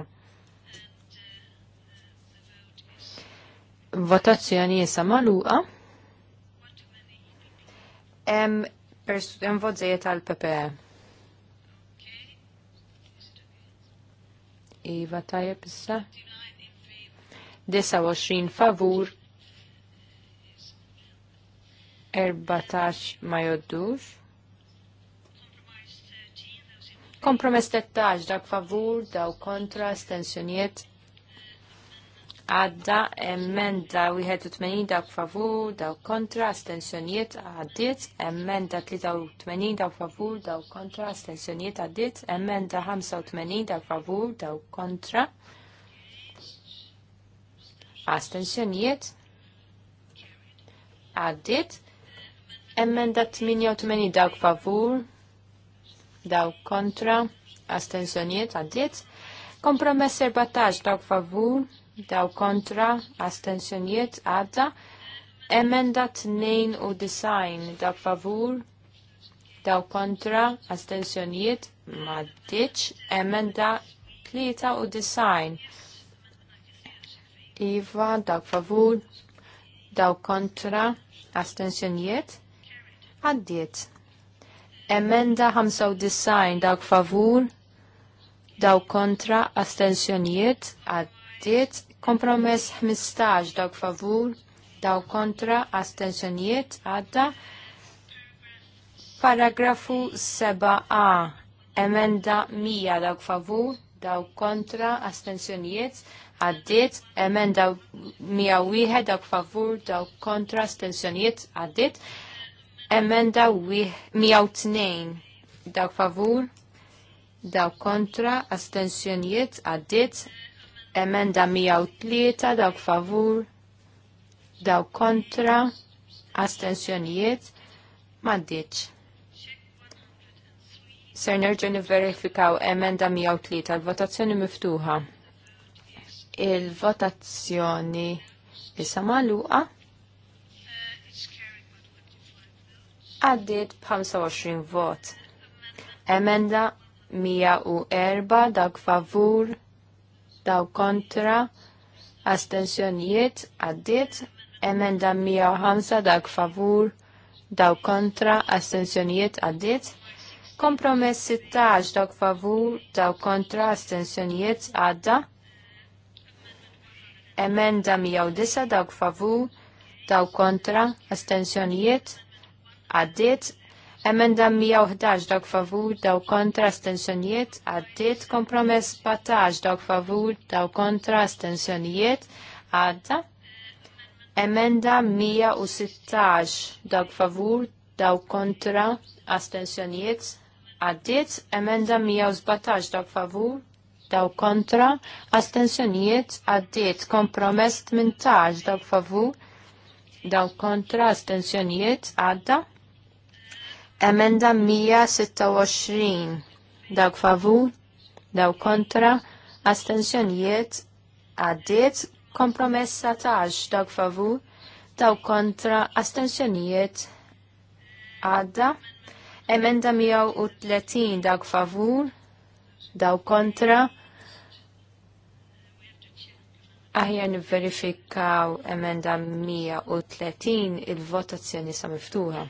Votazzjoni issa magħluqa. Hemm għal PPE. Iva tajjeb issa. 29 favur 14 ma joddux. Kompromess 13 dak favur, daw kontra, stensjonijiet għadda emmenda 81 daw favur, daw kontra, astensjoniet għaddit, emmenda 83 daw favur, daw kontra, astensjoniet għaddit, emmenda 85 daw favur, daw kontra, astensjoniet għaddit, emmenda 88 daw favur, daw kontra, astensjoniet għaddit, kompromess 14 dawk favur, daw kontra astensjonijiet għadda. Emenda u design. daw favur daw kontra astensjonijiet maddiċ. Emenda 93 Iva daw favur daw kontra astensjonijiet għaddiet. Emenda 95 daw favur daw kontra astensjonijiet għaddiet għaddiet. Kompromess 15 dawk favur, daw kontra, astensjonijiet għadda. Paragrafu 7a, emenda 100 dawk favur, daw kontra, astensjonijiet għaddit, Emenda 101 dawk favur, daw kontra, astensjonijiet għaddit, Emenda 102 dawk favur, daw kontra, astensjonijiet għaddit, Emenda 103 dawk favur, dawk kontra, astensjonijiet, maddiċ. Ser nerġu niverifikaw emenda 103 l-votazzjoni miftuħa. Il-votazzjoni issa maluqa. Għaddit b'25 vot. Emenda 104 dak favur, daw kontra astensjonijiet għaddit, emenda 105 dak favur daw kontra astensjonijiet għaddit, kompromess 16 dak favur daw kontra astensjonijiet għadda emenda 109 dak favur daw kontra astensjonijiet għaddit, Emenda 111 dawk favur daw kontra astensjonijiet għaddit kompromess 14 dawk favur daw kontra astensjonijiet għadda. Emenda 116 dawk favur daw kontra astensjonijiet għaddit. Emenda 117 dawk favur daw kontra, astensjonijiet għaddit kompromess 18 daw favur, daw kontra astensjonijiet għadda, Emenda 126. Dawk favur, dawk kontra, astensjonijiet għaddiet kompromessa 17. Dawk favur, dawk kontra, astensjonijiet għadda. Emenda 130 dawk favur, dawk kontra, Aħjar nivverifikaw emenda 130 il-votazzjoni sa miftuħa.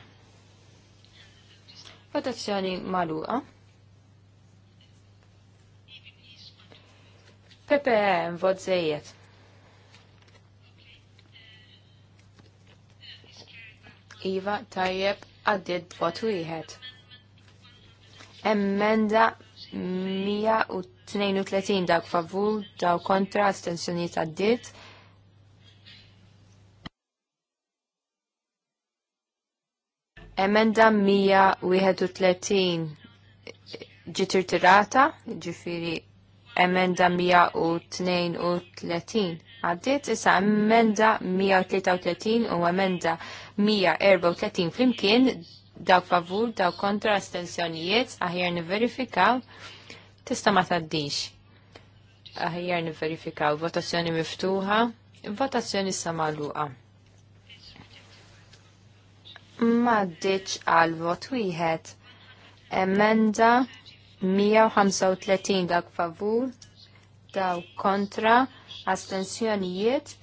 Votazzjoni maluqa. PPE vot zejiet. Iva tajjeb għaddit vot wieħed. Emmenda 132 dak favur, daw kontra, astensjoniet għaddit. Emenda 131 ġiet irtirata, ġifiri emenda 132 għaddiet, issa emenda 133 u emenda 134 flimkien daw favur, daw kontra astensjonijiet, aħjar niverifikaw, tista ma taddix. Aħjar niverifikaw, votazzjoni miftuħa, votazzjoni samaluqa maddiċ għal vot wieħed. Emenda 135 dak favur, daw kontra, astensjonijiet,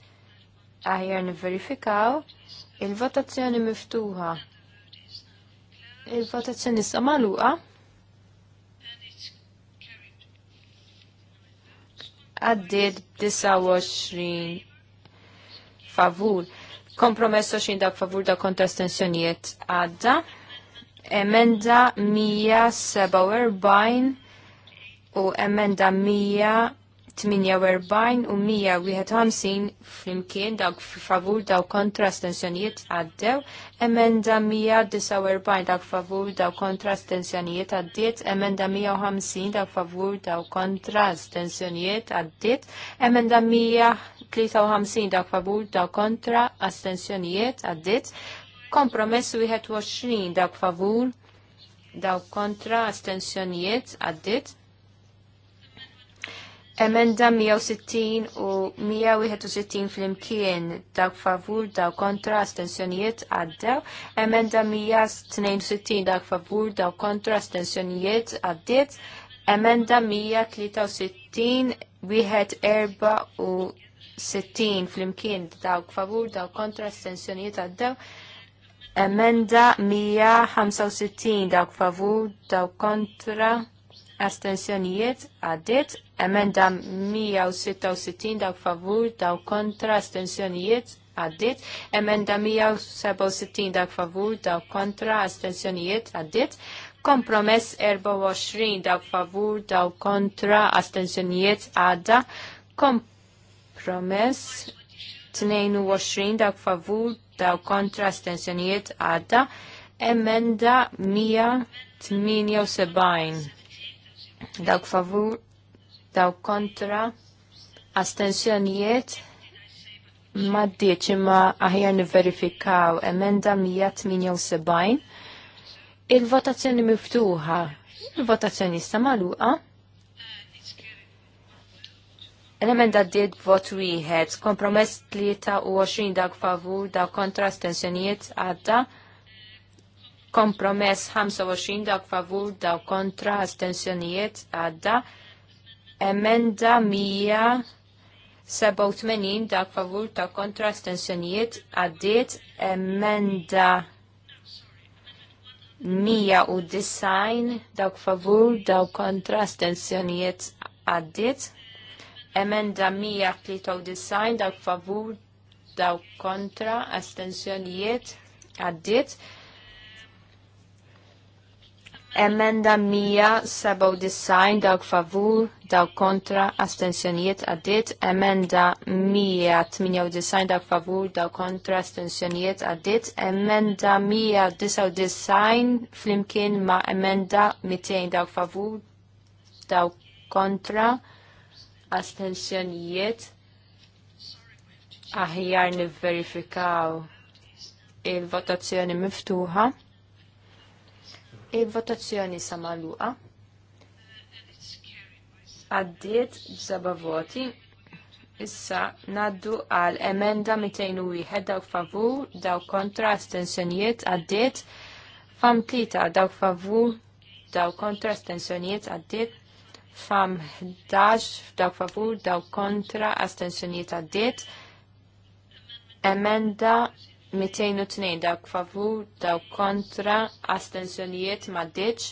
aħjar verifikaw il-votazzjoni miftuħa. Il-votazzjoni samaluqa. Għaddit 29 favur. Kompromess xin dak favur da kontra għadda. Emenda 147 u emenda 148 u 151 flimkien dak favur dak kontra stensjonijiet għaddew. Emenda 149 dak favur daw kontra stensjonijiet għaddiet. Emenda 150 dak favur dak kontra stensjonijiet għaddiet. Emenda 100 53 dak favur dak kontra astensjonijiet għaddit. Kompromess 21 dak favur dak kontra astensjonijiet għaddit. Emenda 160 u 161 fl-imkien dak favur dak kontra astensjonijiet għaddew. Emenda 162 dak favur dak kontra astensjonijiet għaddit emenda 163, wieħed erba u 60 flimkien dawk favur dawk kontra astensjonijiet għaddew. Emenda 165 dawk favur daw kontra astensjonijiet għaddit. Emenda 166 dawk favur daw kontra astensjonijiet għaddit, emenda 167 dak favur daw kontra astensjonijiet għaddit, kompromess 24 dawk favur daw kontra astensjonijiet għadda, Kompromess Promess 22 dawk favur daw kontra astensjonijiet għadda emenda 178 dawk favur dawk kontra astensjonijiet ma d-dieċ imma aħjar niverifikaw emenda 178 il-votazzjoni miftuħa il-votazzjoni sta maluqa emenda did vot wieħed, kompromess tlieta u 20 dak favur daw kontra stensjonijiet għadda, kompromess 25 dak favur daw kontra stensjonijiet għadda, emenda 187 dak favur dak kontra stensjonijiet għaddit, emenda 109 dak favur daw kontra stensjonijiet għaddit, Emenda 193 dawk favur daw kontra astensjonijiet għaddit. Emenda 197 dawk favur, dawk kontra, astensjonijiet għaddit. Emenda 198 dawk favur, daw kontra, astensjonijiet għaddit. Emenda 199 flimkien ma' emenda 200 dawk favur, daw kontra, astensjonijiet aħjar nivverifikaw il-votazzjoni miftuħa il-votazzjoni samaluqa għaddiet b'seba' voti issa naddu għal emenda 201 dawk favur dawk kontra astensjonijiet għaddiet fam dawk favur dawk kontra astensjonijiet għaddiet fam daċ, dawk favur dawk kontra astensjonijiet għaddiet emenda 202 daw favur daw kontra astensjonijiet maddiċ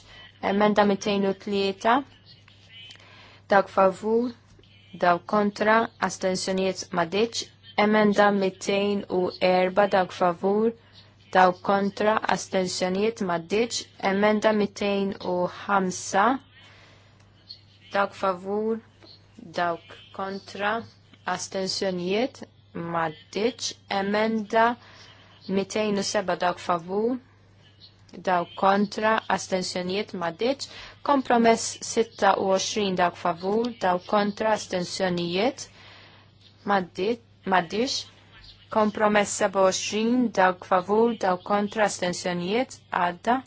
emenda 203 daw favur daw kontra astensjonijiet maddiċ emenda 204 daw favur dawk kontra astensjonijiet maddiċ emenda 205 dawk favur, dawk kontra, astensjonijiet, maddiċ, emenda 207 dawk favur, dawk kontra, astensjonijiet, maddiċ, kompromess 26 dawk favur, dawk kontra, astensjonijiet, maddiċ, kompromess 27 dawk favur, dawk kontra, astensjonijiet, għadda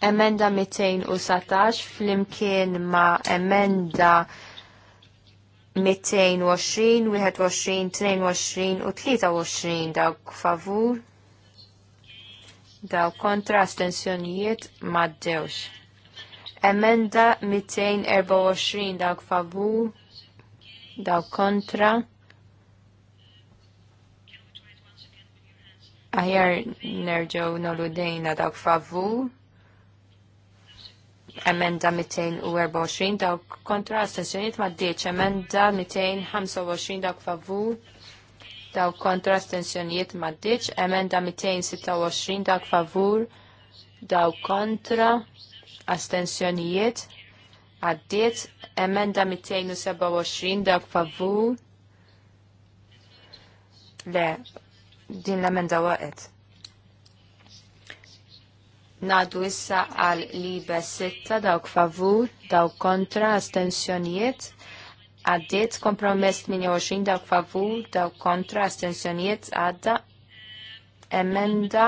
emenda 217 flimkien ma' emenda 220, 21, 22 u 23 dawk favur, daw kontra astensjonijiet maddewx. Emenda 224 dawk favur, daw kontra. Aħjar nerġaw noludejna dawk favur emenda 224 dawk kontra astensjoniet ma ddiċ emenda 225 dawk favur dawk kontra astensjoniet ma ddiċ emenda 226 dawk favur dawk kontra astensjonijiet għaddiet emenda 227 dawk favur le din l-emenda waqet. Nadu issa għal libe sitta dawk favur, dawk kontra, astensjonijiet. Għaddiet kompromess 28 dawk favur, dawk kontra, astensjonijiet għadda. Emenda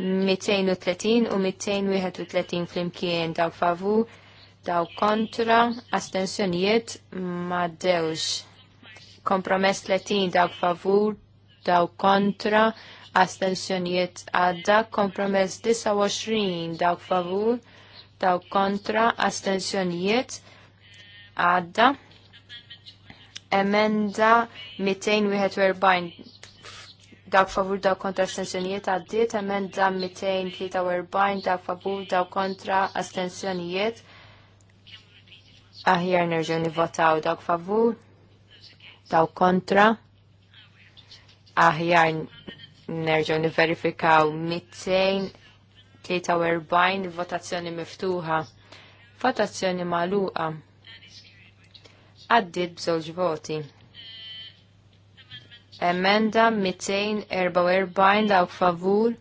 230 u 231 flimkien dawk favur, dawk kontra, astensjonijiet maddewx. Kompromess 30 dawk favur, dawk kontra, astensjonijiet għadda kompromess 29 dawk favur dawk kontra astensjonijiet għadda emenda 241 dawk favur dawk kontra astensjonijiet għaddiet emenda 243 dawk favur dawk kontra astensjonijiet aħjar nerġgħu nivvotaw dawk favur dawk kontra aħjar nerġgħu niverifikaw 243 votazzjoni miftuħa. Votazzjoni magħluqa. Għaddit bżewġ voti. Emenda 244 daw favur,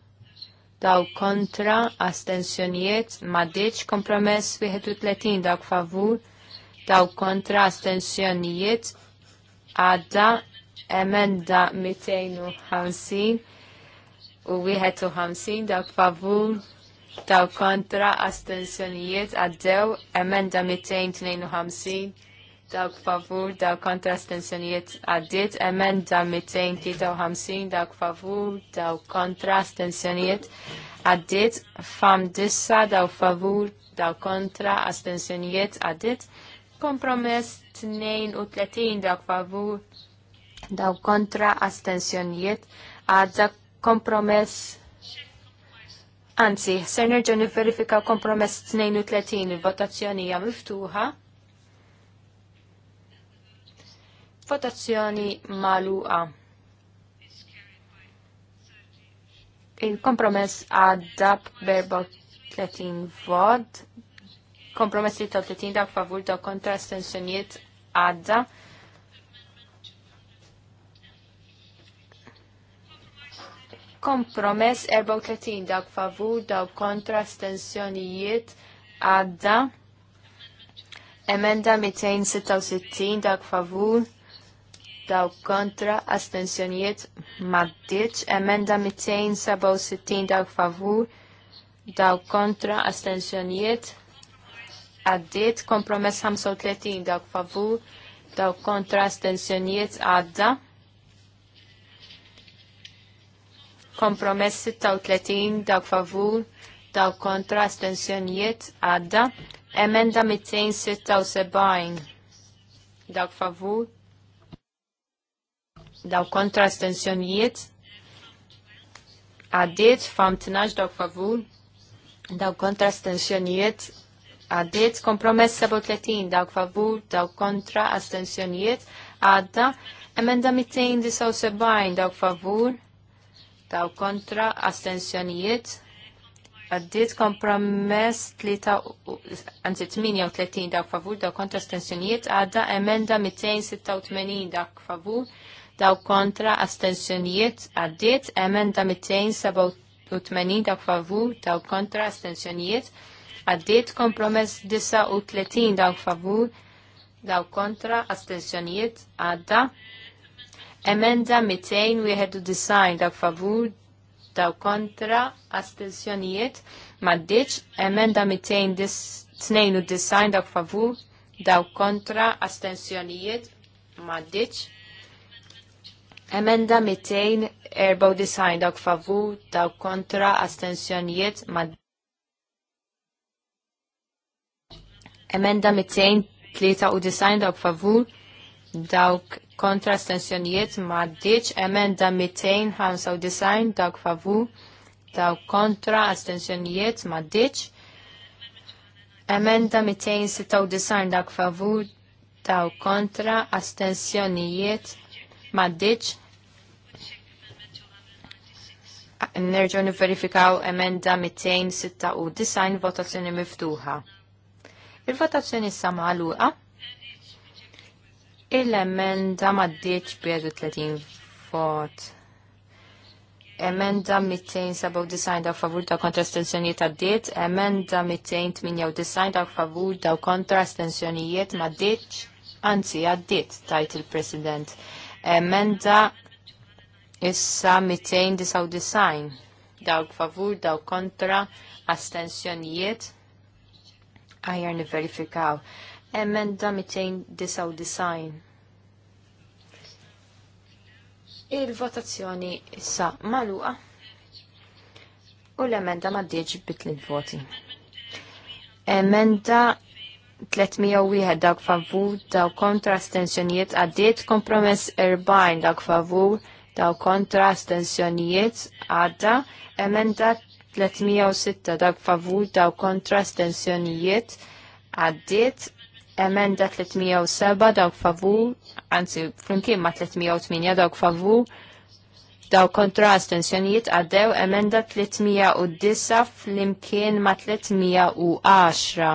dawk kontra, astensjonijiet, maddiċ kompromess 31 dawk favur, daw kontra, astensjonijiet, għadda emenda 250 u wieħed u ħamsin dak favur taw kontra astensjonijiet għaddew emenda 252 dak favur taw kontra astensjonijiet għaddit emenda 253 dak favur taw kontra astensjonijiet għaddit fam dissa daw favur daw kontra astensjonijiet għaddit kompromess 32 dak favur daw kontra astensjonijiet għaddak kompromess Anzi, ser nerġa' nifverifika kompromess 32 il-votazzjoni hija miftuħa. Votazzjoni magħluqa. Il-kompromess għadda berba 30 vot. Kompromess 30 dak favur dak kontra stensjoniet għadda. Kompromess 34 dawk favur dawk kontra stensjonijiet għadda. Emenda 266 dak favur daw kontra astensjonijiet maddiċ. Emenda 267 dak favur daw kontra astensjonijiet għaddit. Kompromess 35 dak favur daw kontra astensjonijiet għadda. Kompromess 36 dawk favur, dawk kontra astensjonijiet għadda. Emenda 276 dawk favur, dawk kontra astensjonijiet għaddiet fam 12 dawk favur, dawk kontra astensjonijiet għaddiet kompromess 37 dawk favur, dawk kontra astensjonijiet għadda. Emenda 279 dawk favur, daw kontra astensjonijiet Għaddit kompromess 38 dak favur daw kontra astensjonijiet għadda emenda 286 dak favur daw kontra astensjonijiet għaddit emenda 287 dak favur daw kontra astensjonijiet għaddit kompromess 39 dak favur daw kontra astensjonijiet għadda Emenda 291 dak favur daw kontra astensjonijiet maddiċ. Emenda 292 dak favur daw kontra astensjonijiet maddiċ. Emenda 294 dak favur daw kontra astensjonijiet maddiċ. Emenda 293 dak favur dawk kontra stensjonijiet ma ddiċ emenda 295 dawk favu. dawk kontra astensjonijiet ma ddiċ emenda 296 dawk favu dawk kontra astensjonijiet ma ddiċ Nerġu niverifikaw emenda 296 votazzjoni miftuħa. Il-votazzjoni sa' maluqa. Il-emenda maddiċ bieħdu 30 vot. Emenda 297 daw favur daw kontra stenzjonijiet għaddiet, Emenda 298 daw favur daw kontra stensjonijiet maddiċ. Anzi, għaddiet, tajt il-President. Emenda issa 299 daw favur daw kontra astensjonijiet Għajar niverifikaw. verifikaw emenda 299. Il-votazzjoni issa maluqa u l-emenda ma d-dieġ bitlin voti. Emenda 301 dawk favur, daw kontra astensjonijiet għaddiet kompromess 40 dawk favur, daw kontra astensjonijiet għadda, emenda 306 dawk favur, daw kontra astensjonijiet għaddiet, emenda 307 dawk favur, anzi flimkien ma' 308 dawk favur, daw kontra astensjonijiet għaddew emenda 309 flimkien ma' 310.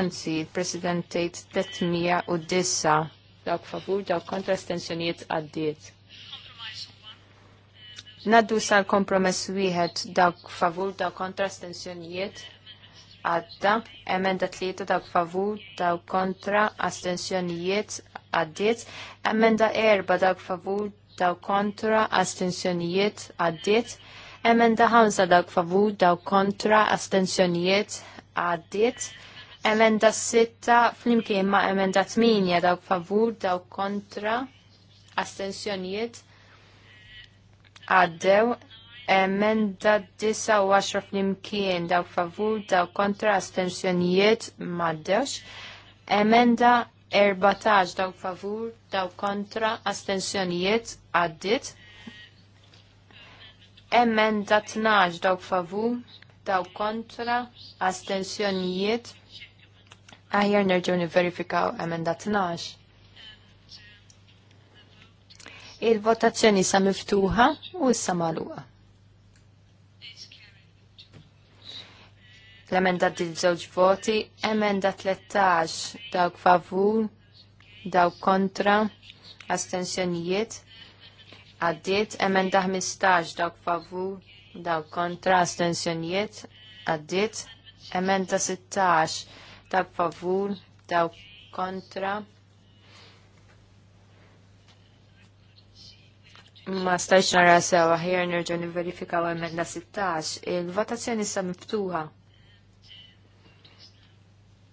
Anzi, il-President tgħid 309 dawk favur, dawk kontra astensjonijiet għaddiet. Naddu sal kompromess wieħed dawk favur, dawk kontra stensjonijiet għadda, emenda tlieta daw favur, daw kontra, astensjonijiet għaddiet, emenda erba daw favur, daw kontra, astensjonijiet għaddiet, emenda ħamsa dawk favur, daw kontra, astensjonijiet għaddiet, emenda sitta flimkien ma' emenda tminja daw favur, daw kontra, astensjonijiet għaddew, Emenda 9 flimkien daw favur daw kontra astensjonijiet maddex. Emenda 14 daw favur daw kontra astensjonijiet għaddit. Emenda 12 daw favur daw kontra astensjonijiet aħjar nerġu niverifikaw emenda 12. Il-votazzjoni sa miftuħa u issa maluqa. L-emenda dil-żewġ voti, emenda 13 dawk favur, dawk kontra, astensjonijiet, għaddit, emenda 15 dawk favur, dawk kontra, astensjonijiet, għaddit, emenda 16 dawk favur, dawk kontra. Ma stajx nara sewa, ħjar nerġu niverifikaw emenda 16, il-votazzjoni sa miftuħa.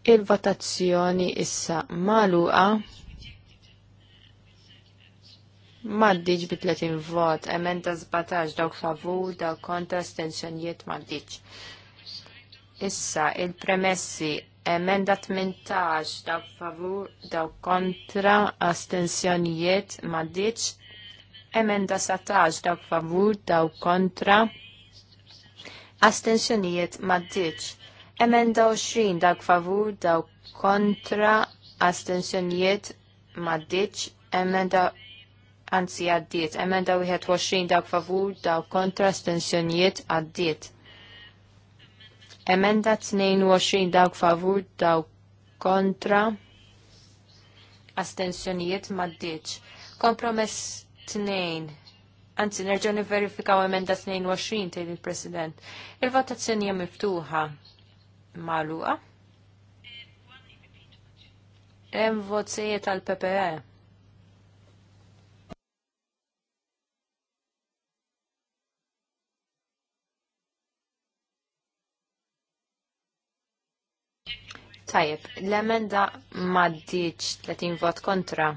Il-votazzjoni issa maluqa maddiġ bi 30 vot, emenda 17 dawk favur, dawk kontra stenzjonijiet maddiġ. Issa il-premessi emenda 18 dawk favur, dawk kontra astenzjonijiet maddiġ. Emenda 17 dawk favur, dawk kontra astenzjonijiet maddiġ Emenda 20 dawk favur, dawk kontra, astensjonijiet maddiċ. Emenda anzi għaddiet. Emenda 21 dawk favur, dawk kontra, astensjonijiet għaddiet. Emenda 22 dawk favur, dawk kontra, astensjonijiet maddiċ. Kompromess 2 Anzi, nerġaw niverifikaw emenda 22 tejn il-President. Il-votazzjoni hija miftuħa. Maluqa. Hemm votijiet tal-PPE. Tajjeb, l-emenda maddiċ 30 vot kontra.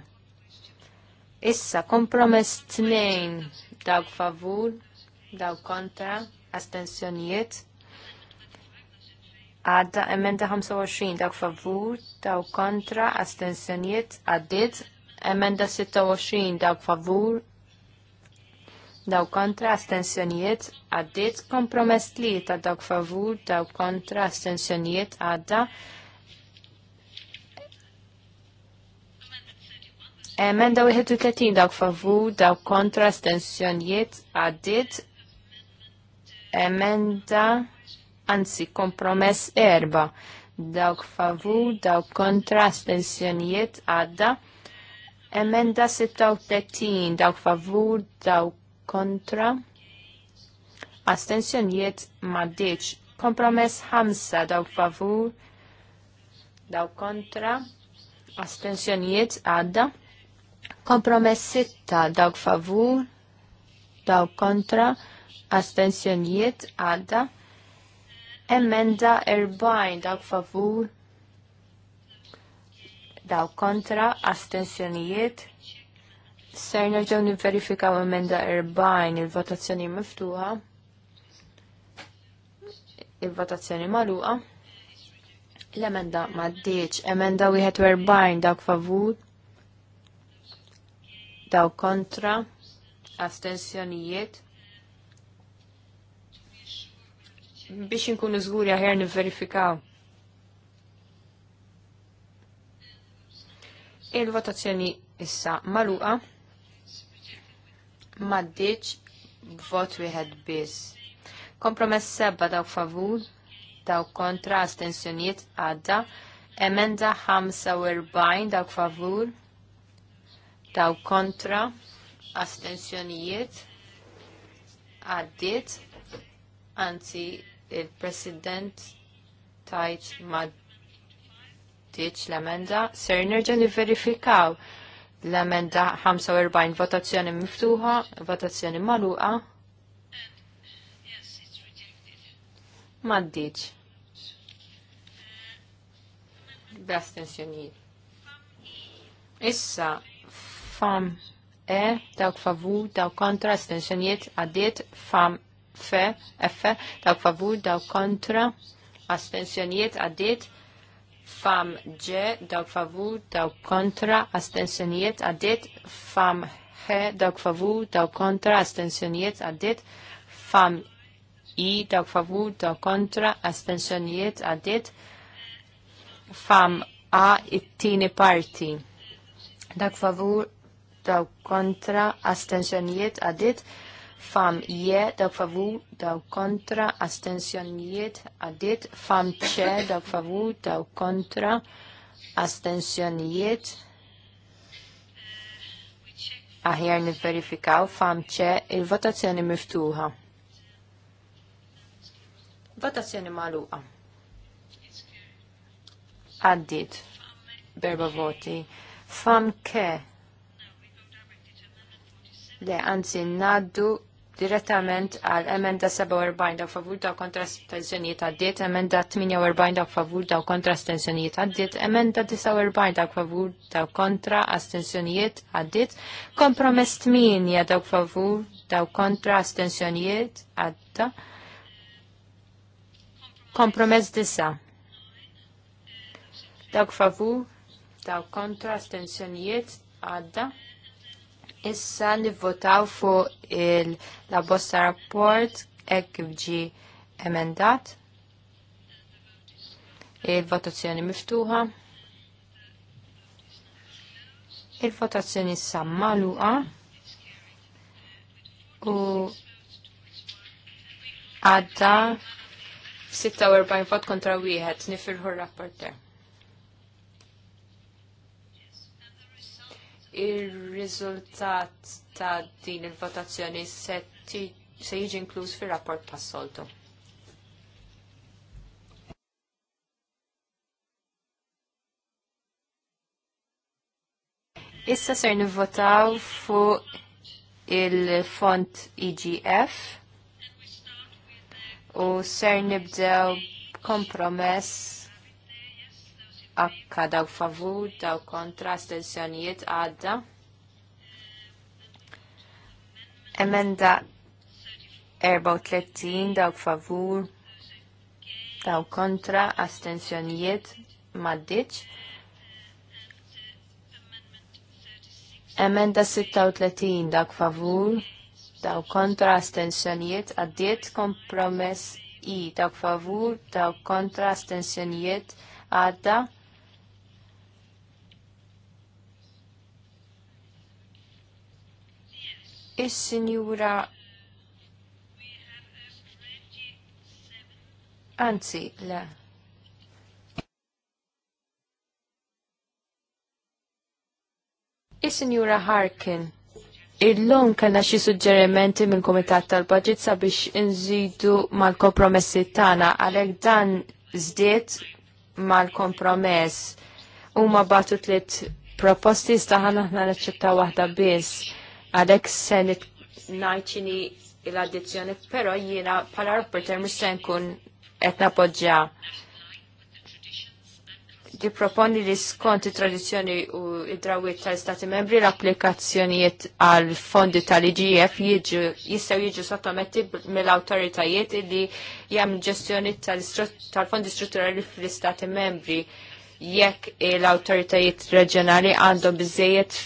Issa, kompromess tnejn dawk favur, dawk kontra, astensjonijiet. Għadda emenda 25 dak favur, daw kontra, astensjoniet, għaddit. Emenda 26 dak favur, daw kontra, astensjoniet, għaddit. Kompromess li ta' dak favur, daw kontra, astensjoniet, għadda. Emenda 31 dak favur, daw kontra, astensjoniet, għaddit. Emenda anzi kompromess erba dawk favur, dawk kontra astensjonijiet għadda. Emenda 36 dawk favur, dawk kontra astensjonijiet maddeċ, Kompromess 5 dawk favur, dawk kontra astensjonijiet għadda. Kompromess 6 dawk favur, dawk kontra astensjonijiet għadda Emenda erbajn dawk favur daw kontra astensjonijiet. Ser nerġaw niverifikaw emenda erbajn il-votazzjoni miftuħa. Il-votazzjoni maluqa. L-emenda ma d-dieċ. Emenda 41 dawk favur. Daw kontra astensjonijiet. biex inkunu żguri aħjar nivverifikaw. Il-votazzjoni issa maluqa maddiċ b'vot wieħed biss. Kompromess sebba dawk favur, dawk kontra astensjonijiet għadda, emenda 45 dawk favur, dawk kontra astensjoniet għaddit, anzi il-President tajt ma diċ l-emenda, ser nerġan verifikaw l-emenda 45 votazzjoni miftuħa, votazzjoni maluqa. Ma diċ. B'astensjonijiet. Issa, fam e, dawk favu, dawk kontra, stensjoniet, għadiet fam fe, effe, dawk favur, dawk kontra, astensjonijiet għaddit, fam G, dawk favur, dawk kontra, astensjonijiet għaddit, fam he, dawk favur, dawk kontra, astensjonijiet għaddit, fam i, dawk favur, dawk kontra, astensjonijiet għaddit, fam a, it-tini parti. Dawk favur, dawk kontra, astensjonijiet għaddit, fam je daw favu daw kontra astensjonijiet għaddit fam ċe daw favu daw kontra astensjonijiet aħjar nifverifikaw fam ċe il-votazzjoni miftuħa. Votazzjoni maluqa. Għaddit berba voti. Fam ke Le, anzi, naddu direttament għal emenda 47 daw favur daw kontra stenzjoniet għaddiet, emenda 48 daw favur daw kontra stenzjoniet għaddiet, emenda 49 daw favur daw kontra astenzjonijiet għaddiet, kompromess 8 daw favur daw kontra astenzjonijiet għadda, kompromess 9 daw favur daw kontra astenzjonijiet għadda, Issa nivvotaw fuq il-la bosta rapport ek kif ġi emendat. Il-votazzjoni miftuħa. Il-votazzjoni samma luqa. U għadda 46 vot kontra wieħed nifirħu r-rapport rapporter. Ir-riżultat ta' din il-votazzjoni se jiġi inkluż fir-rapport tas-soltu. Issa ser nivvotaw fuq il-font EGF u ser nibdew kompromess akka daw favur, daw kontra, astensjonijiet għadda. Emenda 34 daw favur, daw kontra, astenzjonijiet maddiċ. Emenda 36 dak favur, daw kontra astensjonijiet, għaddiet kompromess i daw favur, daw kontra astensjonijiet, għadda. Is-Sinjura Anzi, le. Is-Sinjura Harkin, illum kellna xi suġġerimenti mill-Kumitat tal-Baġit sabiex inżidu mal-kompromessi tagħna għalhekk dan żdied mal-kompromess huma batu tliet proposti staħan aħna naċċettaw waħda biss għadek se najċini l-addizjoni, pero jiena pala rapporter mux se nkun etna podġa Di proponi li skont tradizjoni u id-drawiet tal-Stati membri l-applikazzjonijiet għal fondi tal-IGF jistaw jiġu sottometti mill-autoritajiet li jgħam ġestjoni tal-fondi strutturali fl-Stati membri jekk l-autoritajiet reġjonali għandu biżejjed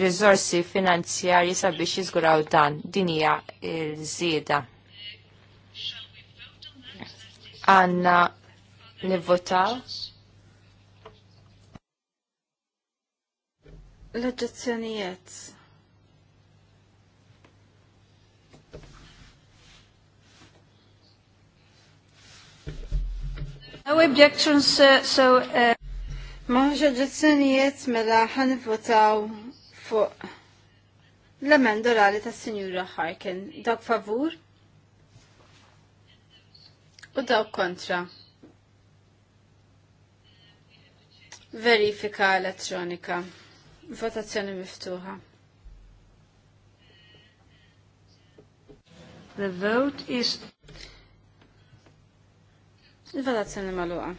rizorsi finanzjari sabiex jizguraw dan dinija hija l-żieda. Għanna nivvotaw. L-oġġezzjonijiet. No objections, uh, so... Uh... Maħġa oġġezzjonijiet mela votaw fuq l-emend ta' tas sinjura Harkin. Dawk favur u dawk kontra. Verifika elettronika. Votazzjoni miftuħa. The vote is... Il-votazzjoni maluqa.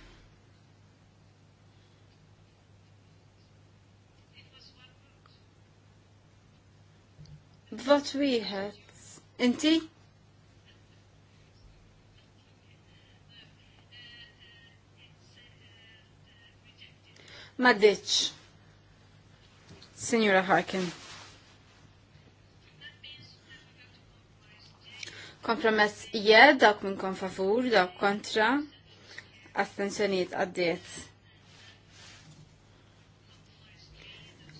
Vot wieħed. Inti? Maddiċ. Signora Harkin. Kompromess je, dak minn kon favur, dak kontra. Astenzjoniet għaddiet.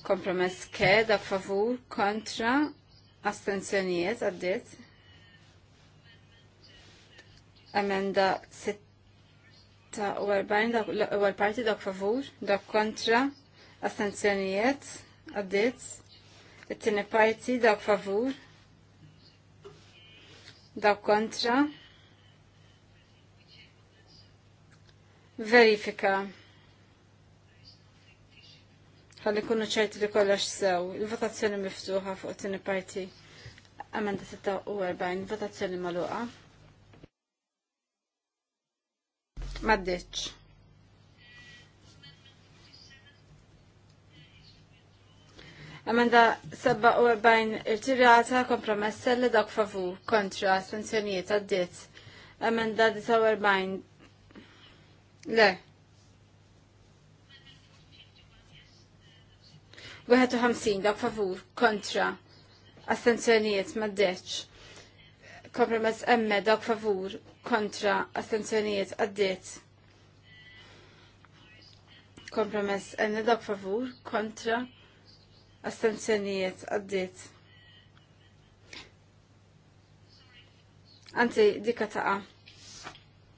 Kompromess ke, dak favur, kontra astenzjonijiet għaddit. Amenda 46 għal parti dak favur, dak kontra, astenzjonijiet għaddit. it parti dak favur, dak kontra. Verifika ħalli kunu ċerti li kollox sew. Il-votazzjoni miftuħa fuq tini parti. Amenda 46, votazzjoni maluqa. Maddiċ. Amenda 47 irtirata kompromessa li dak favu kontra sanzjonijiet għaddit. Amenda 49 le 51 dak favur kontra astenzjonijiet maddeċ. Kompromess emme dak favur kontra astenzjonijiet għaddiet. Kompromess enne dak favur kontra astenzjonijiet għaddiet. Anzi, dika taqa.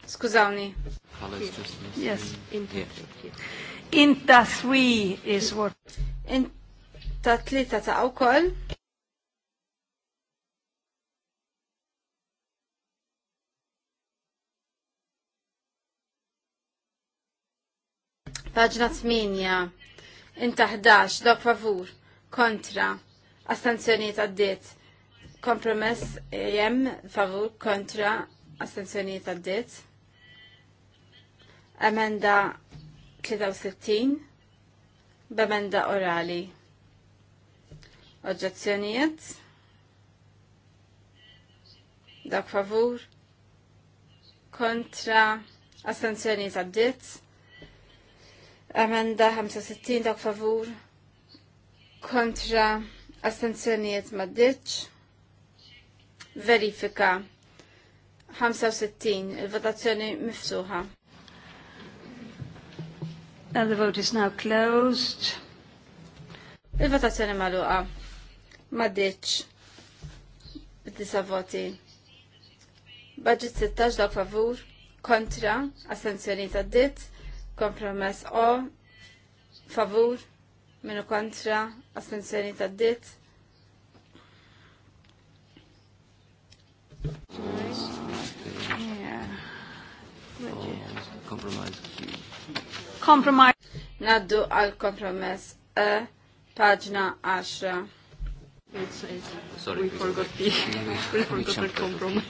Skużawni. Yes, inta. Inta swi is what. In ta' tlita ta' wkoll. Paġna 8. Inta 11 dok favur kontra astenzjoniet għaddiet. Kompromess jem favur kontra astenzjoniet għaddiet. Emenda 63 b'emenda orali. Oġġezzjonijiet? Dak favur? Kontra? Astenzjonijiet għaddit? Amenda 65 dak favur? Kontra? Astenzjonijiet maddiċ? Verifika 65 il-votazzjoni miftuħa. And the vote is now closed. Il-votazzjoni maluqa ma ditx b'disa voti. Budget 16 da favur kontra assenzjoni ta' dit. kompromess o favur minu kontra assenzjoni ta' dit. Compromise. Naddu għal kompromess e paġna 10. Sorry, we forgot the, we forgot our compromise.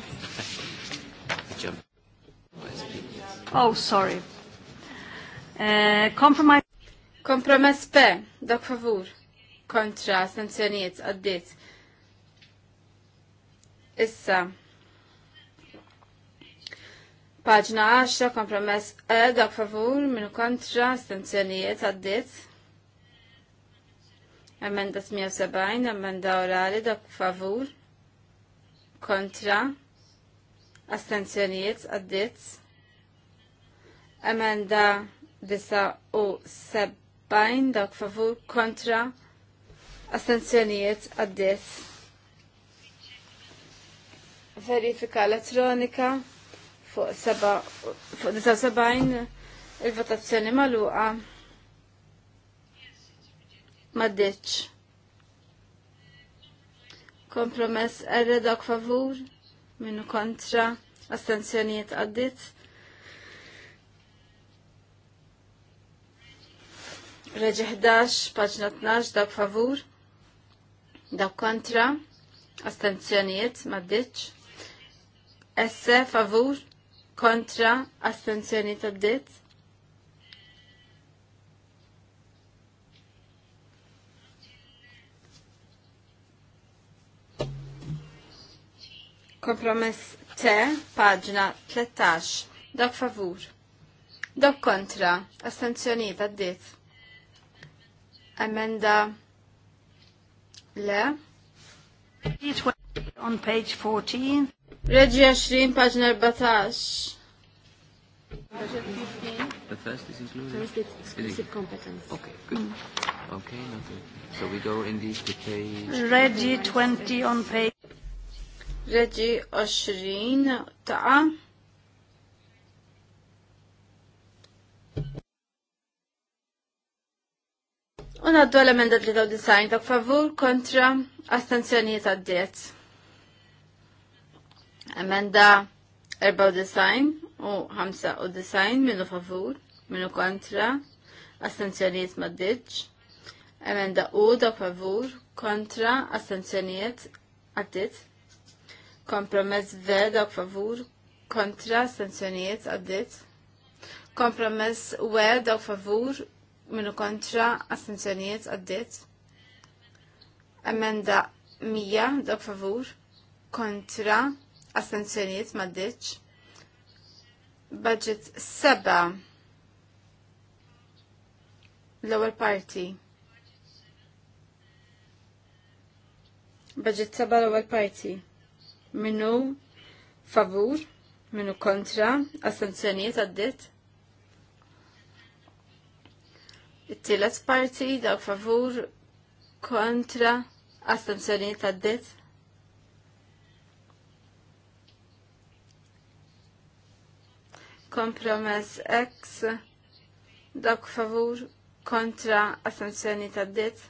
Oh, sorry. Uh, compromise. Kompromess P, dak favur, kontra, sanzjoniet, għaddit. Issa. Paġna 10, kompromess E, dak favur, minu kontra, sanzjoniet, għaddit. Emenda 78, emenda orali, dak favur, kontra, astenzjonijiet, għaddit. Emenda 79, dak favur, kontra, astenzjonijiet, għaddit. Verifika elettronika fuq 79 il-votazzjoni maluqa maddeċ. Kompromess erre dak favur minnu kontra astenzjoniet għaddit. Reġi 11, paġna 12, dak favur, dak kontra, astenzjonijiet, maddiċ. Esse favur, kontra, astenzjoniet għaddit. Kompromess te, paġna 13. Dok favur. Dok kontra. Astenzjoni għaddit. Emenda le. On page 14. Reġi 20, paġna 14. The first is included? First is exclusive competence. Okay, good. Mm. Okay, nothing. So we go indeed to page... Reggie 20 on page... Reġi 20 taqa. Unaddu għal-emenda 93 ta' favur kontra astenzjonijiet għaddiet. Emenda design u 95 minu favur, minu kontra, astenzjonijiet maddiċ. Emenda u da favur kontra astenzjonijiet għaddiet. Kompromess V dak favur kontra sanzjonijiet għaddit. Kompromess W dak favur minu kontra astenzjonijiet għaddit. Emenda Mija dawk favur kontra astenzjonijiet maddiċ. Budget seba lower party. Budget seba lower party minnu favur, minnu kontra, assenzjoniet għaddit. It-tielet parti dawk favur, kontra, assenzjoniet għaddit. Kompromess X, dawk favur, kontra, assenzjoniet għaddit.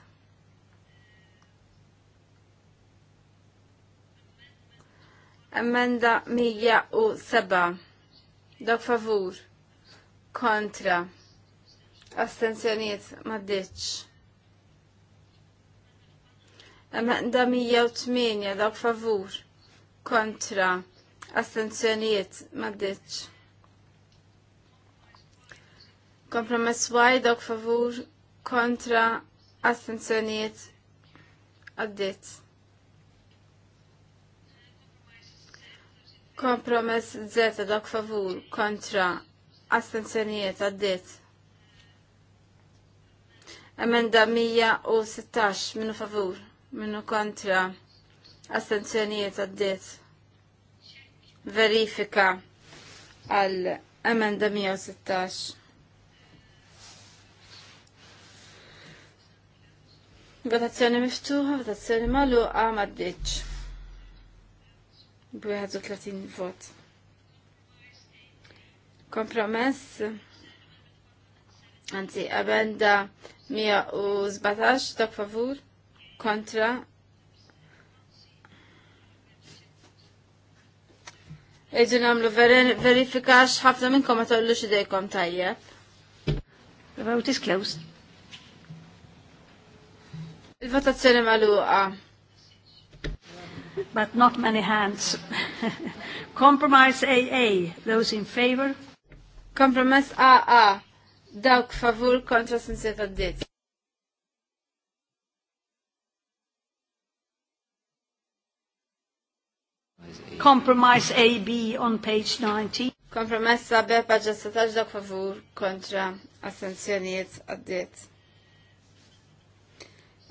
Emenda 107. Dok favur. Kontra. Astenzjoniet maddiċ. Emenda 108. Dok favur. Kontra. Astenzjoniet maddiċ. Kompromess waj, dok favur. Kontra. Astenzjoniet għaddit. Kompromess zeta dak favur kontra astenzjonijiet għaddit. Emenda 116 minnu favur, minnu kontra astenzjonijiet għaddit. Verifika għal emenda 116. Votazzjoni miftuħa, votazzjoni maluqa, maddiċ b-31 vot. Kompromess, anzi, għabenda 117 dok favur kontra Eġu namlu verifikax ħafna minnkom ma tollu xidejkom tajjeb. The vote is closed. Il-votazzjoni maluqa but not many hands. Compromise AA, those in favor? Compromise AA, dawk favul kontra sensiet għaddit. Compromise AB on page 19. Compromise B, paġa 17, dawk favur kontra assenzjoniet addit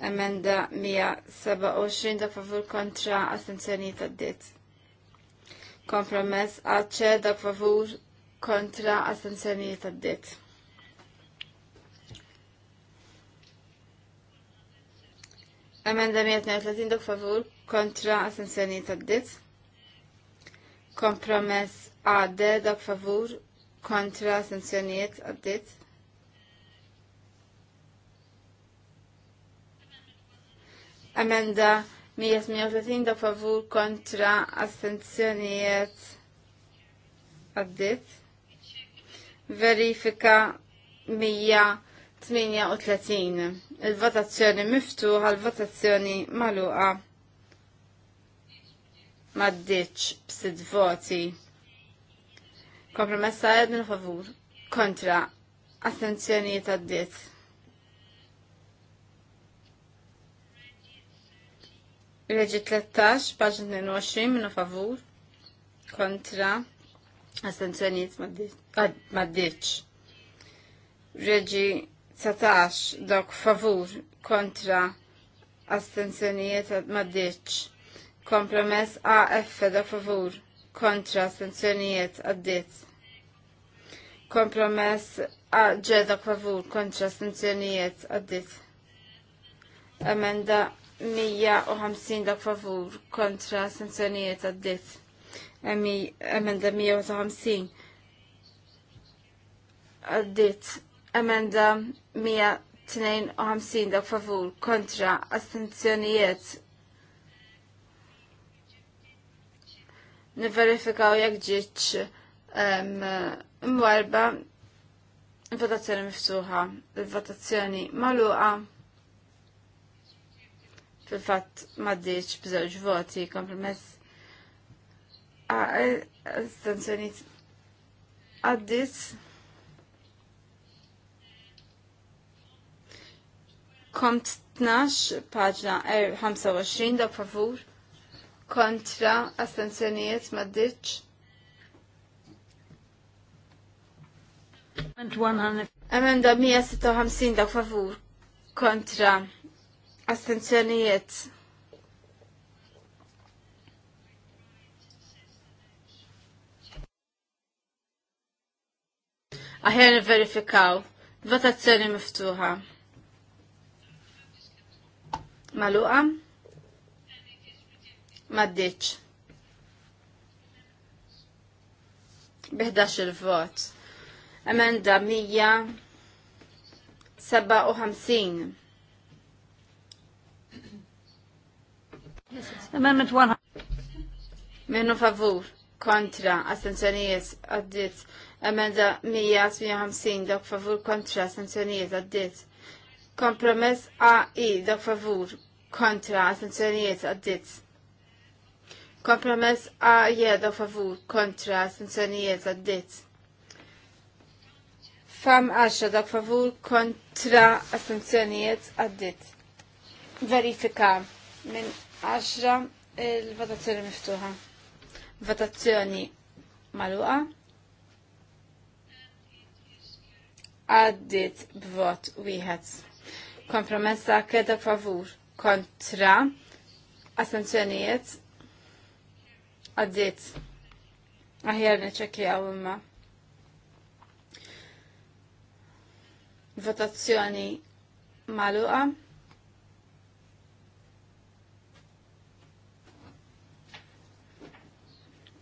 emenda 127 da favur kontra d għaddit. Kompromess għacċe da favur kontra d għaddit. Emenda 132 da favur kontra d għaddit. Kompromess għadde da favur kontra d għaddit. Emenda 130 da favur kontra astenzjonijiet għaddit. Verifika 138. Il-votazzjoni miftuħa, il-votazzjoni maluqa maddiċ b'sid voti. Kompromessa għed favur kontra astenzjonijiet għaddit. Reġi 13, paġna 22, minna favur, kontra, astenzjoniet maddiċ. Reġi 19, dok favur, kontra, astenzjoniet maddiċ. Kompromess AF, dok favur, kontra, astenzjoniet għaddit. Kompromess AG, dok favur, kontra, astenzjoniet għaddit. Amenda 150 dak favur kontra sanzjonijiet għaddit. Emenda 150 għaddit. Emenda 152 dak favur kontra sanzjonijiet. Niverifikaw jek ġiċ mwarba votazzjoni miftuħa, votazzjoni maluqa fil fat maddiċ bżewġ voti kompromess e, stanzjoniet għaddit Komt 12 paġna 25 e, da favur kontra astenzjonijiet maddiċ. Emenda 156 da favur kontra Astenzjonijiet. Aħjar verifikaw. Votazzjoni miftuħa. Maluqa? Maddiċ. Biħdax il-vot. Emenda 157. Amendment 100. Minnu favur, kontra, astenzjonijiet, għaddit. Amenda 150, dok favur, kontra, astenzjonijiet, għaddit. Kompromess AI, dak favur, kontra, astenzjonijiet, għaddit. Kompromess AI, dok favur, kontra, astenzjonijiet, għaddit. Fam 10, dok favur, kontra, astenzjonijiet, għaddit. Verifika. Verifika minn 10 il-votazzjoni miftuħa. Votazzjoni maluqa. Għaddit b'vot wieħed. Kompromessa keda favur kontra astenzjonijiet għaddit. Aħjar neċekjaw imma. Votazzjoni maluqa.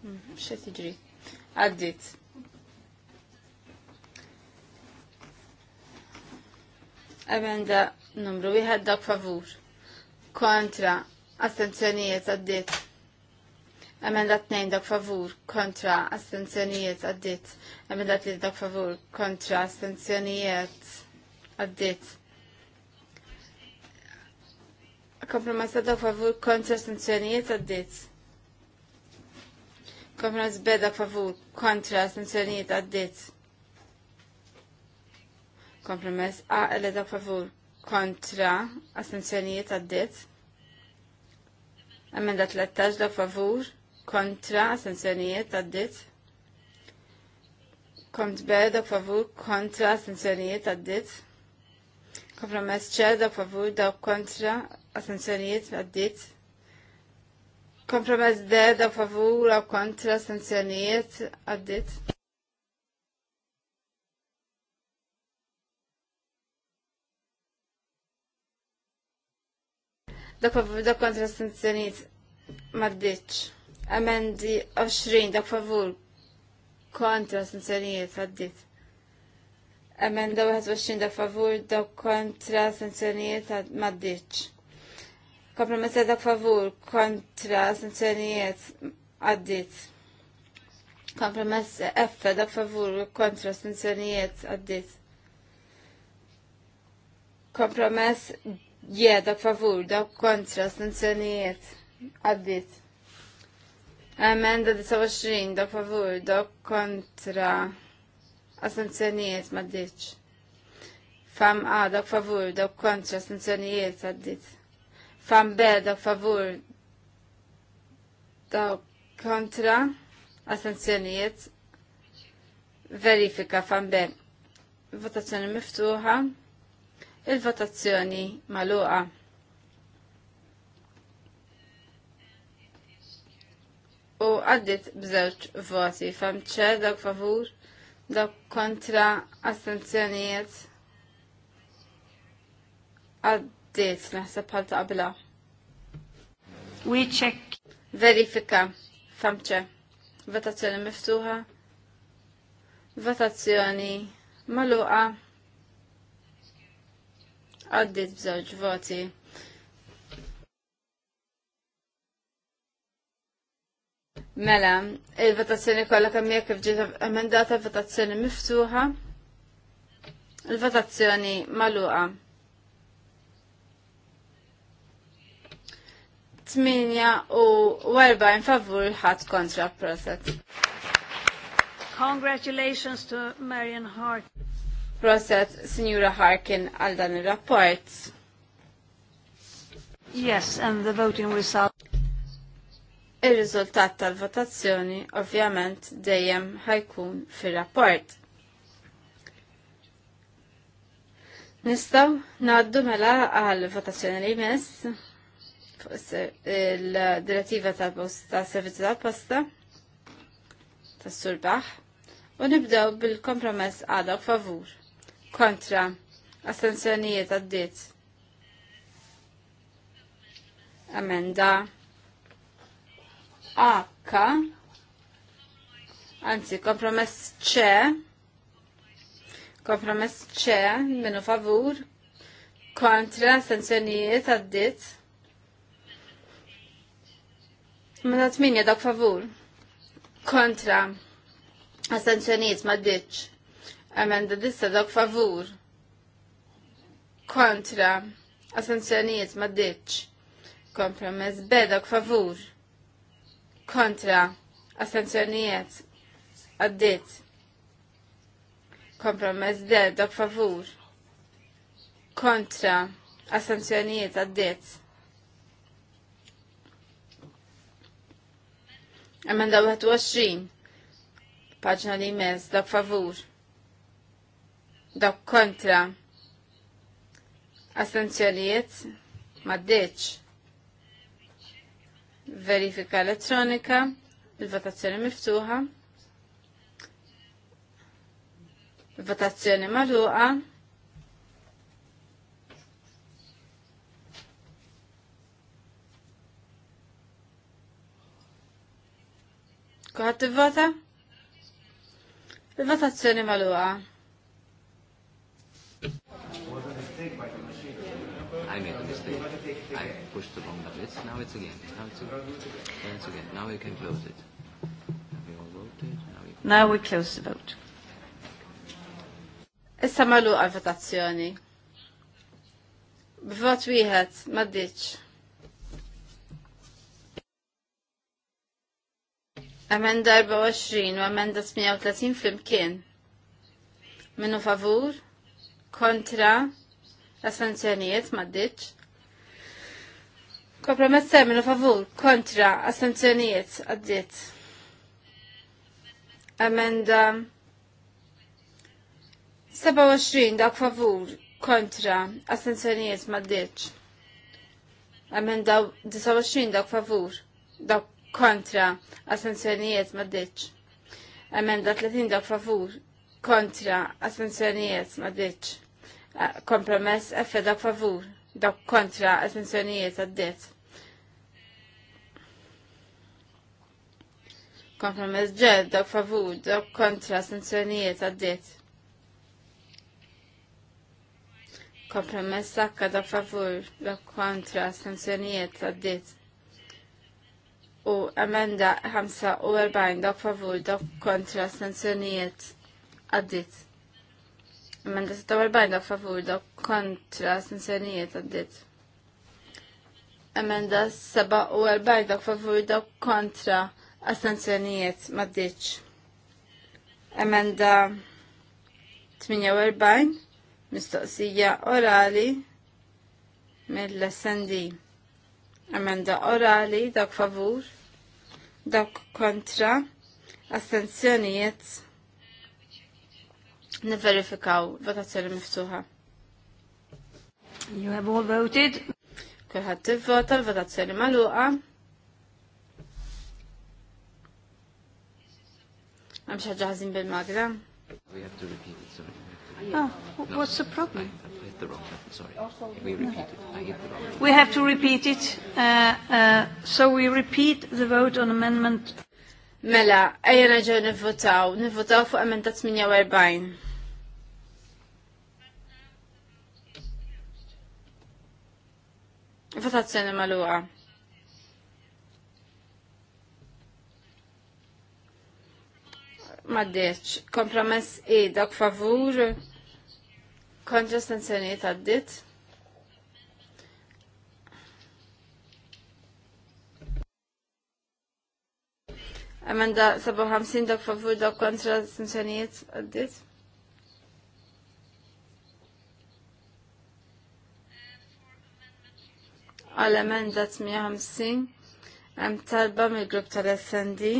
Mm, Xe tiġri? Għaddit. Emenda numru wieħed dak favur. Kontra. Astenzjonijiet għaddit. Emenda tnejn dak favur. Kontra. Astenzjonijiet għaddit. Emenda tliet dak favur. Kontra. Astenzjonijiet għaddit. Kompromessa dak favur. Kontra. Astenzjonijiet għaddit Kompromess beda favur kontra astensjonijiet għaddit. Kompromess A eleda favur kontra astensjonijiet għaddit. Emenda 13 da favur kontra astensjonijiet għaddit. Komt B da favur kontra astensjonijiet għaddit. Kompromess C da favur da kontra astensjonijiet għaddit. Kompromess D daw favur u kontra sanzjonijiet għaddit. Dak favur dak kontra sanzjonijiet maddiċ. Amendi 20 dak favur kontra sanzjonijiet għaddit. Amenda 21 dak favur dak kontra sanzjonijiet maddiċ. Kompromess dak favur kontra sanzjonijiet għaddit. Kompromess F dak favur kontra sanzjonijiet għaddit. Kompromess J dak favur da kontra sanzjonijiet għaddit. Emenda 29 dak favur da kontra sanzjonijiet ma' ditx. Fam A dak favur da kontra sanzjonijiet għaddit. Fambeda favur daw kontra astenzjonijiet verifika fan be, votazzjoni miftuħa il-votazzjoni maluqa u għaddit bżewġ voti ċer daw favur daw kontra astenzjonijiet għaddit għaddiet naħseb bħal ta' qabla. We check. Verifika. Famċe. Votazzjoni miftuħa. Votazzjoni maluqa. Għaddiet bżewġ voti. Mela, il-votazzjoni kollha kemm hija kif ġiet emendata votazzjoni miftuħa. Il-votazzjoni maluqa. 8 u 40 favur ħadd kontra proset. Congratulations to Marian Hart. Proset, Signora Harkin, għal dan il-rapport. Yes, and the voting result. Il-riżultat tal-votazzjoni ovvjament dejjem ħajkun fir-rapport. Nistaw naddu mela għal votazzjoni li jmiss il-direttiva ta' servizzi ta' posta ta' surbaħ u nibdew bil-kompromess għada favur kontra astenzjonijiet għaddit. Amenda AK anzi kompromess ċe kompromess ċe minu favur kontra sanzjonijiet għaddit Mena minja dak favur. Kontra. Astenzjoniet ma ditx. Amenda dissa dak favur. Kontra. Astenzjoniet ma ditx. Kompromess B dak favur. Kontra. Astenzjoniet. Għaddit. Kompromess D dak favur. Kontra. Astenzjoniet għaddit Emenda 21. Paġna li mez, dak favur. Dak kontra. Astenzjonijiet. Maddeċ. Verifika elettronika. Il-votazzjoni miftuħa. Votazzjoni marruqa. Kuħat t-vota? Il-votazzjoni maluqa. I made a mistake. I pushed the wrong button. It's, now it's again. Now it's again. Now it's again. Now we can close it. Have we all voted? Now we, now we close the vote. Issa maluqa l-votazzjoni. B'vot wieħed, ma' ditx. Emenda 24 u emenda 38 flimkien. Minu favur, kontra, astenzjonijiet maddiċ. Kompromess minu favur, kontra, astenzjonijiet għaddit. Emenda 27 dak favur, kontra, astenzjonijiet maddiċ. Emenda 29 dak favur, dak kontra assenzjonijiet maddiċ. Emenda 30 dak favur kontra assenzjonijiet maddiċ. Kompromess F dak favur dak kontra assenzjonijiet għaddit. Kompromess ġed dak favur dak kontra assenzjonijiet għaddit. Kompromess sakka dak favur dak kontra assenzjonijiet għaddit u emenda 45 dak favur dok kontra sanzjonijiet għaddit. Emenda 46 dok favur dok kontra sanzjonijiet għaddit. Emenda 47 dak favur dok kontra sanzjonijiet maddiċ. Emenda 48 mistoqsija orali mill-SND. Emenda orali, dak favur, dak kontra, astenzjonijiet, niverifikaw votazzjoni miftuħa. You have all voted. Kulħat tivvota l-votazzjoni maluqa. Hemm xi bil magra We have to repeat it, sorry. Oh, what's the problem? the wrong button, sorry. We repeat it. I hit the wrong button. We have to repeat it. Uh, uh, so we repeat the vote on amendment. Mela, ejja ġew nivvotaw, nivvotaw fuq emenda 48. Votazzjoni maluqa. Maddeċ, kompromess i dak favur kontra sanzjonijiet għaddit. Amanda 57 dak favur dak kontra sanzjonijiet għaddit. Għal amenda 58 hemm talba mill-grupp tal-SND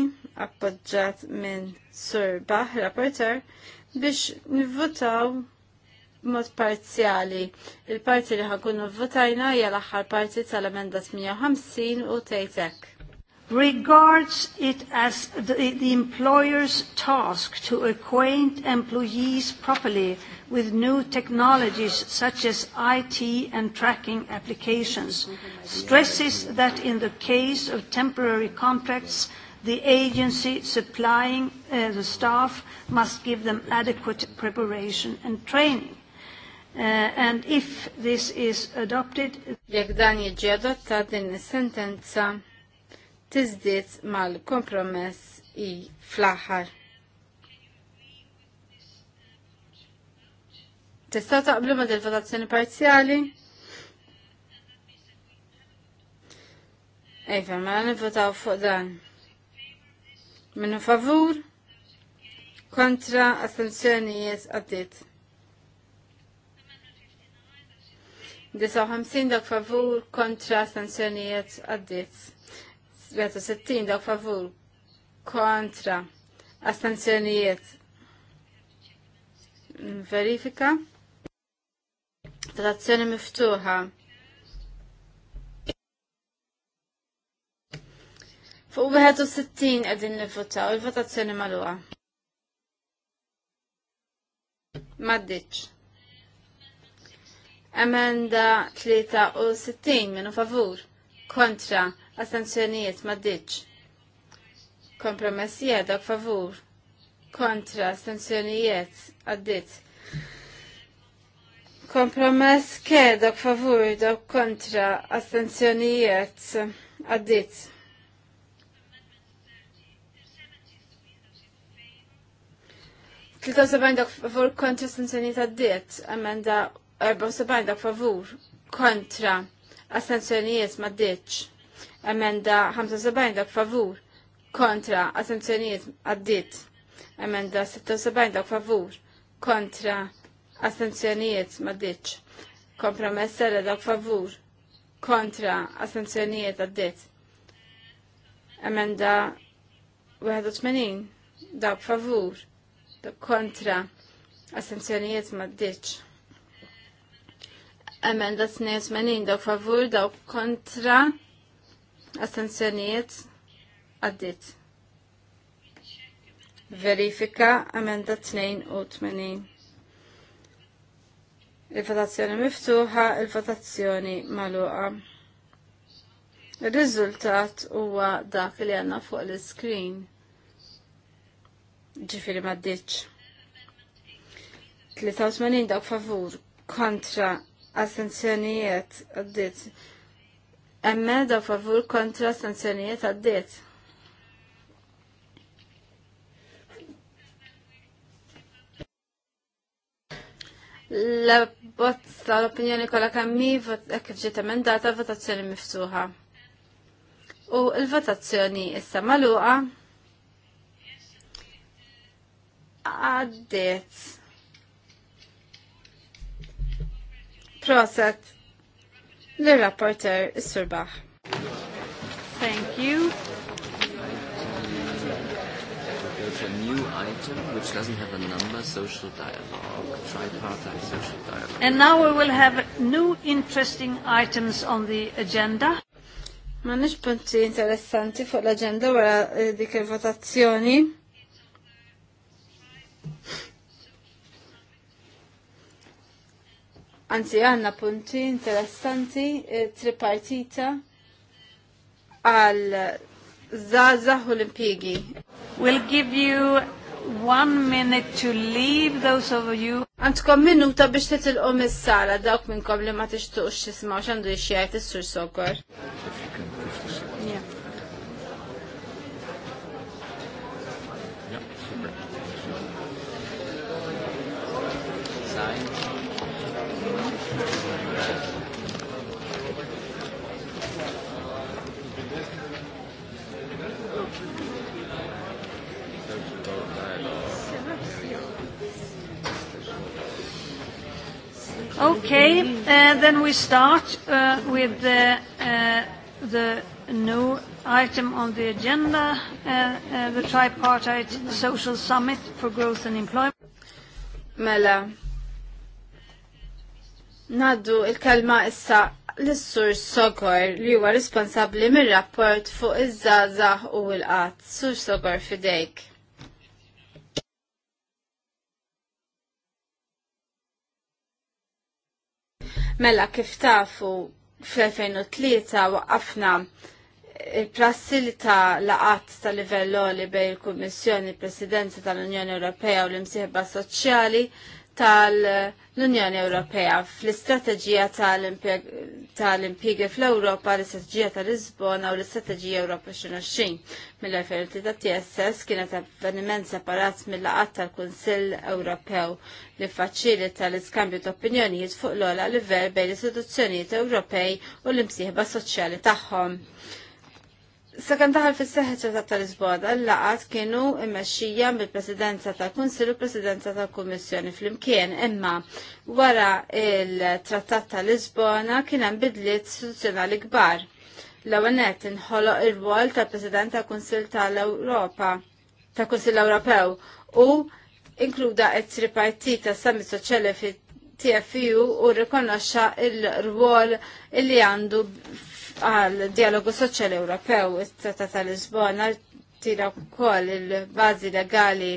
appoġġat minn Sur Bach, rapporter, biex nivvotaw mod parzjali. Il-parti li ħankunu votajna hija l-aħħar parti tal-emenda 58 u tgħidlek. Regards it as the, the employer's task to acquaint employees properly with new technologies such as IT and tracking applications, stresses that in the case of temporary contracts, the agency supplying uh, the staff must give them adequate preparation and training. Uh, and if this is adopted jekk dan jiġi adottat din is-sentenza tiżdied mal-kompromess i fl-aħħar. Tista' taqblu ma' votazzjoni parzjali? Ejfa, iva, ma mela nivvotaw fuq dan. Minu favur? Kontra astenzjonijiet għaddit. 59 dak favur kontra stanzjonijiet għaddit. 60 dak favur kontra astanzjonijiet. Verifika. Trazzjoni miftuħa. Fuq 61 għedin u il-votazzjoni maluqa. Maddiċ. Emenda 63 minu favur kontra astenzjonijiet maddiċ. Kompromess jedok favur kontra astenzjonijiet għaddit. Kompromess kedok favur dok kontra astenzjonijiet għaddit. Tlita sabajn dok favur kontra astenzjonijiet għaddit. Emenda 74 dak favur kontra assenzjonijiet ma ddiċ. Emenda 75 dak favur kontra astenzjonijiet għaddit. Emenda 76 dak favur kontra assenzjonijiet ma ddiċ. Kompromess sera dak favur kontra astenzjonijiet għaddit. Emenda 81 dak favur dak kontra astenzjonijiet ma ddiċ Emenda 82 daw favur daw kontra astensjonijiet għaddit. Verifika emenda 82. Il-votazzjoni miftuħa, il-votazzjoni maluqa. Il-riżultat huwa dak li għanna fuq l-screen. Ġifiri maddiċ. 83 dawk favur kontra assenzjonijiet għaddit. Emmeda favur kontra assenzjonijiet għaddit. La bozza l-opinjoni kolla kammi eh, kif ġiet emendata votazzjoni miftuħa. U l-votazzjoni issa maluqa għaddit. Proset reporter is Surbaħ. Thank you. There's a new item which doesn't have a number, social dialogue, tripartite social dialogue. And now we will have new interesting items on the agenda. Ma nix punti interessanti fuq l-agenda wara eh, dik il-votazzjoni. anzi għanna punti interessanti eh, tripartita għal Zaza u We'll give you one minute to leave those of you. Għandkom minuta biex titilqom is-sala dawk minnkom li ma tixtuqx tismaw x'għandu jxjajt is-sur sokor. Okay, uh, then we start uh, with the, uh, the new item on the agenda, uh, uh, the tripartite social summit for growth and employment. Mela, naddu il-kelma issa l-sur Sogor li huwa responsabli mir-rapport fuq iż żaza u l-qatt. Sur Sogor fidejk. Mela kif tafu f 2003 waqqafna il-prassi li ta' laqat ta' livell li bej il-Kummissjoni, presidenza tal-Unjoni Ewropea u l-imsieħba soċjali tal-Unjoni Ewropea fl-istrateġija tal impiegi fl-Ewropa, l-istrateġija tal-Lisbona u l-istrateġija Ewropa 2020. Mill-referenti ta' TSS kienet avveniment separat mill-laqat tal-Kunsill Ewropew li faċili tal-iskambju ta' opinjonijiet fuq l-ola livell bejn l-istituzzjonijiet Ewropej u l-imsieħba soċjali tagħhom. Sakan taħal fis-seħħa ċertat tal-Lisbona, l kienu mmexxija mill-Presidenza tal-Kunsill u Presidenza tal-Kummissjoni flimkien, imma wara il-Trattat tal-Lisbona kien hemm bidliet istituzzjonali kbar. L-ewwel nett inħoloq ir-rwol tal-President tal kunsil tal-Ewropa tal-Kunsill Ewropew u inkluda il tripartit tas-Summit Soċjali fit-TFU u rikonoxxa il-rwol li għandu għal dialogu soċjali Ewropew it-Tata tal-Lisbona tira wkoll il-bażi legali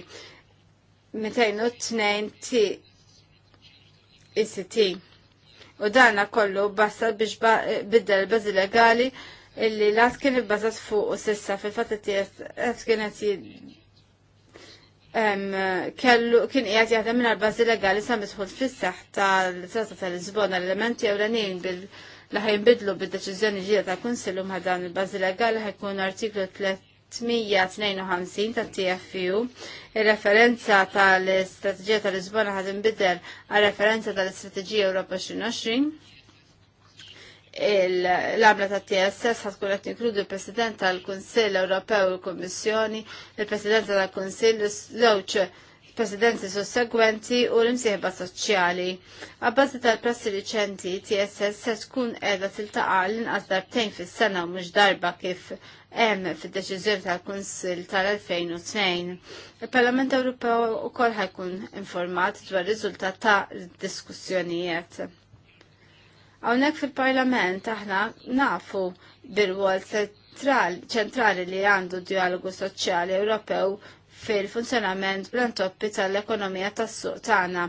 202 t ICT. U dana kollu bassa biex biddel bażi legali illi lat kien ibbażat fuq u sissa fil-fatt qed kienet kellu kien qiegħed minna l bażi legali sa midħul fis-seħħ tal-Tata tal-Lisbona l-elementi ewlenin bil- Laħ ħajnbidlu bid-deċiżjoni ġdida ta' kunsillu ma' dan il-bażi legali ħajkun artiklu 352 tat-TFU. Ir-referenza tal-istrateġija tal-Lisbona ħad inbidel għal referenza tal-istrateġija Europa 2020 l-għamla ta' TSS ħatkun għet inkludu l-President tal-Kunsill Ewropew u l-Kummissjoni, il-President tal-Kunsill, l oċe presidenti sussegwenti u l-imsieħba soċjali. Għabbażi tal-prassi riċenti, TSS se tkun edha tiltaqa l-inqas darbtejn fis-sena u mhux darba kif hemm fid-deċiżjoni tal-Kunsill tal-2002. Il-Parlament Ewropew ukoll ħajkun informat dwar riżultat ta' diskussjonijiet. Hawnhekk fil-Parlament aħna nafu bil-wol ċentrali li għandu dialogu soċjali Ewropew fil-funzjonament bl-antoppi tal-ekonomija tas-suq tagħna.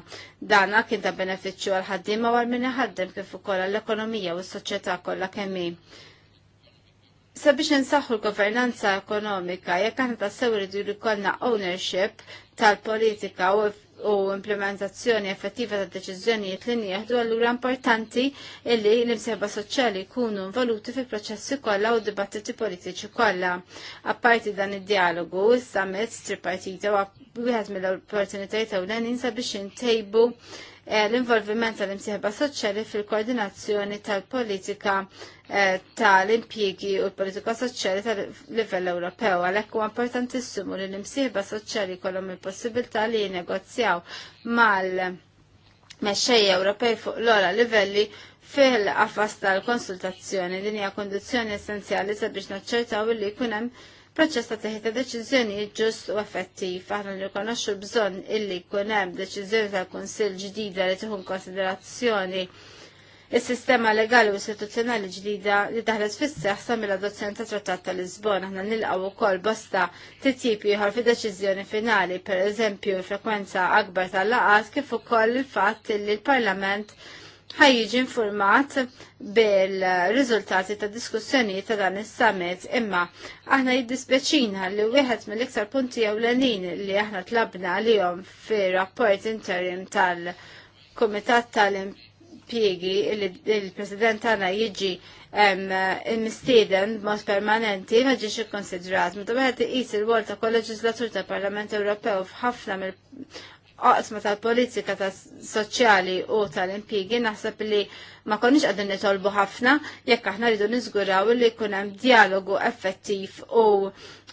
Dan kien ta' benefiċċju għal ħaddiema u għal min iħaddem kif ukoll għall-ekonomija u s-soċjetà kollha kemm hi. Sabiex insaħħu l-governanza ekonomika, jekk aħna tassew irridu jkollna ownership tal-politika u u implementazzjoni effettiva ta' deċiżjonijiet li nieħdu allura importanti illi l-imsebba soċjali jkunu involuti fil proċessi kollha u dibattiti politiċi kollha. Apparti dan id-dialogu, s summit tripartita u wieħed mill-opportunitajiet ewlenin sabiex intejbu Eh, l-involviment tal-imsieħba soċjali fil-koordinazzjoni tal-politika eh, tal-impjiegi u l-politika soċjali tal-livell Ewropew. Għalhekk huwa importantissimu li l-imsieħba soċjali kollhom il-possibilità li jinnegozjaw mal mexxejja Ewropej fuq l-ola livelli fil-qafas tal-konsultazzjoni din hija kondizzjoni essenzjali sabiex naċċertaw li jkun hemm proċess ta' teħita deċiżjoni ġust u effettiv. Aħna nirkonoxxu bżonn illi jkun hemm deċiżjoni tal-Kunsill ġdida li tieħu konsiderazzjoni Is-sistema legali u istituzzjonali ġdida li daħlet fis-seħħ sa mill-adozzjoni ta' Trattat ta' Lisbona aħna nilqgħu wkoll bosta titjib ieħor fi deċiżjoni finali, pereżempju frekwenza akbar tal laqas kif ukoll il-fatt li l-Parlament il parlament ħajġi informat bil-riżultati ta' diskussjoni ta' dan is-summit imma aħna jiddispeċina li wieħed mill-iktar punti ewlenin li aħna tlabna għalihom fir-rapport interim tal-Kumitat tal-Impjiegi li l-President tagħna jiġi mistieden b'mod permanenti ma ġiex ikkonsidrat. Meta wieħed iqis il-wol ta' kol-leġislatur tal-Parlament Ewropew f'ħafna mill oqsma tal-politika tas soċjali u tal-impjigi naħseb li ma konniex qegħdin nitolbu ħafna jekk aħna rridu niżguraw li jkun hemm dialogu effettiv u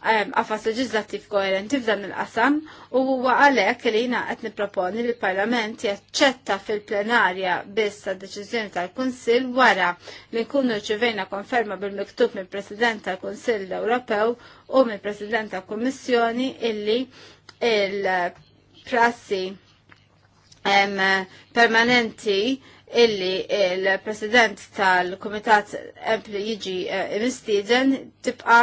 qafas leġislattiv koerenti f'dan il-qasam u huwa għalhekk li jiena qed nipproponi li l-Parlament jaċċetta fil-plenarja biss tad-deċiżjoni tal-Kunsill wara li nkunu ċivejna konferma bil-miktub mill-President tal-Kunsill Ewropew u mill-President tal-Kummissjoni illi il- prassi um, permanenti illi il-president tal-Komitat Empli jiġi uh, mistieden tibqa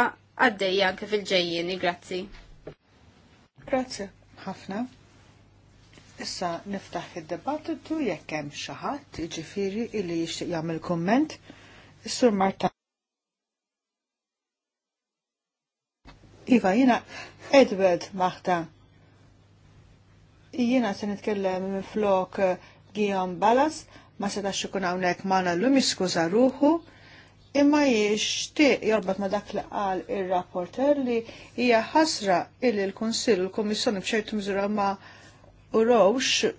għaddejja anke fil-ġejjini. Grazzi. Grazzi ħafna. Issa niftaħ id-debattitu jekk hemm xi ħadd jiġifieri illi jixtieq jagħmel kumment. Is-Sur Marta. Iva, jina Edward Marta. Jiena se nitkellem flok eh, Gijom Balas, ma setax ikun hawnhekk magħna llum jiskuża ruħu, imma jixtieq jorbat ma dak li qal ir-rapporter li hija ħasra illi l-Kunsill u l-Kummissjoni b'ċertu miżura ma urox.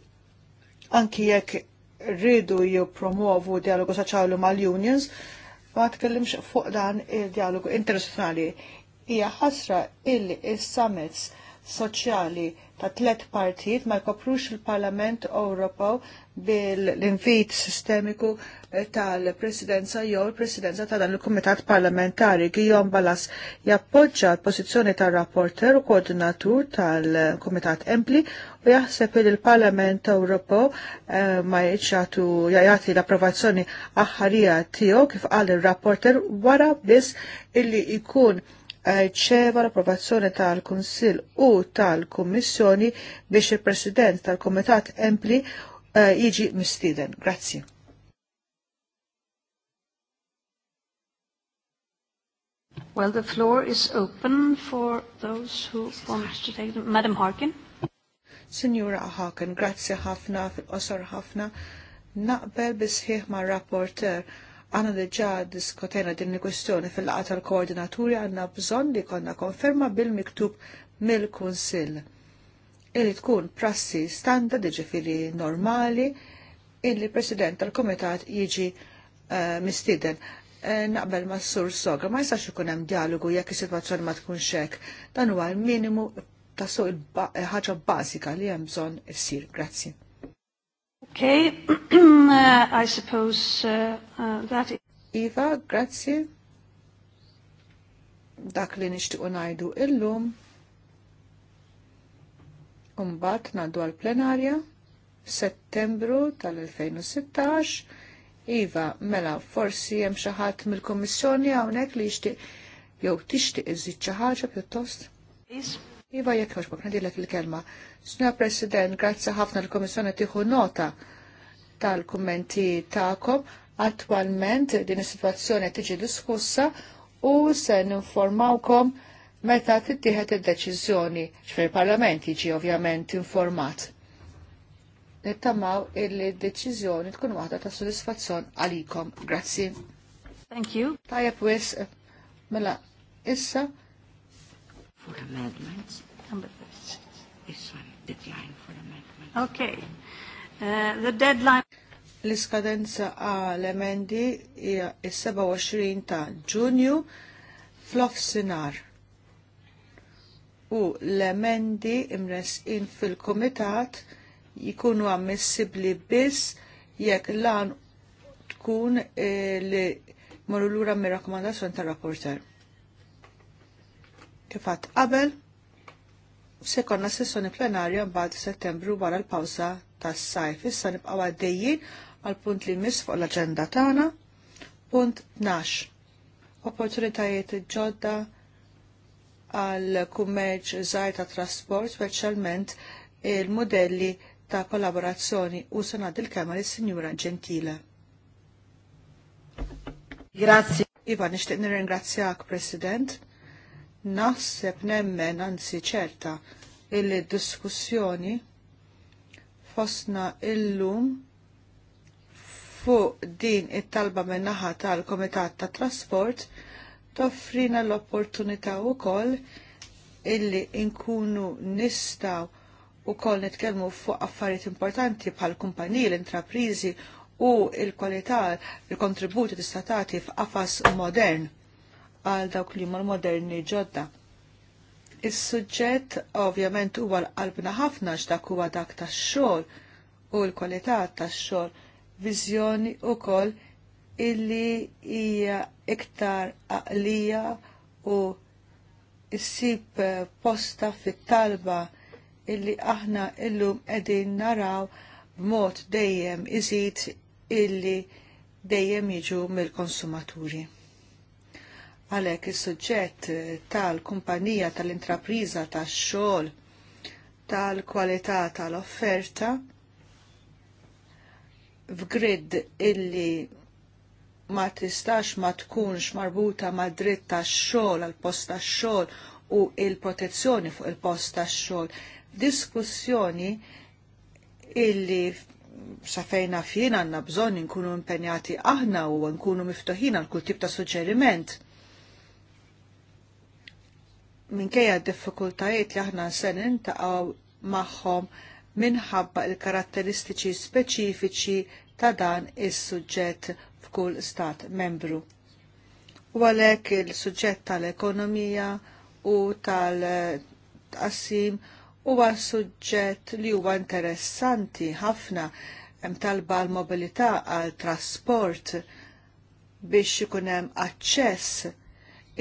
anki jekk rridu jippromovu dialogu soċjali mal-unions, ma tkellimx fuq dan il-dialogu internazzjonali. Hija ħasra illi is-summits il soċjali ta' tlet partijiet ma jkoprux il-Parlament Ewropew bil-invit sistemiku eh, tal-presidenza jew il-presidenza ta' dan il-Kumitat Parlamentari. Gijom Balas jappoġġa l-pożizzjoni tar-rapporter u koordinatur tal-Kumitat Empli u jaħseb li l-Parlament Ewropew eh, ma jgħatu jagħti l-approvazzjoni aħħarija tiegħu kif qal ir-rapporter wara biss illi jkun ċeva l-approvazzjoni tal-Kunsill u tal-Kummissjoni biex il-President tal-Komitat Empli eh, jiġi mistiden. Grazzi. Well, the floor is open for those who want to take them. Madam Harkin. Signora Harkin, grazie ħafna, fil-qosor ħafna. Naqbel bisħiħ ma' rapporter Għana deġa diskotena din il-kwestjoni fil-laqa tal-koordinaturi għanna bżon li konna konferma bil-miktub mill-Kunsill. Illi tkun prassi standard ġifiri normali illi president tal-komitat jiġi uh, eh, mistiden. Eh, naqbel ma' s-sur sogra, ma' jistax ikun hemm dialogu jekk is-sitwazzjoni ma tkunx hekk. Dan huwa l-minimu ta' il ħaġa basika li hemm bżonn issir. Grazzi. Okay, uh, I suppose uh, uh, that is... Iva, grazie. Dak li nishtiqu unajdu illum. Umbat naddu għal-plenarja, settembru tal-2016. Iva, mela, forsi jem xaħat mill-Komissjoni għawnek li jishtiq, jow tishtiq iżid xaħġa pjuttost? Please. Iva jekk joxbok, nadilek il-kelma. Sna President, grazzi ħafna l-Komissjoni tiħu nota tal-kummenti ta'kom. Attualment din is-sitwazzjoni tiġi diskussa u se ninformawkom meta tittieħed id-deċiżjoni x'fil-Parlament jiġi ovvjament informat. Nittamaw il-deċiżjoni tkun waħda ta' sodisfazzjon għalikom. Grazzi. Thank you. Tajab wis, mela, issa for amendments. Number six. This one, deadline for amendments. Okay. Uh, the deadline... L-iskadenza għal emendi hija s-27 ta' Ġunju fl-offsinar. U l-emendi imresqin fil-komitat jikunu ammissibli biss jekk lan tkun eh, li marru lura mir rakkomandazzjoni tar-rapporter kifat qabel se konna sessjoni plenarja mbagħad settembru wara l-pawza tas-sajf. Issa nibqgħu għaddejjin għal punt li miss fuq l-aġenda tagħna. Punt 12. Opportunitajiet ġodda għal kummerċ żgħir ta' trasport, speċjalment il-modelli ta' kollaborazzjoni u sanad il-Kamra is-Sinjura Ġentile. Grazzi. Iva, nixtieq nirringrazzjak, President naħseb nemmen anzi ċerta illi diskussjoni fosna illum fuq din it-talba minnaħa tal-Komitat ta' Trasport toffrina l-opportunità wkoll illi inkunu nistaw u koll nitkelmu fuq affarijiet importanti bħal kumpaniji, l-intraprizi u il-kwalità, il-kontributi t-istatati f'qafas modern għal dawk li mal moderni ġodda. Is-suġġett ovvjament huwa l-qalbna ħafna x'dak huwa dak tax-xogħol u l-kwalità tax-xogħol, viżjoni wkoll illi hija iktar aqlija u issib posta fit-talba illi aħna illum qegħdin naraw b'mod dejjem iżid illi dejjem jiġu mill-konsumaturi. Għalhekk is-suġġett tal-kumpanija tal-intrapriża tax-xogħol tal-kwalità tal-offerta f'grid illi ma tistax ma tkunx marbuta ma dritt tax-xogħol għal post tax-xogħol u il-protezzjoni fuq il-post tax-xogħol. Diskussjoni illi sa fejna fjien għanna bżon nkunu impenjati aħna u nkunu miftuħin għal kull tip ta' suġġeriment minkejja diffikultajiet li aħna se nintaqgħu magħhom minħabba il-karatteristiċi speċifiċi ta' dan is-suġġett f'kull stat membru. U għalhekk il-suġġett tal-ekonomija u tal u huwa suġġett li huwa interessanti ħafna hemm talba l mobilità għal trasport biex ikun hemm aċċess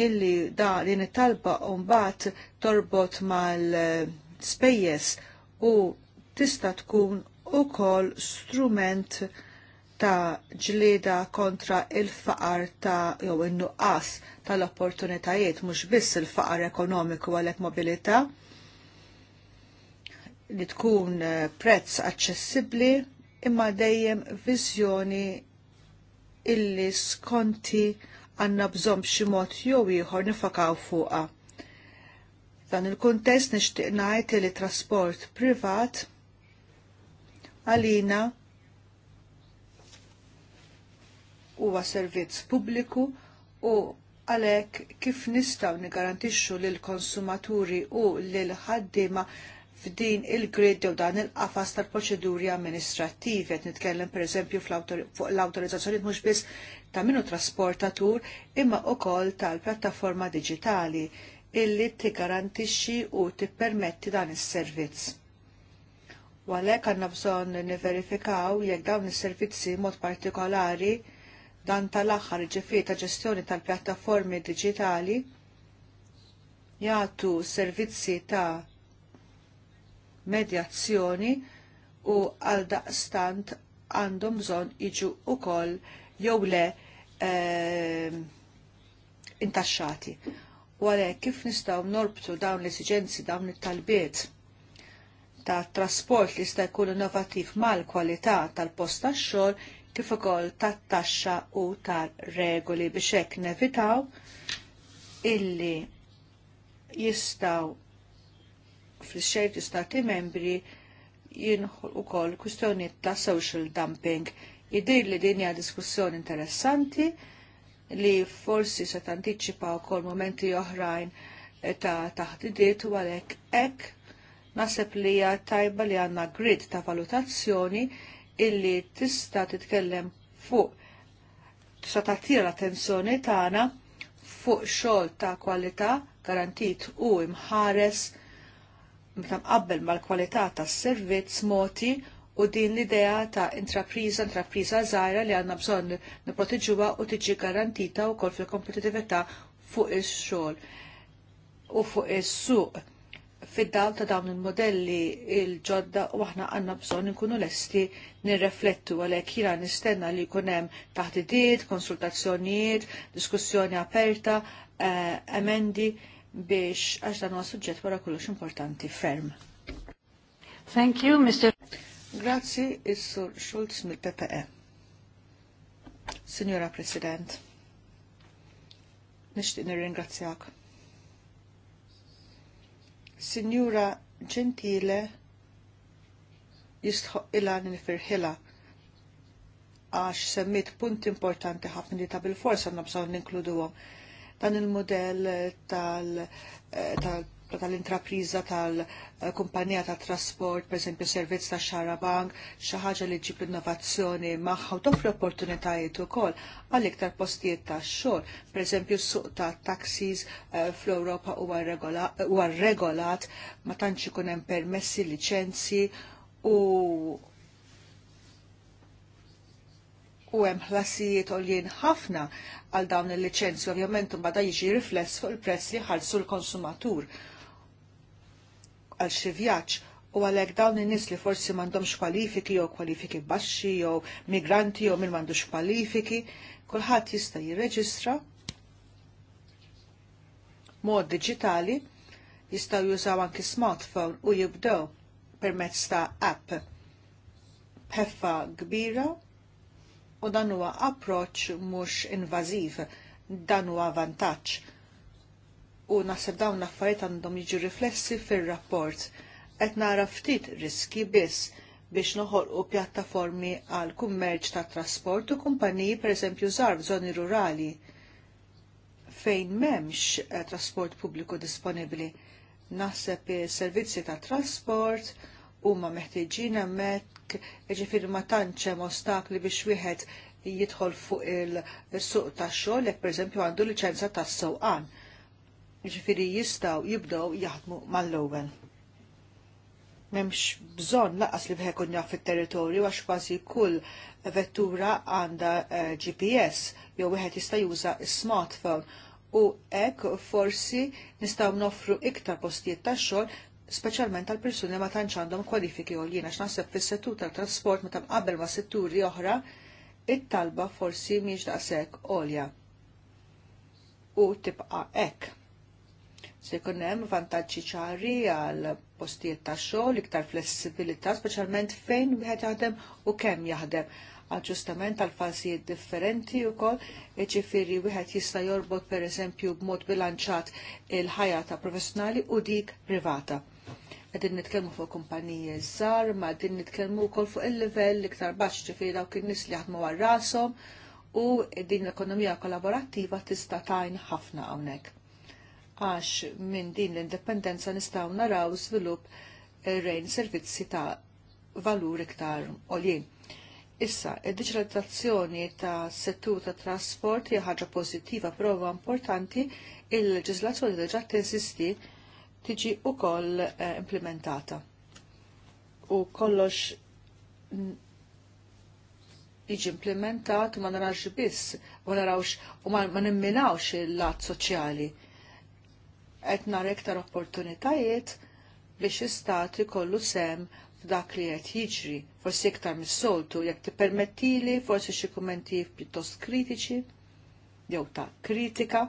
illi da li nitalba umbat torbot mal-spejjes u tista tkun u kol strument ta' ġlieda kontra il-faqar ta' jew in-nuqqas tal-opportunitajiet mhux biss il-faqar ekonomiku għalhekk mobilità li tkun eh, prezz aċċessibbli imma dejjem viżjoni illi skonti għanna bżom ximot mod jew ieħor nifakaw fuqha. Dan il-kuntest nixtieq ngħid li trasport privat għalina huwa servizz pubbliku u għalhekk kif nistgħu nigarantixxu lill konsumaturi u lil ħaddiema f'din il-grid jew dan il-qafas tal-proċeduri amministrattivi qed nitkellem pereżempju fuq l-awtorizzazzjoni mhux biss ta' minu trasportatur imma wkoll tal-pjattaforma diġitali illi tigarantixxi u tippermetti dan is-servizz. U għalhekk għandna bżonn niverifikaw jekk dawn is-servizzi mod partikolari dan tal-aħħar ġifier ta' ġestjoni tal-pjattaformi diġitali jagħtu servizzi ta' medjazzjoni u għal daqstant għandhom bżon iġu u koll jew le e, intaxxati. U għalek kif nistaw norbtu dawn l-esigenzi, dawn it-talbiet ta' trasport li sta' jkun innovativ mal-kwalità tal-post tax-xogħol kif ukoll tat-taxxa u tar-regoli biex hekk nevitaw illi jistaw fil-xejt stati membri jienħu u kol kustjoniet ta' social dumping. Idir li dinja diskussjoni interessanti li forsi se tanticipa u kol momenti oħrajn eh, ta' taħdidiet u għalek ek nasib li tajba li għanna grid ta' valutazzjoni illi tista' titkellem fuq tista' tattira l-attenzjoni tagħna fuq xogħol ta' kwalità garantit u imħares meta mqabbel mal-kwalità tas-servizz moti u din l-idea ta' intrapriza intrapriża żgħira li għandna bżonn nipprotiġuha u tiġi garantita wkoll fil-kompetitività fuq il xogħol u fuq is-suq fid dal ta' dawn il-modelli il-ġodda u aħna għanna bżon nkunu lesti nirreflettu għalhekk jiena nistenna li jkun hemm taħdidiet, konsultazzjonijiet, diskussjoni aperta, eh, emendi. Eh, biex għax dan huwa suġġett wara kollox importanti ferm. Thank you, Mr. Grazzi, is-Sur Schulz mill-PPE. Signora President, nixtieq nirringrazzjak. Signora Gentile jistħoq ilha nifirħila għax semmit punt importanti ħafna li ta' bil-forsa nabżaw ninkluduhom dan il-modell eh, tal-intrapriża tal intrapriża tal kumpanija ta' trasport, per esempio servizz ta' xara bank, xi ħaġa li ġib innovazzjoni maħħa u toffri opportunitajiet ukoll għal iktar postijiet ta' xogħol. Per esempio suq ta' taxis eh, fl-Ewropa huwa regolat ma tantx ikun hemm permessi, licenzi u u hemm ħlasijiet għoljien ħafna għal dawn il-liċenzji ovvjament bada jiġi rifless fuq il-prezz li ħallsu l-konsumatur għal xi vjaġġ u għalhekk dawn in-nies li forsi m'għandhomx kwalifiki jew kwalifiki baxxi jew migranti jew min m'għandux kwalifiki, kulħadd jista' jirreġistra mod diġitali jistgħu jużaw anki smartphone u jibdew permezz ta' app b'ħeffa kbira u dan huwa approċċ mhux invażiv, dan huwa vantaġġ. U naħseb dawn l-affarijiet għandhom jiġu riflessi fir-rapport qed nara ftit riski biss biex noħolqu pjattaformi għal kummerċ ta' trasport u kumpaniji pereżempju żgħar f'żoni rurali fejn m'hemmx eh, trasport pubbliku disponibbli. Naħseb servizzi ta' trasport huma meħtieġin hemmhekk hekk ġifir ma tantx hemm ostakli biex wieħed jidħol fuq il-suq tax-xogħol jekk pereżempju għandu liċenza tas-sewqan. Ġifiri jistgħu jibdew jaħdmu mal lowen M'hemmx bżonn laqas li bħekun jaf fit-territorju għax kważi kull vettura għandha eh, GPS jew wieħed jista' juża smartphone u hekk forsi nistgħu noffru iktar postijiet tax-xogħol speċjalment tal persuni ma tantx għandhom kwalifiki u jiena x'naħseb fis-settur tal trasport meta mqabbel ma' setturi oħra, it-talba forsi mhix daqshekk għolja. U tibqa' hekk. Se jkun hemm vantaġġi ċari għal postijiet ta' xogħol, iktar flessibilità, speċjalment fejn wieħed jaħdem u kemm jaħdem għal ġustament għal differenti u kol, ġifiri wieħed jista' jorbot per eżempju b'mod bilanċat il-ħajja ta' professjonali u dik privata għedin nitkelmu fuq kumpaniji zzar, ma għedin nitkelmu wkoll fuq il-livell iktar baxx ġifieri dawk in-nies li għadmu għarrasom u din l-ekonomija kollaborattiva tista' tajn ħafna hawnhekk. Għax minn din l-indipendenza nistgħu naraw żvilupp rejn servizzi ta' valur iktar olin. Issa, id digitalizzazzjoni ta' settu ta' trasport hija ħaġa pożittiva prova importanti il-leġiżlazzjoni diġà insisti tiġi ukoll eh, implementata. U kollox iġi implementat ma narax biss, ma narawx u ma nimminawx il-lat soċjali. Qed nar iktar opportunitajiet biex istat kollu sem f'dak li qed jiġri, forsi iktar mis-soltu jekk tippermettili forsi xi kummenti pjuttost kritiċi jew ta' kritika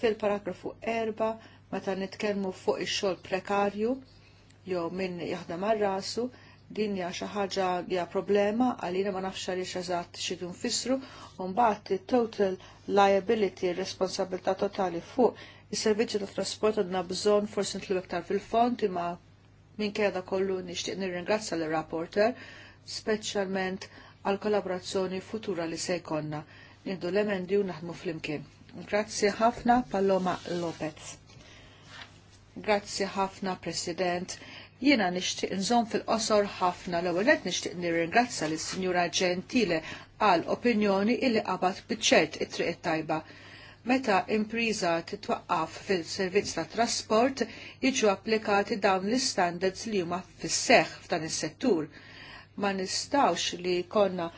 fil-paragrafu erba' meta nitkellmu fuq ix-xogħol prekarju jew min jaħdem għal rasu din hija xi ħaġa li problema għalina ma nafx għaliex eżatt xi nfissru u mbagħad it-total liability responsabilità totali fuq is-servizzi ta' trasport għandna bżonn forsi nitlu iktar fil-fond imma minkejja da kollu nixtieq nirringrazzja l-rapporter speċjalment għal kollaborazzjoni futura li se jkollna. Nieħdu l-emendi u naħdmu flimkien. Grazzi ħafna Paloma Lopez. Grazzi ħafna, President. Jiena nixtieq nżomm fil-qosor ħafna l ewwel qed nixtieq nirringrazza lis sinjura Gentile għal opinjoni illi qabad biċċert it-triq tajba Meta impriża titwaqqaf fil-servizz tat trasport jiġu applikati dawn l-istandards li huma fis-seħħ f'dan is-settur ma nistawx li konna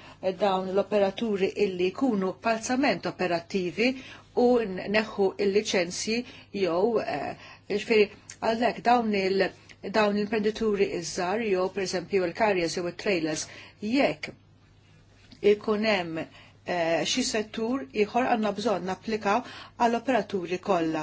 dawn l-operaturi illi kunu palzament operativi u neħu il liċenzji jew eh, Ġifieri għalhekk dawn il- dawn il imprenditori iż-żar jew pereżempju il carriers jew it-trailers jekk ikunem hemm eh, xi settur ieħor għandna bżonn napplikaw għall operaturi kollha.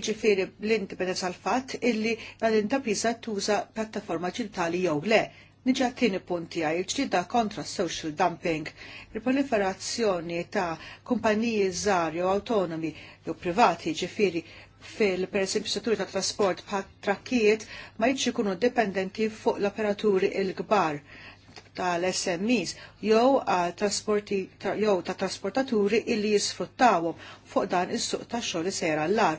Iġifieri l-indipendenza għal fatt illi dan l-intapriża tuża pjattaforma ġintali jew le. Niġa t-tini punti għaj, ġdida kontra social dumping, il-proliferazzjoni ta' kumpaniji żgħar jew autonomi jew privati ġifiri fil-persibstituri ta' trasport bħal trakkijiet ma jitx ikunu dependenti fuq l-operaturi il-kbar tal-SMEs jew ta jew ta' trasportaturi illi jisfruttawhom fuq dan is-suq tax-xogħol sejra l-lar.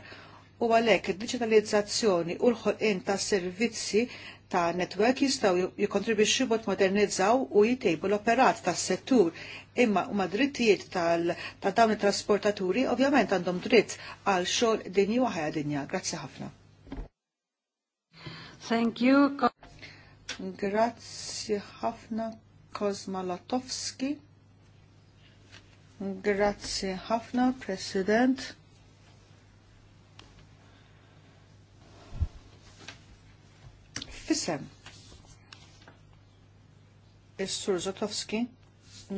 U għalhekk id-diġitalizzazzjoni u l-ħolqien ta' servizzi ta' netwerk jistgħu jikontribwixxu bot modernizzaw u jitejbu l-operat ta' settur imma u drittijiet tal ta' dawn it-trasportaturi ovvjament għandhom dritt għal xogħol dinji u ħajja dinja. Grazzi ħafna. Thank you. Grazzi ħafna Kozma Latowski. Grazzi ħafna, President. Fisem. Is-Sur Zotowski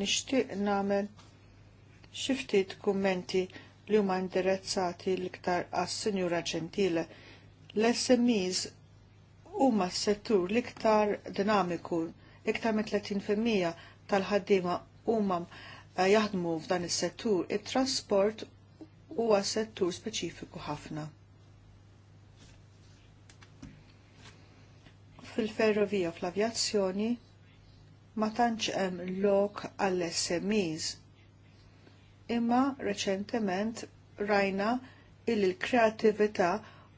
nixtieq nagħmel xi ftit kummenti li huma indirezzati l-iktar għas-Sinjura Ġentile. L-SMEs huma settur l-iktar dinamiku, iktar minn 30% tal-ħaddiema huma eh, jaħdmu f'dan is-settur, it-trasport huwa settur speċifiku ħafna. fil-ferrovija fl-avjazzjoni ma tantx hemm lok għall smis Imma reċentement rajna il l kreattività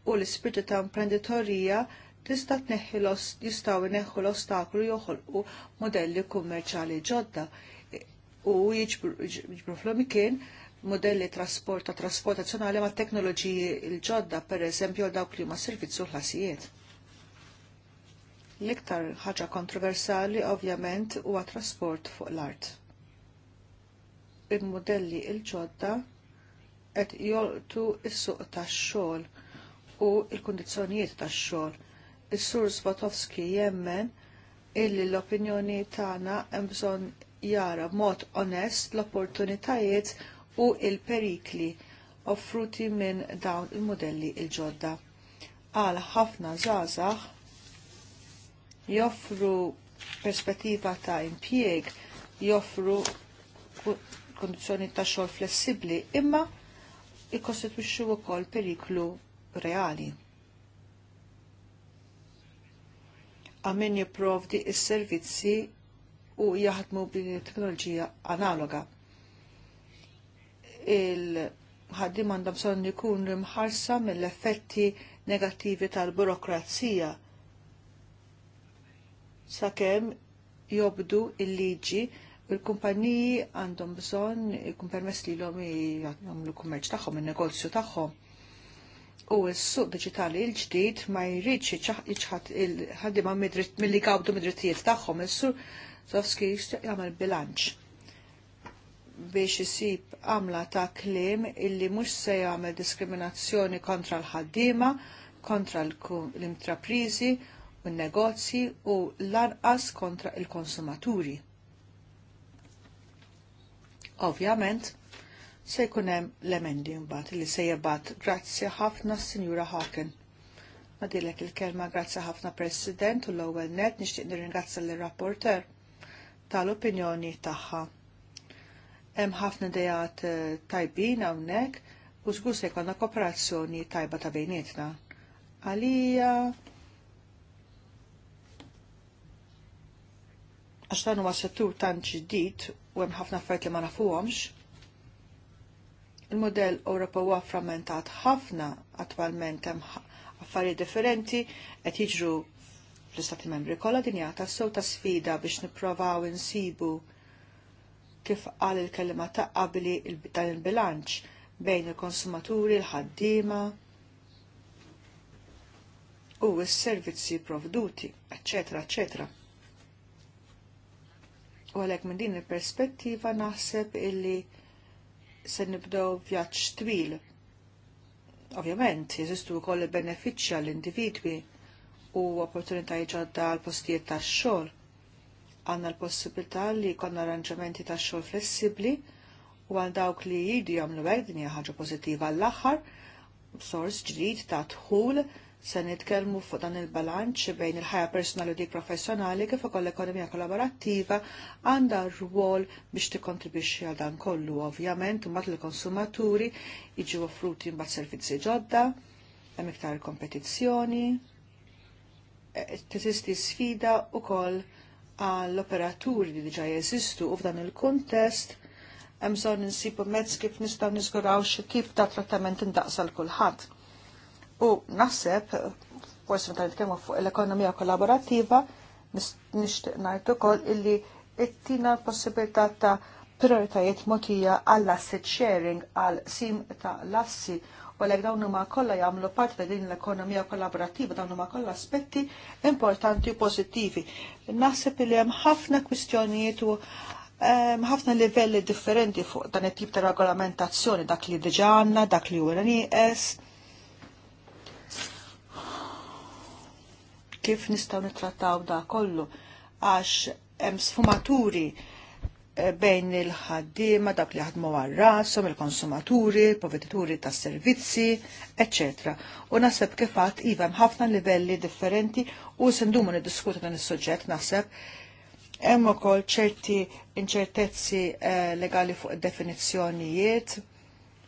u l-ispirtu ta' imprenditorija tista' jistgħu jneħħu l-ostaklu joħolqu modelli kummerċali ġodda u jiġbru fl modelli trasport ta' trasportazzjonali ma' teknoloġiji l-ġodda, per eżempju, dawk li ma' servizzu ħlasijiet. L-iktar ħaġa kontroversali ovvjament huwa trasport fuq l-art. Il-modelli il-ġodda qed jolqtu s-suq tax-xogħol u l-kundizzjonijiet tax-xogħol. Is-Sur Svatowski jemmen illi l-opinjoni tagħna hemm bżonn jara b'mod onest l-opportunitajiet u l perikli offruti minn dawn il-modelli il-ġodda. Għal ħafna żgħażagħ joffru perspettiva ta' impieg, joffru kondizjoni ta' xogħol flessibli, imma jikkostitwixxu wkoll periklu reali. Għamin jipprovdi is-servizzi u jaħdmu bil it-teknoloġija analoga. Il-ħaddim għandhom sonni ikun rimħarsa mill-effetti negattivi tal-burokrazija sakemm jobdu il-liġi il-kumpaniji għandhom bżonn ikun permess li l-om jagħmlu kummerċ tagħhom, il-negozju tagħhom. U s-suq digitali l-ġdid ma jridx jiċħat il-ħaddima mill-li gawdu mid-drittijiet tagħhom, is-sur Zofski jagħmel bilanċ biex jisib għamla ta' klim illi mhux se jagħmel diskriminazzjoni kontra l-ħaddiema, kontra l-intraprizi, l ħaddiema kontra l imtraprizi l u negozji u l-anqas kontra il-konsumaturi. Ovvjament, se jkun hemm l-emendi mbagħad li se jibgħat grazzi ħafna Sinjura Hawken. Nadilek il-kelma grazzi ħafna President u l-ewwel net nixtieq nirringrazzja l rapporter tal-opinjoni tagħha. Hemm ħafna dejat eh, tajbin hawnhekk u żgur se jkollna kooperazzjoni tajba ta' bejnietna. Għalija għax dan huwa settur tant ġdid u hemm ħafna affarijiet li ma nafuhomx. Il-modell Ewropa huwa frammentat ħafna attwalment hemm affarijiet differenti qed jiġru fl-Istati Membri kollha din jagħta sew ta' sfida biex nipprovaw insibu kif qal il-kelma ta' qabli dan il-bilanċ bejn il-konsumaturi, il-ħaddiema u s-servizzi provduti, eccetera, eccetera. U għalhekk minn din il-perspettiva naħseb illi se nibdew vjaġġ twil. Ovvjament, u wkoll benefiċċja l-individwi u opportunitajiet ġodda għal postijiet tax-xogħol. Għandna l-possibilità li jkollna arranġamenti tax-xogħol flessibbli u għal dawk li jidu jamlu għedni ħaġa pożittiva għall-aħħar, sors ġdid ta' dħul se nitkellmu fuq dan il-balanċ bejn il-ħajja personali u dik professjonali kif ukoll l-ekonomija kollaborattiva għandha rwol biex tikkontribwixxi għal dan kollu ovvjament imbagħad il-konsumaturi jiġu offruti mbagħad servizzi ġodda, hemm iktar kompetizzjoni, e, teżisti sfida wkoll għall-operaturi li diġà jeżistu u f'dan il-kuntest hemm bżonn insibu mezz kif nistgħu nisguraw xi tip ta' trattament indaqsa l kulħadd U naħseb, forse meta nitkellmu fuq l-ekonomija kollaborattiva, nixtieq ngħid ukoll illi ittina l-possibilità ta' prioritajiet motija għall asset sharing għal sim ta' lassi u għalhekk dawn huma kollha jagħmlu part din l-ekonomija kollaborattiva dawn huma kollha aspetti importanti u pożittivi. Naħseb li hemm ħafna kwistjonijiet u ehm, ħafna um, livelli differenti fuq dan it-tip ta' regolamentazzjoni dak li diġa għandna, dak li huwa NIS. kif nistgħu nittrattaw da kollu għax hemm sfumaturi eh, bejn il-ħaddiema dak li ħadmu għal rashom il-konsumaturi, il provedituri tas servizzi, ecc. U naħseb kif għad iva ħafna livelli differenti u sendumu niddiskutu dan is-suġġett naħseb hemm ukoll ċerti inċertezzi eh, legali fuq id-definizzjonijiet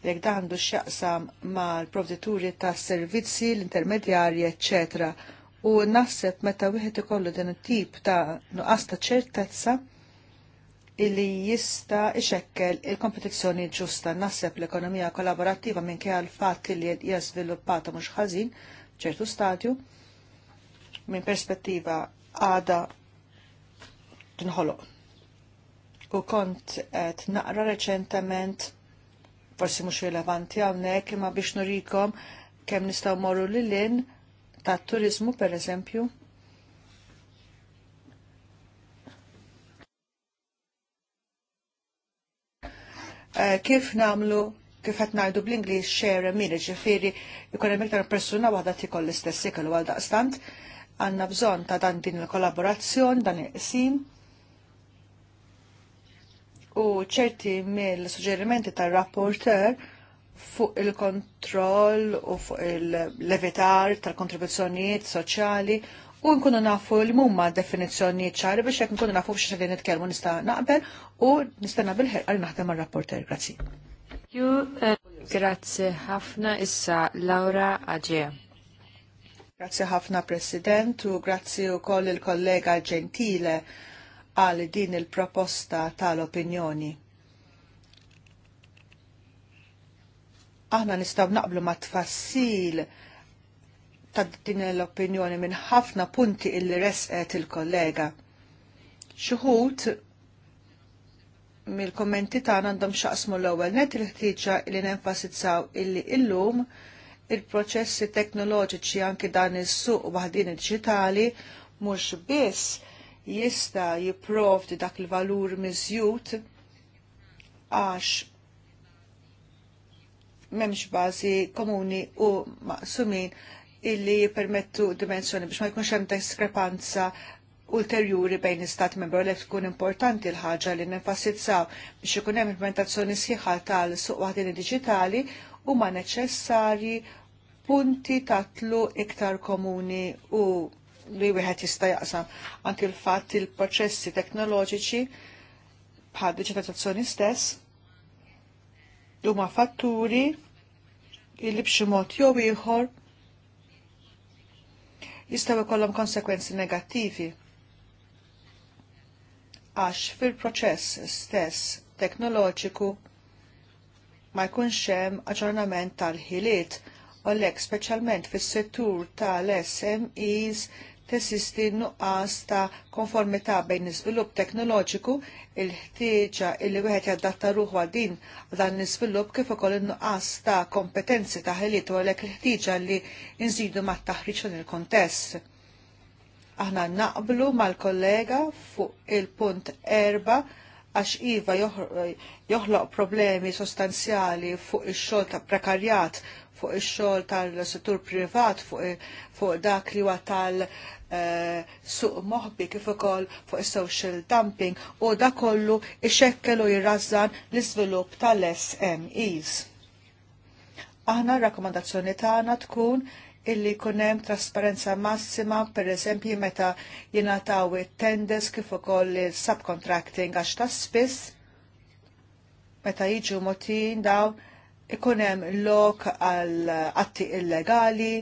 jekk dan għandu x'jaqsam mal-provvedituri tas servizzi, l-intermedjarji, eċċetera U naħseb meta wieħed ikollu din it-tip ta' nuqqas ta' ċertezza illi jista' ixekkel il-kompetizzjoni ġusta. nasib l-ekonomija kollaborattiva minkej l-fatt li hija żviluppata mhux ħażin ċertu stadju minn perspettiva għada tinħoloq. U kont qed naqra reċentement forsi mhux rilevanti hawnhekk imma biex nurikom kemm nistgħu morru lil in ta' turizmu per eżempju. Eh, kif namlu kif qed ngħidu bl inglis share Mini, ġifiri, ġifieri jkun hemm iktar persuna waħda tikol l-istess ikel għal daqstant għandna bżonn ta' dan din il-kollaborazzjoni, dan il-qsim. U ċerti mill-suġġerimenti tar-rapporter fuq il-kontroll u fuq il-levitar tal-kontribuzzjonijiet soċjali u nkunu nafu li mumma definizzjonijiet ċari biex jek nkunu nafu biex xedin nitkellmu nista' naqbel u nistenna bil-ħerqa għal naħdem għal rapporter Grazzi. Grazzi ħafna issa Laura Aġe. Grazzi ħafna President u grazzi u koll il-kollega Gentile għal din il-proposta tal-opinjoni aħna nistaw naqblu ma tfassil ta' din l-opinjoni minn ħafna punti illi resqet il-kollega. Xuħut mill-kommenti tagħna għandhom xaqsmu l-ewwel net il-ħtieġa li nenfasizzaw illi illum il-proċessi teknoloġiċi anki dan is-suq waħdin digitali mhux biss jista jipprovdi dak il-valur miżjud għax memx bazi komuni u maqsumin illi jipermettu dimensjoni biex ma jkunx hemm diskrepanza ulterjuri bejn istat membru li tkun importanti l-ħaġa li nenfasizzaw biex ikun hemm implementazzjoni sħiħa tal-suq waħdini diġitali huma neċessarji punti tatlu iktar komuni u li wieħed jista' jaqsam anke l-fatt il-proċessi teknoloġiċi bħal diġitalizzazzjoni stess huma fatturi illi b'xi mod jew ieħor jistgħu jkollhom konsekwenzi negattivi. Għax fil-proċess stess teknoloġiku ma jkunx hemm aġġornament tal-ħiliet u l speċjalment fis-settur tal-SMEs tesisti nuqqas ta' konformità bejn l-iżvilupp teknoloġiku, il-ħtieġa illi wieħed jaddatta ruħu għal din dan l-iżvilupp kif ukoll in-nuqqas ta' kompetenzi ta' ħiliet u għalhekk il-ħtieġa li nżidu mat-taħriġ il kontest Aħna naqblu mal-kollega fuq il-punt erba' għax iva joħloq problemi sostanzjali fuq ix-xogħol ta' prekarjat fuq ix-xogħol tal-settur privat fuq, fuq dak li huwa tal- uh, suq moħbi kif ukoll fuq is-social dumping u da kollu ixekkel u jirrażżan l-iżvilupp tal-SMEs. Aħna r-rakkomandazzjoni tagħna tkun illi kunem trasparenza massima, per eżempju, meta jenataw it-tendes kif ukoll il-subcontracting għax ta' spiss, meta jiġu motin daw ikun hemm lok għal atti illegali,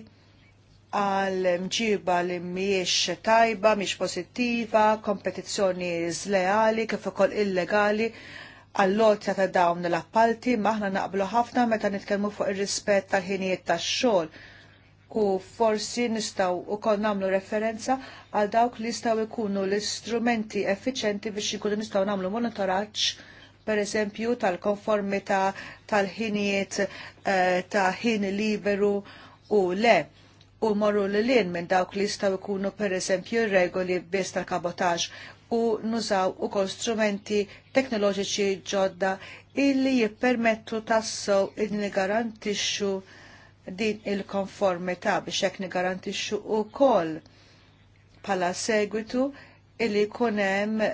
għal mġiba li mhijiex tajba, mhix pożittiva, kompetizzjoni zleali kif ukoll illegali għall-lotja ta' dawn l-appalti maħna naqblu ħafna meta nitkellmu fuq ir-rispett tal-ħinijiet tax-xogħol u forsi nistaw u kol namlu referenza għal dawk li jistaw ikunu l-istrumenti effiċenti biex ikunu nistaw namlu monitoraċ per eżempju tal-konformita tal-ħinijiet eh, ta' ħin liberu u le u morru l-lin minn dawk li jistaw ikunu per eżempju regoli biss tal-kabotaġ u nużaw u konstrumenti teknoloġiċi ġodda illi jippermettu tassow id garantixxu din il-konformità biex hekk u wkoll bħala segwitu illi jkun hemm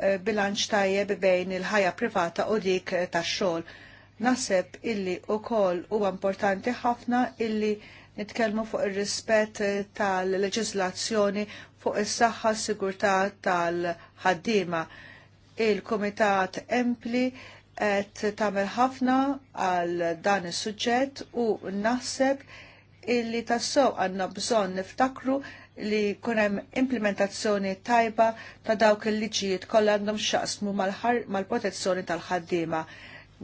Eh, bilanċ tajjeb bejn il-ħajja privata u dik eh, tax-xogħol. Naseb illi wkoll huwa importanti ħafna illi nitkellmu fuq ir-rispett eh, tal-leġiżlazzjoni fuq is-saħħa s sigurtà tal-ħaddiema. Il-Kumitat Empli qed tagħmel ħafna għal dan is-suġġett u naħseb illi tassew għandna bżonn niftakru li kunem implementazzjoni tajba ta' dawk il-liġijiet kollha għandhom xaqsmu mal-protezzjoni mal tal-ħaddiema.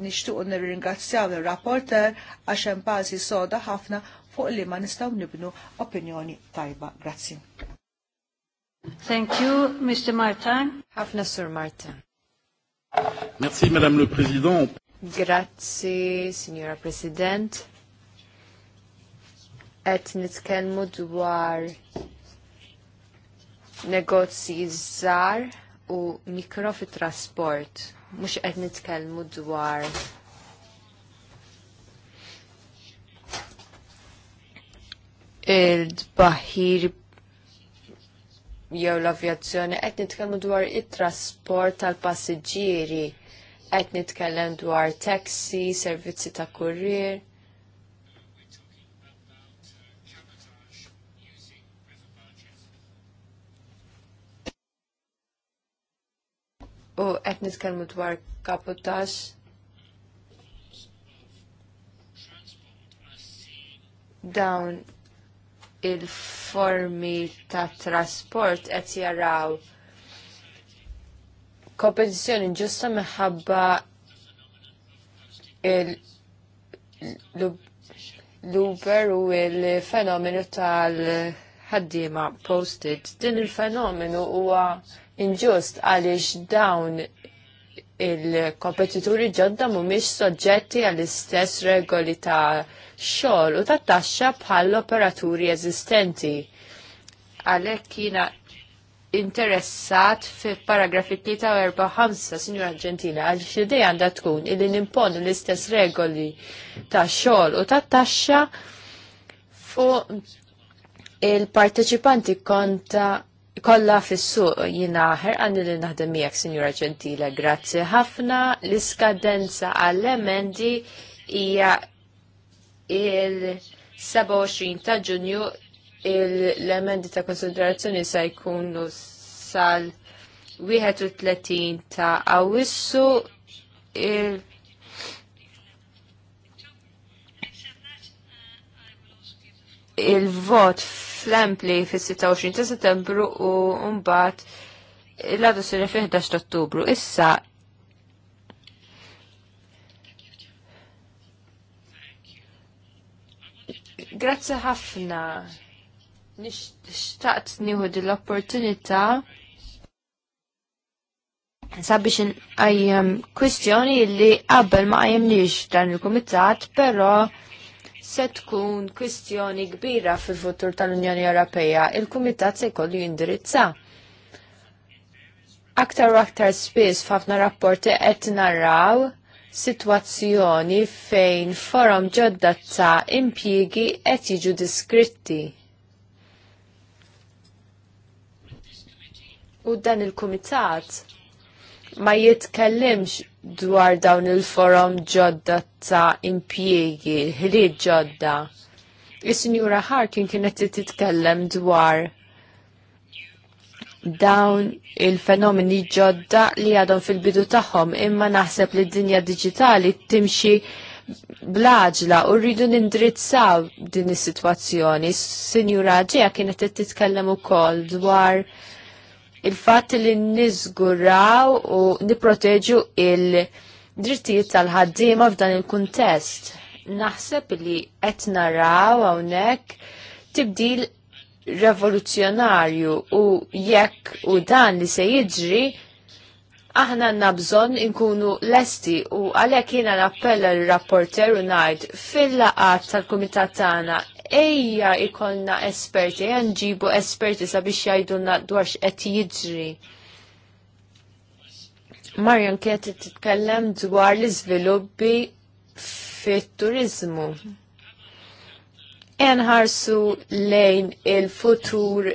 Nixtuq nirringrazzjaw il-rapporter għax hemm bażi soda ħafna fuq li ma nistgħu nibnu opinjoni tajba. Grazzi. Thank you, Mr. Martin. Ħafna Sur Martin. Merci, Madame le Président. Grazzi, Signora President. Et nitkellmu dwar negozji żgħar u mikro fit trasport mhux qed nitkellmu dwar il-dbaħir jew l-avjazzjoni qed nitkellmu dwar it-trasport tal-passiġġieri, qed nitkellem dwar taxi, servizzi ta' kurrier. għajt nitkellmu dwar kaputax. Dawn il-formi ta' trasport qed jaraw kompetizzjoni ġusta minħabba l-Uber u l fenomenu tal ħaddiema posted. Din il-fenomenu huwa inġust għaliex dawn il-kompetituri ġodda mhumiex soġġetti għall-istess regoli ta' xogħol u ta' taxxa bħall-operaturi eżistenti. Għalhekk jiena interessat fi paragrafi 345, Signora Argentina, għal xidej għandha tkun illi nimponu l-istess regoli ta' xogħol u ta' taxxa fuq il-parteċipanti konta Kolla fis-suq jiena ħerqan li naħdem miegħek Sinjura Ġentila, grazzi ħafna. L-iskadenza għall-emendi hija il-27 ta' Ġunju l-emendi ta' konsiderazzjoni se jkunu sal 31 ta' Awwissu il- il-vot fl-empli fis-26 ta' settembru u mbagħad l-għadu sirri fil-11 ta' ottubru. Issa Grazzi ħafna. Nishtaqt nieħu l-opportunità sabiex nqajjem kwistjoni li qabel ma qajjemniex dan il-kumitat, però se tkun kwistjoni kbira fil-futur tal-Unjoni Ewropea, il-Kumitat se jkollu jindirizza. Aktar u aktar spiss f'ħafna rapporti qed narraw sitwazzjoni fejn forum ġodda ta' impjiegi qed jiġu diskritti. U dan il-Kumitat ma jitkellimx dwar dawn il-forum ġodda ta' impjiegi, ħrid ġodda. Is-Sinjura Harkin kienet titkellem dwar dawn il-fenomeni ġodda li għadhom fil-bidu tagħhom imma naħseb li d-dinja diġitali timxi blaġla u rridu nindrizzaw din is-sitwazzjoni. Sinjura ġeja kienet titkellem ukoll dwar il-fatt li niżguraw u niproteġu il-drittijiet tal-ħaddiema f'dan il-kuntest. Naħseb li qed naraw hawnhekk tibdil revoluzzjonarju u jekk u dan li se jiġri aħna għanna bżonn inkunu lesti u għalek jina l-appella l-rapporter u najd fil-laqat tal kumitat tagħna ejja ikolna esperti, ejja nġibu esperti sabiex jajdunna dwar x'qed jiġri. Marjan t titkellem dwar l-iżviluppi fit-turizmu. Enħarsu lejn il-futur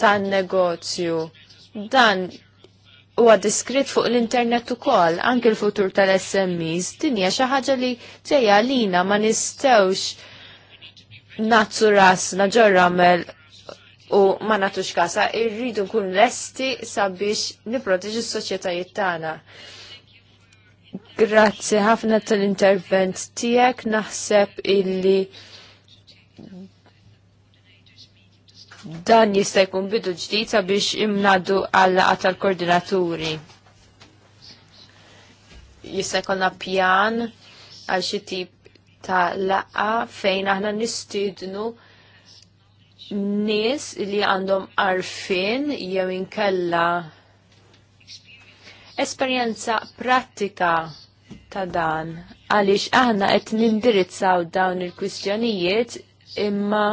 tan-negozju. Dan huwa diskrit fuq l-internet ukoll, anke l-futur tal-SMEs, dinja xi ħaġa li ġejja lina ma nistgħux nazzu ras, ġo ramel u ma natux kasa, irridu nkun lesti sabiex niproteġi s-soċietajiet tagħna. Grazzi ħafna tal-intervent tiegħek naħseb illi dan jista' jkun bidu ġdid sabiex imnadu għal tal-koordinaturi. Jista' jkollna pjan għal xi tip ta' laqa fejn aħna nistidnu nis li għandhom arfin jew inkella esperjenza pratika ta' dan għaliex aħna qed nindirizzaw dawn il-kwistjonijiet imma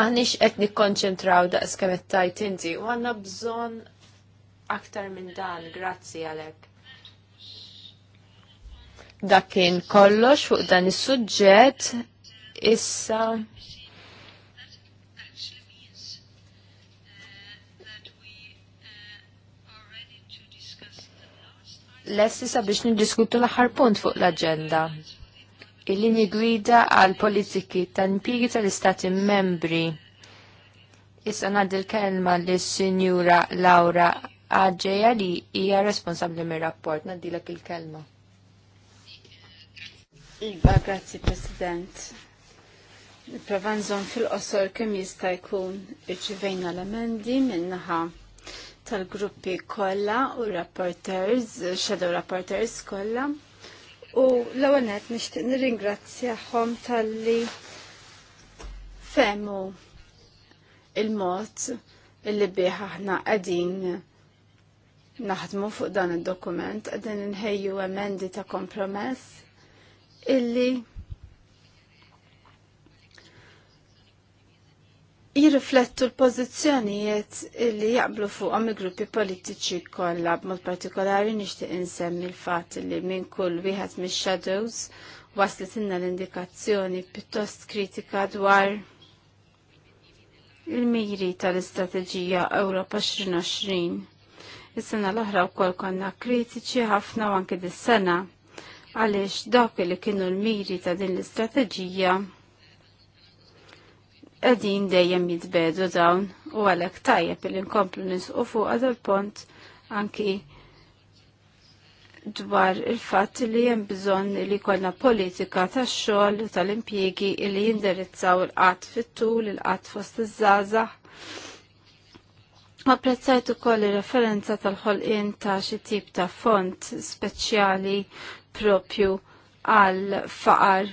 maħniex qed nikkonċentraw daqs kemm qed tajt inti u għandna bżonn aktar minn dan, grazzi għalek dak kien kollox fuq dan is-suġġett issa Lessi sabiex niddiskutu l-aħħar punt fuq l agenda Il-linji gwida għal politiki tan impjigi tal-Istati membri. Issa ngħaddi l-kelma lis-Sinjura Laura Aġeja li hija responsabbli mir-rapport. Nadilek il-kelma. Iba, grazzi President. Provanżon fil-qosor kemm jista' jkun irċivejna l-emendi minnaħa tal-gruppi kollha u rapporters, shadow rapporters kollha. U l-ewwel qed nixtieq nirringrazzjahom tal-li femu il-mod illi bih aħna qegħdin naħdmu fuq dan id-dokument, qegħdin inħejju emendi ta' kompromess illi jirriflettu l-pozizjonijiet illi jaqblu fuqhom il-gruppi politiċi kollha b'mod partikolari nixtieq insemmi l-fatt illi minn kull wieħed mix-shadows waslet inna l-indikazzjoni pjuttost kritika dwar il-miri tal-istrateġija Ewropa 2020. Is-sena l-oħra wkoll konna kritiċi ħafna u anke dis-sena għaliex dak li kienu l-miri ta' din l-istrateġija qegħdin dejjem jitbedu dawn u għalhekk tajjeb il nkomplu nisqu fuq għadal pont anki dwar il-fatt li hemm bżonn li jkollna politika tax-xogħol u tal-impjiegi li jindirizzaw il-qatt fit-tul, il-qatt fost iż-żgħażagħ Apprezzajtu koll referenza tal-ħolqien ta' xi tip ta' font speċjali propju għal faqar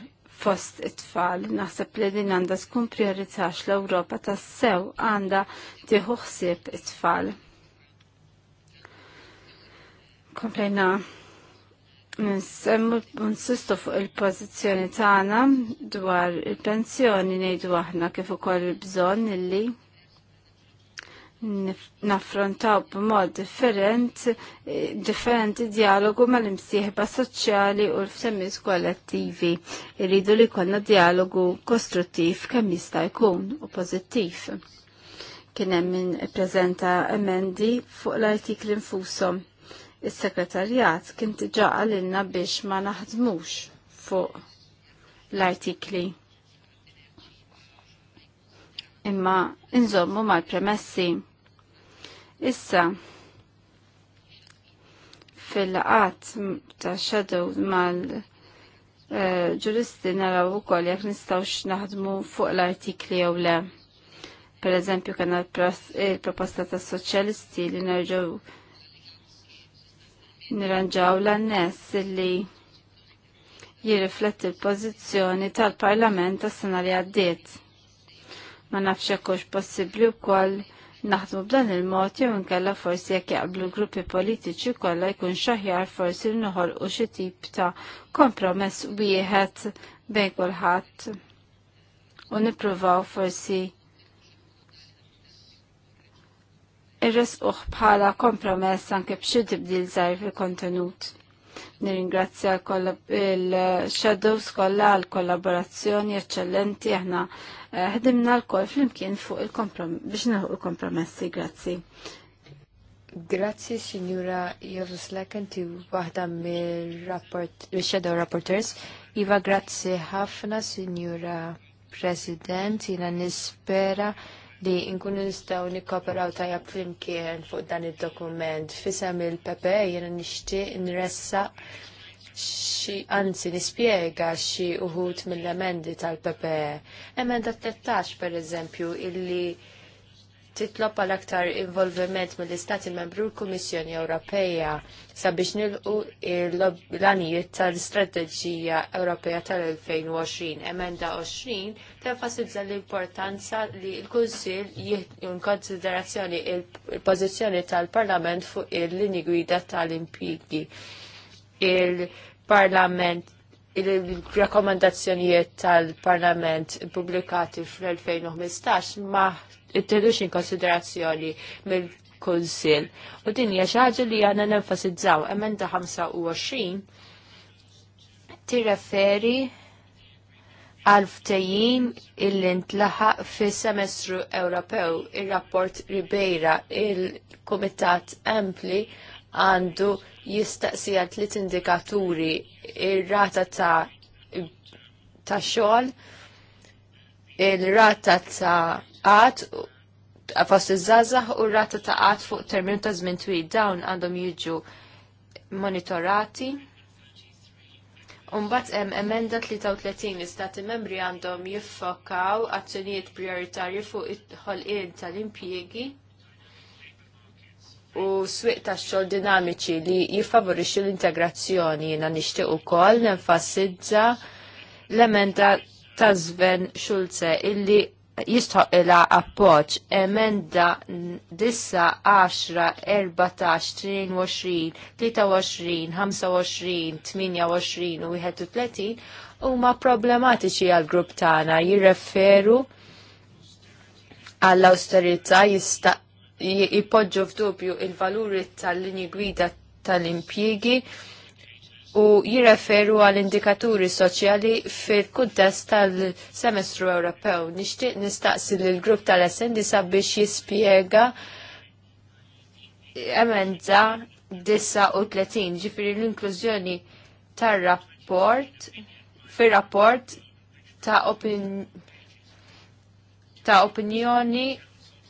fost it-tfal. Naħseb li din għandha tkun prioritax l-Ewropa tas-sew għandha tieħu ħsieb it-tfal. Komplejna Nsemmu nsistu fuq il-pożizzjoni tagħna dwar il-pensjoni ngħidu aħna kif ukoll il-bżonn illi naffrontaw b'mod different, eh, differenti dialogu mal-imsieħba soċjali u l-ftemmis kollettivi. Irridu li konna dialogu kostruttiv kemm jista' jkun u pożittiv. Kien hemm min ippreżenta emendi fuq l-artikli nfusom. Is-sekretarjat kien tiġa biex ma naħdmux fuq l-artikli imma inżommu mal-premessi. Issa, fil-laqat ta' shadow mal- ġuristi naraw u koll jek nistawx naħdmu fuq l-artikli jew le. Per eżempju, kena il-proposta ta' soċjalisti li nerġaw niranġaw l-annes li jirrifletti l-pozizjoni tal-parlament tas sena li għaddiet ma nafx jekkux possibbli wkoll naħdmu b'dan il-mod jew inkella forsi jekk jaqblu gruppi politiċi kollha jkun xaħjar forsi noħolqu xi tip ta' kompromess wieħed bejn kulħadd u nippruvaw forsi irresquh bħala kompromess anke b'xi tibdil żgħir fil-kontenut. Nirringrazzja il-Shadows kollha għal kollaborazzjoni eccellenti aħna eh, ħdimna l-koll flimkien fuq il-kompromess biex kompromessi Grazzi. Grazzi, Signora Jovuslek, u waħda mill-Shadow Rapporteurs. Iva, grazzi ħafna, Signora President, jina nispera li nkunu nistgħu nikkoperaw tajjeb flimkien fuq dan id-dokument. Fisem il pepe jiena nixtieq nressaq xi anzi nispjega xi uħut mill-emendi tal pepe Emenda 13 pereżempju illi titlob għal aktar involviment mill-Istati Membru l-Kummissjoni Ewropeja sabiex nilqu l-għanijiet tal-Strateġija Ewropeja tal-2020. Emenda 20 tenfasizza l-importanza li l-Kunsil jieħdu konsiderazzjoni il-pożizzjoni tal-Parlament fuq il-linji gwida tal-impjigi. Il-Parlament il-rakomandazzjonijiet tal-Parlament pubblikati fl-2015 ma in konsiderazzjoni mill-Kunsill. U din hija xi ħaġa li għandna nenfasizzaw emenda 25 tirreferi għal ftejjin illi ntlaħaq fis semestru Ewropew ir-rapport Ribeira il-Kumitat Ampli għandu jistaqsija tliet indikaturi ir-rata ta' ta' xogħol, il-rata ta' għat fost iż-żazax u rata ta' għat fuq termin ta' żmien twil dawn għandhom jiġu monitorati. Umbat hemm emenda 33 l-istati membri għandhom jiffokaw azzjonijiet prioritarji fuq it-ħolqien tal-impjiegi u swieq ta' xogħol dinamiċi li jiffavorixxu l-integrazzjoni jiena nixtieq ukoll nenfasizza l-emenda ta' Sven Schulze illi jistħoq ila appoġġ emenda dissa 10, 14, 22, 23, 25, 28 u 31 huma problematiċi għal grupp tagħna jirreferu għall-austerità jista' jipoġġu f'dubju il-valuri tal-linji gwida tal-impjiegi tal linji gwida tal impjiegi u jirreferu għal indikaturi soċjali fil-kuntest tal-semestru Ewropew. Nixtieq nistaqsi lill grupp tal-SND sabiex jispjega emenda 39 ġifiri l-inklużjoni tar-rapport fir-rapport ta' ta' opinjoni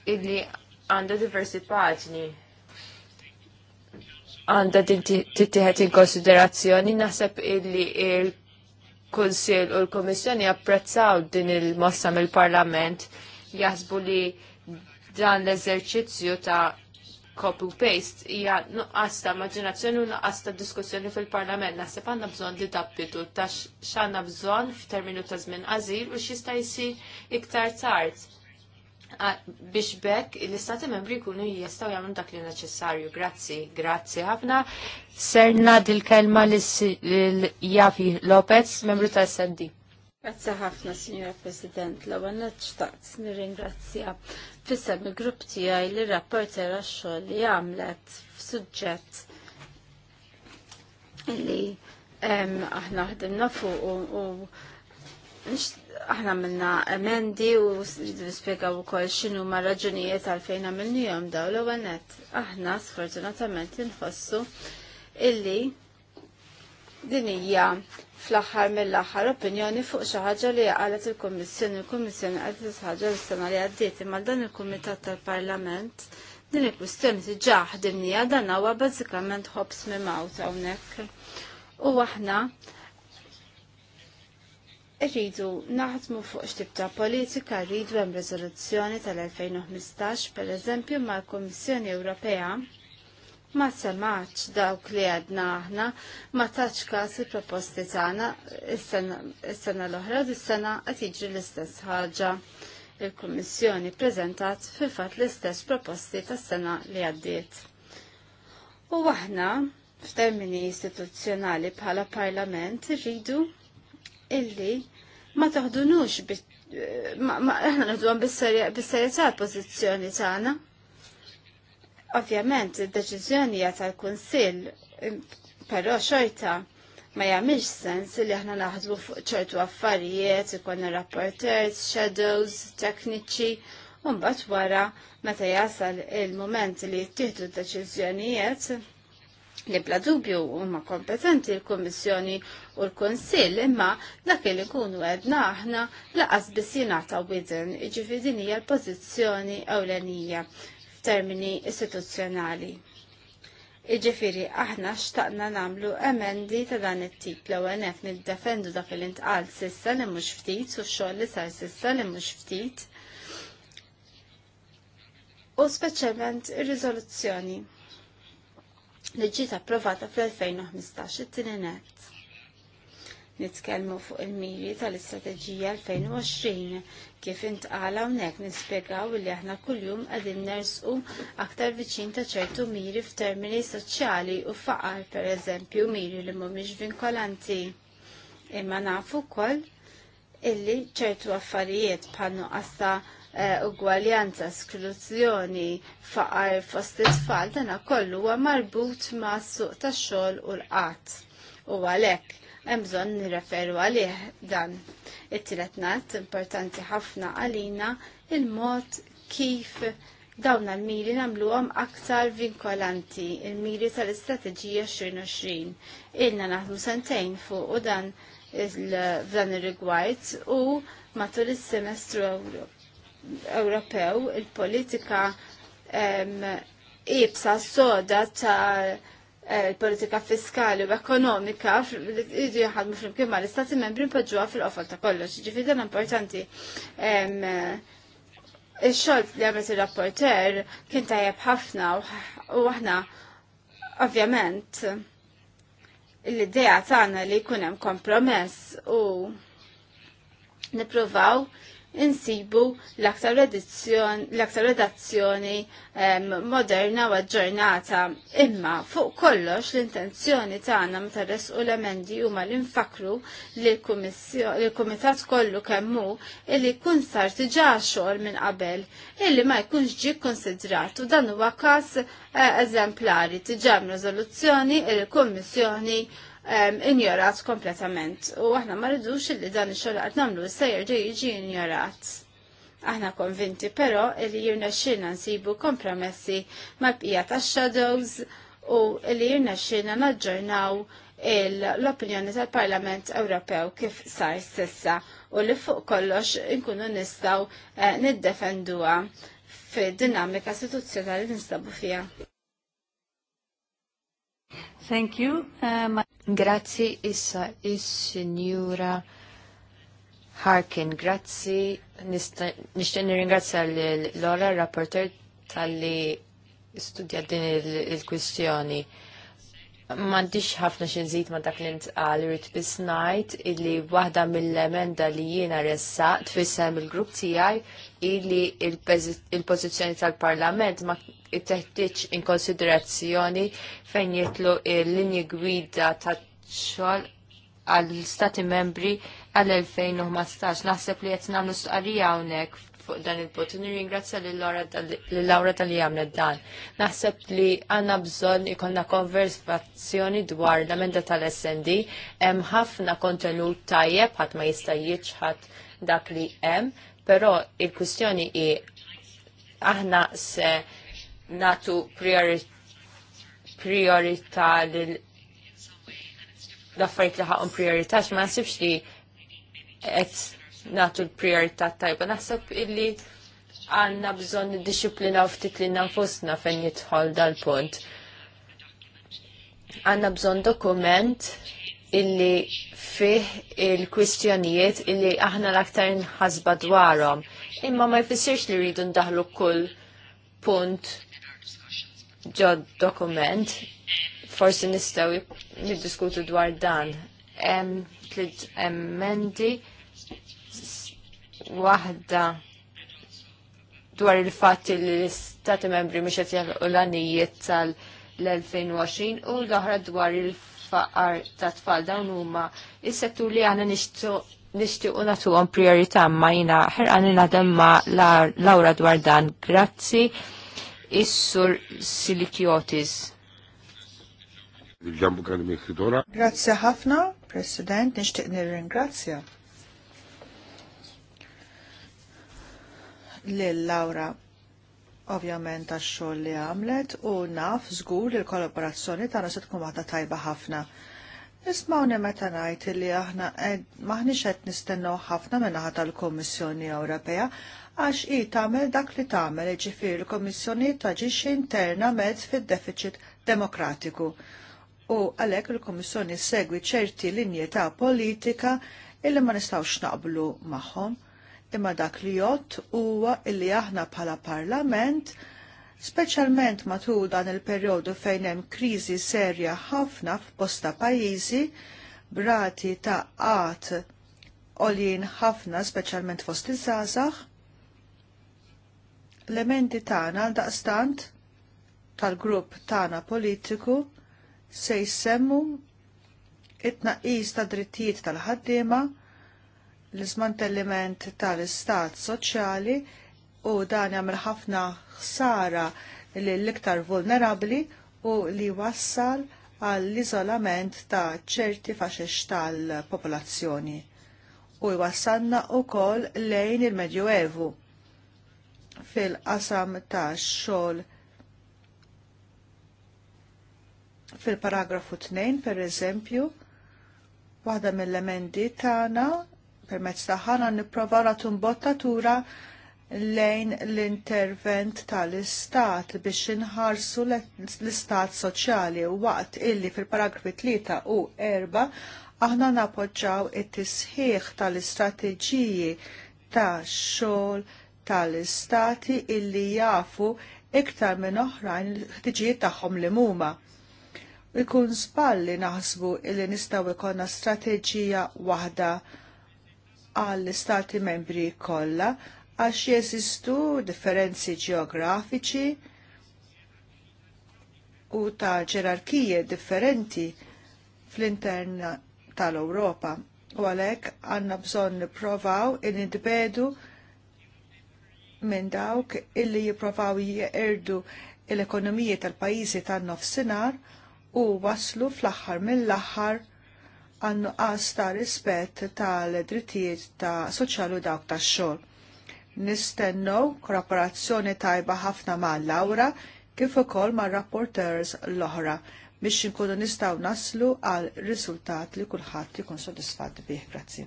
illi għandu diversi paġni għanda tittieħed in konsiderazzjoni naħseb illi il-Kunsill u l-Kommissjoni apprezzaw din il-mossa mill-Parlament jaħsbu li dan l-eżerċizzju ta' copy paste hija nuqqas ta' immaġinazzjoni u nuqqas ta' diskussjoni fil-Parlament. Naħseb għandna bżonn li tappitu ta' x'għandna bżonn f'terminu ta' żmien qasir u x'jista' jsir iktar tard biex bekk l-istati membri jkunu jistaw jagħmlu dak li neċessarju. Grazzi, grazzi ħafna. Serna dil-kelma l-Jafi Lopez, membru ta' SD. Grazzi ħafna, Signora President. L-ewwel neċtaqt nirringrazzja fissem il-grupp tiegħi li rapporter għax-xogħol li għamlet f'suġġett li aħna ħdimna fuq u aħna minna emendi u u ukoll xinu ma raġunijiet għalfejn għamilnihom daw l net. Aħna sfortunatament nħossu illi din hija fl-aħħar mill-aħħar opinjoni fuq xi ħaġa li qalet il-Kummissjoni. Il-Kummissjoni qalet ħaġa li sena li għaddiet imma dan il-Kumitat tal-Parlament din il-kwistjoni t-ġaħ dinija dan huwa bażikament ħobs minn hawnhekk. U aħna Irridu naħdmu fuq xtibta ta' politika rridu hemm riżoluzzjoni tal-2015 pereżempju mal-Kummissjoni Ewropea ma semax dawk li għadna aħna ma taċ kas il-proposti tagħna is-sena l-oħra u s-sena qed jiġri l-istess ħaġa. Il-Kummissjoni preżentat fil-fatt l-istess proposti tas-sena li għaddiet. U aħna f'termini istituzzjonali bħala parlament irridu illi ma taħdunux aħna nħdu għan bis-serjetà l-pożizzjoni tagħna. Ovvjament, id-deċiżjoni hija tal-Kunsill, però xorta ma jgħamilx sens li aħna naħdu fuq ċertu affarijiet, ikolna rapporters, shadows, tekniċi, u mbagħad wara meta jasal il-moment li jittihdu d-deċiżjonijiet li bla dubju huma kompetenti l-Kummissjoni u l-Kunsill imma dak li nkunu għedna aħna laqas biss jingħata widen jiġifieri din hija l-pożizzjoni ewlenija f'termini istituzzjonali. Iġifiri, aħna xtaqna namlu emendi ta' dan it-tip l ewwel nid-defendu dak li intqal sissa li mhux ftit u x-xogħol li sar sissa li mhux ftit. U speċjalment ir-riżoluzzjoni li ġiet approvata fl-2015 it-tieni nett. Nitkellmu fuq il-miri tal-istrateġija 2020 kif intqala hawnhekk nispjegaw li aħna kuljum qegħdin nersqu aktar viċin ta' ċertu miri f'termini soċjali u faqar pereżempju miri li mhumiex vinkolanti. Imma nafu wkoll illi ċertu affarijiet bħal nuqqas ta' Eh, ugwaljanza, skruzzjoni, faqar fost it-tfal, dana kollu huwa marbut ma' suq tax-xogħol u l-qatt. U għalhekk hemm bżonn nirreferu għalih dan. it tilet nant importanti ħafna għalina il-mod kif dawn l-miri namluhom aktar vinkolanti il-miri tal-istrateġija 2020. Ilna naħdmu sentejn fuq u dan f'dan ir-rigward u matul is-semestru Ewropew il-politika ibsa soda ta' eh, politika fiskali u ekonomika li jridu jaħadmu flimkien ma l-istati membri mpoġġuha fil-qofol ta' kollox. Ġifieri dan importanti. il xogħol li għamet ir-rapporter kien tajjeb ħafna u aħna ovvjament l-idea tagħna li jkun hemm kompromess u nippruvaw insibu l-aktar redazzjoni moderna u aġġornata. Imma fuq kollox l-intenzjoni tagħna meta resqu l-emendi huma li nfakru li l-kumitat kollu kemmu illi jkun sar diġà xogħol minn qabel illi ma jkunx ġi konsidrat u dan huwa każ eh, eżemplari tiġà riżoluzzjoni il-Kummissjoni injorat kompletament. U aħna ma rridux li dan ix-xogħol qed nagħmlu se ġej jiġi injorat. Aħna konvinti però li jirna xina nsibu kompromessi mal-bqija tax-shadows u li jirna xina naġġornaw l-opinjoni tal-Parlament Ewropew kif sar sissa u li fuq kollox inkunu nistaw eh, niddefenduha fid-dinamika istituzzjonali li nistabu fija. Thank you. Um, Grazzi issa is-Sinjura Harkin. Grazzi, nishtan ringrazzja l-Lora, rapporter tal-li studja din il-kwistjoni. Mandiċ ħafna xinżit ma dak l-intqal rrit bisnajt illi wahda mill-emenda li jiena ressa tfissem il-grupp tijaj illi il-pozizjoni tal-parlament ma it-teħtieġ in konsiderazzjoni fejn jitlu il-linji gwida ta' xogħol għall-Stati membri għal-2015. Naħseb li qed nagħmlu stqarrija hawnhekk fuq dan il-punt. Nirringrazzja l-Laura tal-li għamlet dan. Naħseb li għanna bżon ikonna konversazzjoni dwar l-amenda tal-SND. Hemm ħafna kontenut tajjeb ħadd ma jista' jiġħad dak li hemm, però il-kwistjoni hi aħna se natu priorità lil l-affarijiet li ħaqhom priorità ma nasibx li qed natu l-priorità tajba. Naħseb illi għandna bżonn disciplina u ftit li nafusna fejn jidħol dal-punt. Għanna bżonn dokument illi fih il-kwistjonijiet illi aħna l-aktar nħasba dwarhom. Imma ma jfissirx li rridu ndaħlu kull punt ġod dokument, forsi nistaw niddiskutu dwar dan. Hemm tliet emmendi wahda dwar il-fat li l istati membri mhux qed jaħluqu l-għanijiet tal-2020 u l-oħra dwar il-faqar ta' tfal dawn huma is-settur li għandna nixtiequ nagħtuhom priorità ma jiena ħerqan naħdem ma' Laura dwar dan. Grazzi. Issur Silikiotis. Grazie ħafna, President, nishtiq nixtieq nirringrazzja. Lil Laura ovvjament għax xogħol li għamlet u naf żgur li l-kollaborazzjoni tagħna se tkun waħda tajba ħafna. Nismawni meta ngħid li aħna maħniex qed nistennew ħafna min-naħa tal-Kummissjoni Ewropea għax i tamel dak li tagħmel ġifieri l-Kommissjoni taġixxi interna mezz fid-deficit demokratiku. U għalhekk il komissjoni segwi ċerti linji ta' politika illi ma nistgħux naqblu magħhom imma dak li jott huwa illi aħna bħala parlament Speċjalment matul dan il-perjodu fejn hemm kriżi serja ħafna f'bosta pajjiżi brati ta' qat għoljien ħafna speċjalment fost iż-żgħażagħ, l-emendi tagħna daqstant tal-grupp tagħna politiku se jsemmu it-tnaqqis ta' drittijiet tal-ħaddiema, l izmantelliment tal-istat soċjali u dan jagħmel ħafna ħsara lill-iktar vulnerabbli u li wassal għall izolament ta' ċerti faxex tal-popolazzjoni u jwassalna u kol lejn il-Medjuevu fil-qasam ta' xogħol fil-paragrafu 2 per eżempju, waħda mill-emendi tagħna permezz taħħana nipprova nagħtu mbottatura lejn l-intervent tal-istat biex inħarsu l-istat soċjali waqt illi fil-paragrafi 3 u 4 aħna napoġġaw it-tisħiħ tal-istrateġiji ta' xogħol tal-istati illi jafu iktar minn oħrajn l-ħtiġijiet tagħhom li huma. Ikun spalli naħsbu illi nistgħu ikonna strateġija waħda għall-istati membri kollha għax jeżistu differenzi ġeografiċi u ta' ġerarkije differenti fl-intern tal-Ewropa u għalhekk għandna bżonn nipprovaw in nitbedu in minn dawk illi jipprovaw jerdu l-ekonomiji tal-pajjiżi tan-nofsinhar u waslu fl-aħħar mill-aħħar għannu qas ta' rispett tal-drittijiet ta' soċjali u dawk tax-xogħol. Nistennew korporazzjoni tajba ħafna ma' Lawra kif ukoll ma' rapporteurs l-oħra biex inkunu nistgħu naslu għal riżultat li kulħadd ikun sodisfatt bih. Grazzi.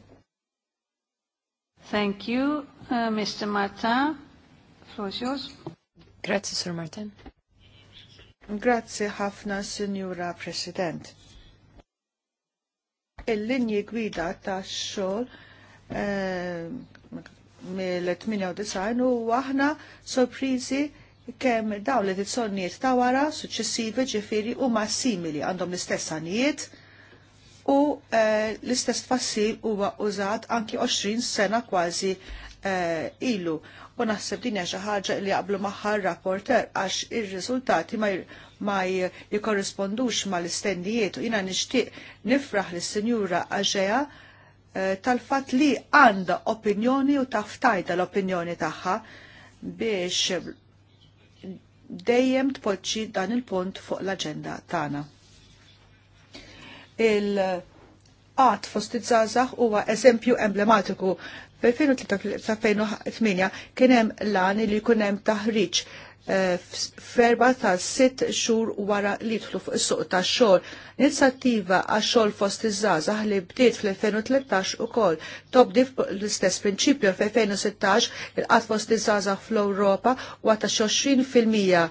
Thank you, uh, Mr. Martin floor Grazie, Sir Martin. Grazie ħafna, Signora President. Il-linji gwida ta' xol eh, mill-98 u aħna sorprizi kemm daw li t-sonniet ta' wara suċessivi ġifiri u ma' simili għandhom l-istess għaniet u eh, l-istess tfassil huwa użat anki 20 sena kważi eh, ilu u naħseb dinja xi ħaġa li jaqblu magħha rapporter għax ir-riżultati ma jikorrispondux mal istendijiet u jiena nixtieq nifraħ lis-Sinjura Aġea eh, tal-fatt li għandha opinjoni u taftajta l-opinjoni tagħha biex dejjem tpoġġi dan il-punt fuq l-aġenda tagħna. Il- għat fost iż-żazax huwa eżempju emblematiku fil 2008 kien hemm lan li jkun hemm taħriġ ferba ta' sitt xhur wara li jidħlu fuq is-suq tax-xogħol. Inizjattiva għax-xogħol fost iż-żgħażagħ li bdiet fl-2013 ukoll tobdi l-istess prinċipju fl-2016 il-qatt fost iż-żgħażagħ fl-Ewropa huwa ta' xi fil-mija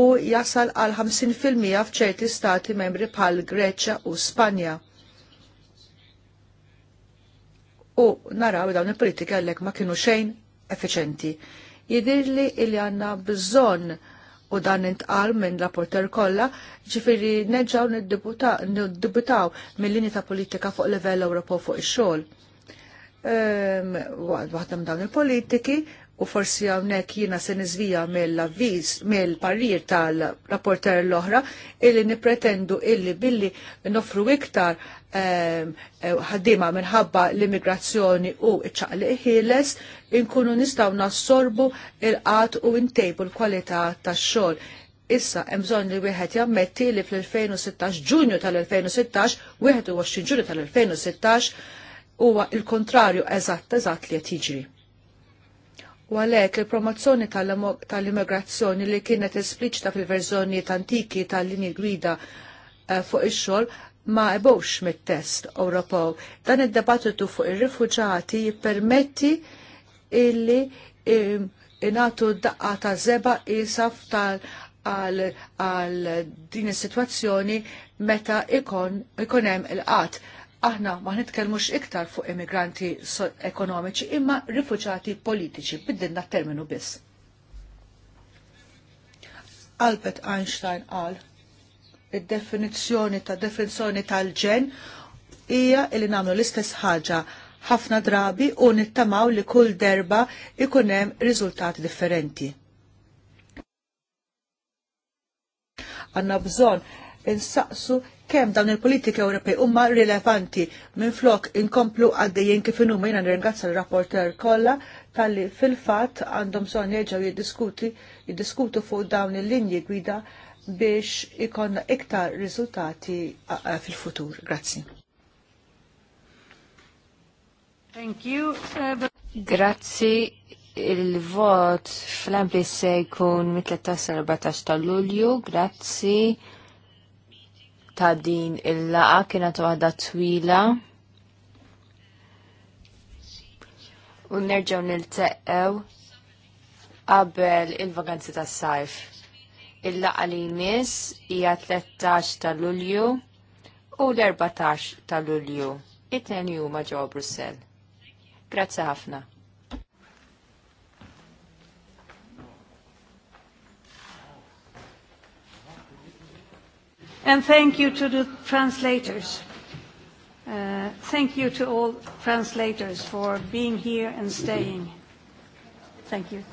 u jasal għal 50% f'ċerti stati membri bħal Greċja u Spanja u naraw dawn il-politika għallek ma kienu xejn effiċenti. Jidirli illi għanna bżon u dan intqal minn rapporter kollha, ġifiri neġaw niddibutaw mill linja ta' politika fuq livell Ewropew fuq ix-xogħol. Ehm, waħda dawn il-politiki u forsi għawnek jina se nizvija mill-avviz, mill-parir tal-rapporter l-oħra, illi nipretendu illi billi nofru iktar ehm, eh, ħaddima minħabba l-immigrazzjoni u iċ-ċaqli ħiles, inkunu nistaw nassorbu il-qat u intejbu l-kwalità tax-xogħol. Issa hemm bżonn li wieħed jammetti li fl-2016 Ġunju tal-2016, 21 Ġunju tal-2016 huwa il-kontrarju eżatt eżatt li qed jiġri U għalek il-promozzjoni tal-immigrazzjoni li kienet espliċita fil-verżjoni antiki tal-linji gwida eh, fuq ix-xogħol ma ebowx mit-test Ewropew. Dan id-debattitu fuq ir-rifuġati jippermetti illi inatu daqqa ta' zeba isaf tal għal din is-sitwazzjoni meta ikon hemm il-qatt aħna ma nitkellmux iktar fuq immigranti ekonomiċi imma rifuġati politiċi, biddilna terminu biss. Albert Einstein qal id-definizzjoni ta' definizzjoni tal-ġen hija li nagħmlu l-istess ħaġa ħafna drabi u nittamaw li kull derba ikun hemm riżultati differenti. Għanna bżonn insaqsu kemm dawn il-politika Ewropej huma rilevanti minn flok inkomplu għaddejjin kif inhuma jiena nirringrazzja l-rapporter kollha talli fil-fatt għandhom bżonn jerġgħu jiddiskuti jiddiskutu fuq dawn il-linji gwida biex ikonna iktar riżultati fil-futur. Grazzi. Thank you. Grazzi il-vot fl-ampli se jkun mit-13-14 ta' Lulju, grazzi ta' din il-laqa kienet waħda twila. U nerġaw nilteqgħu qabel il-vaganzi tas sajf. Il-laqa li jmiss hija 13 ta' Lulju u l-14 ta' Lulju. it tenju huma ġewwa Brussell. Grazzi ħafna. And thank you to the translators. Uh, thank you to all translators for being here and staying. Thank you.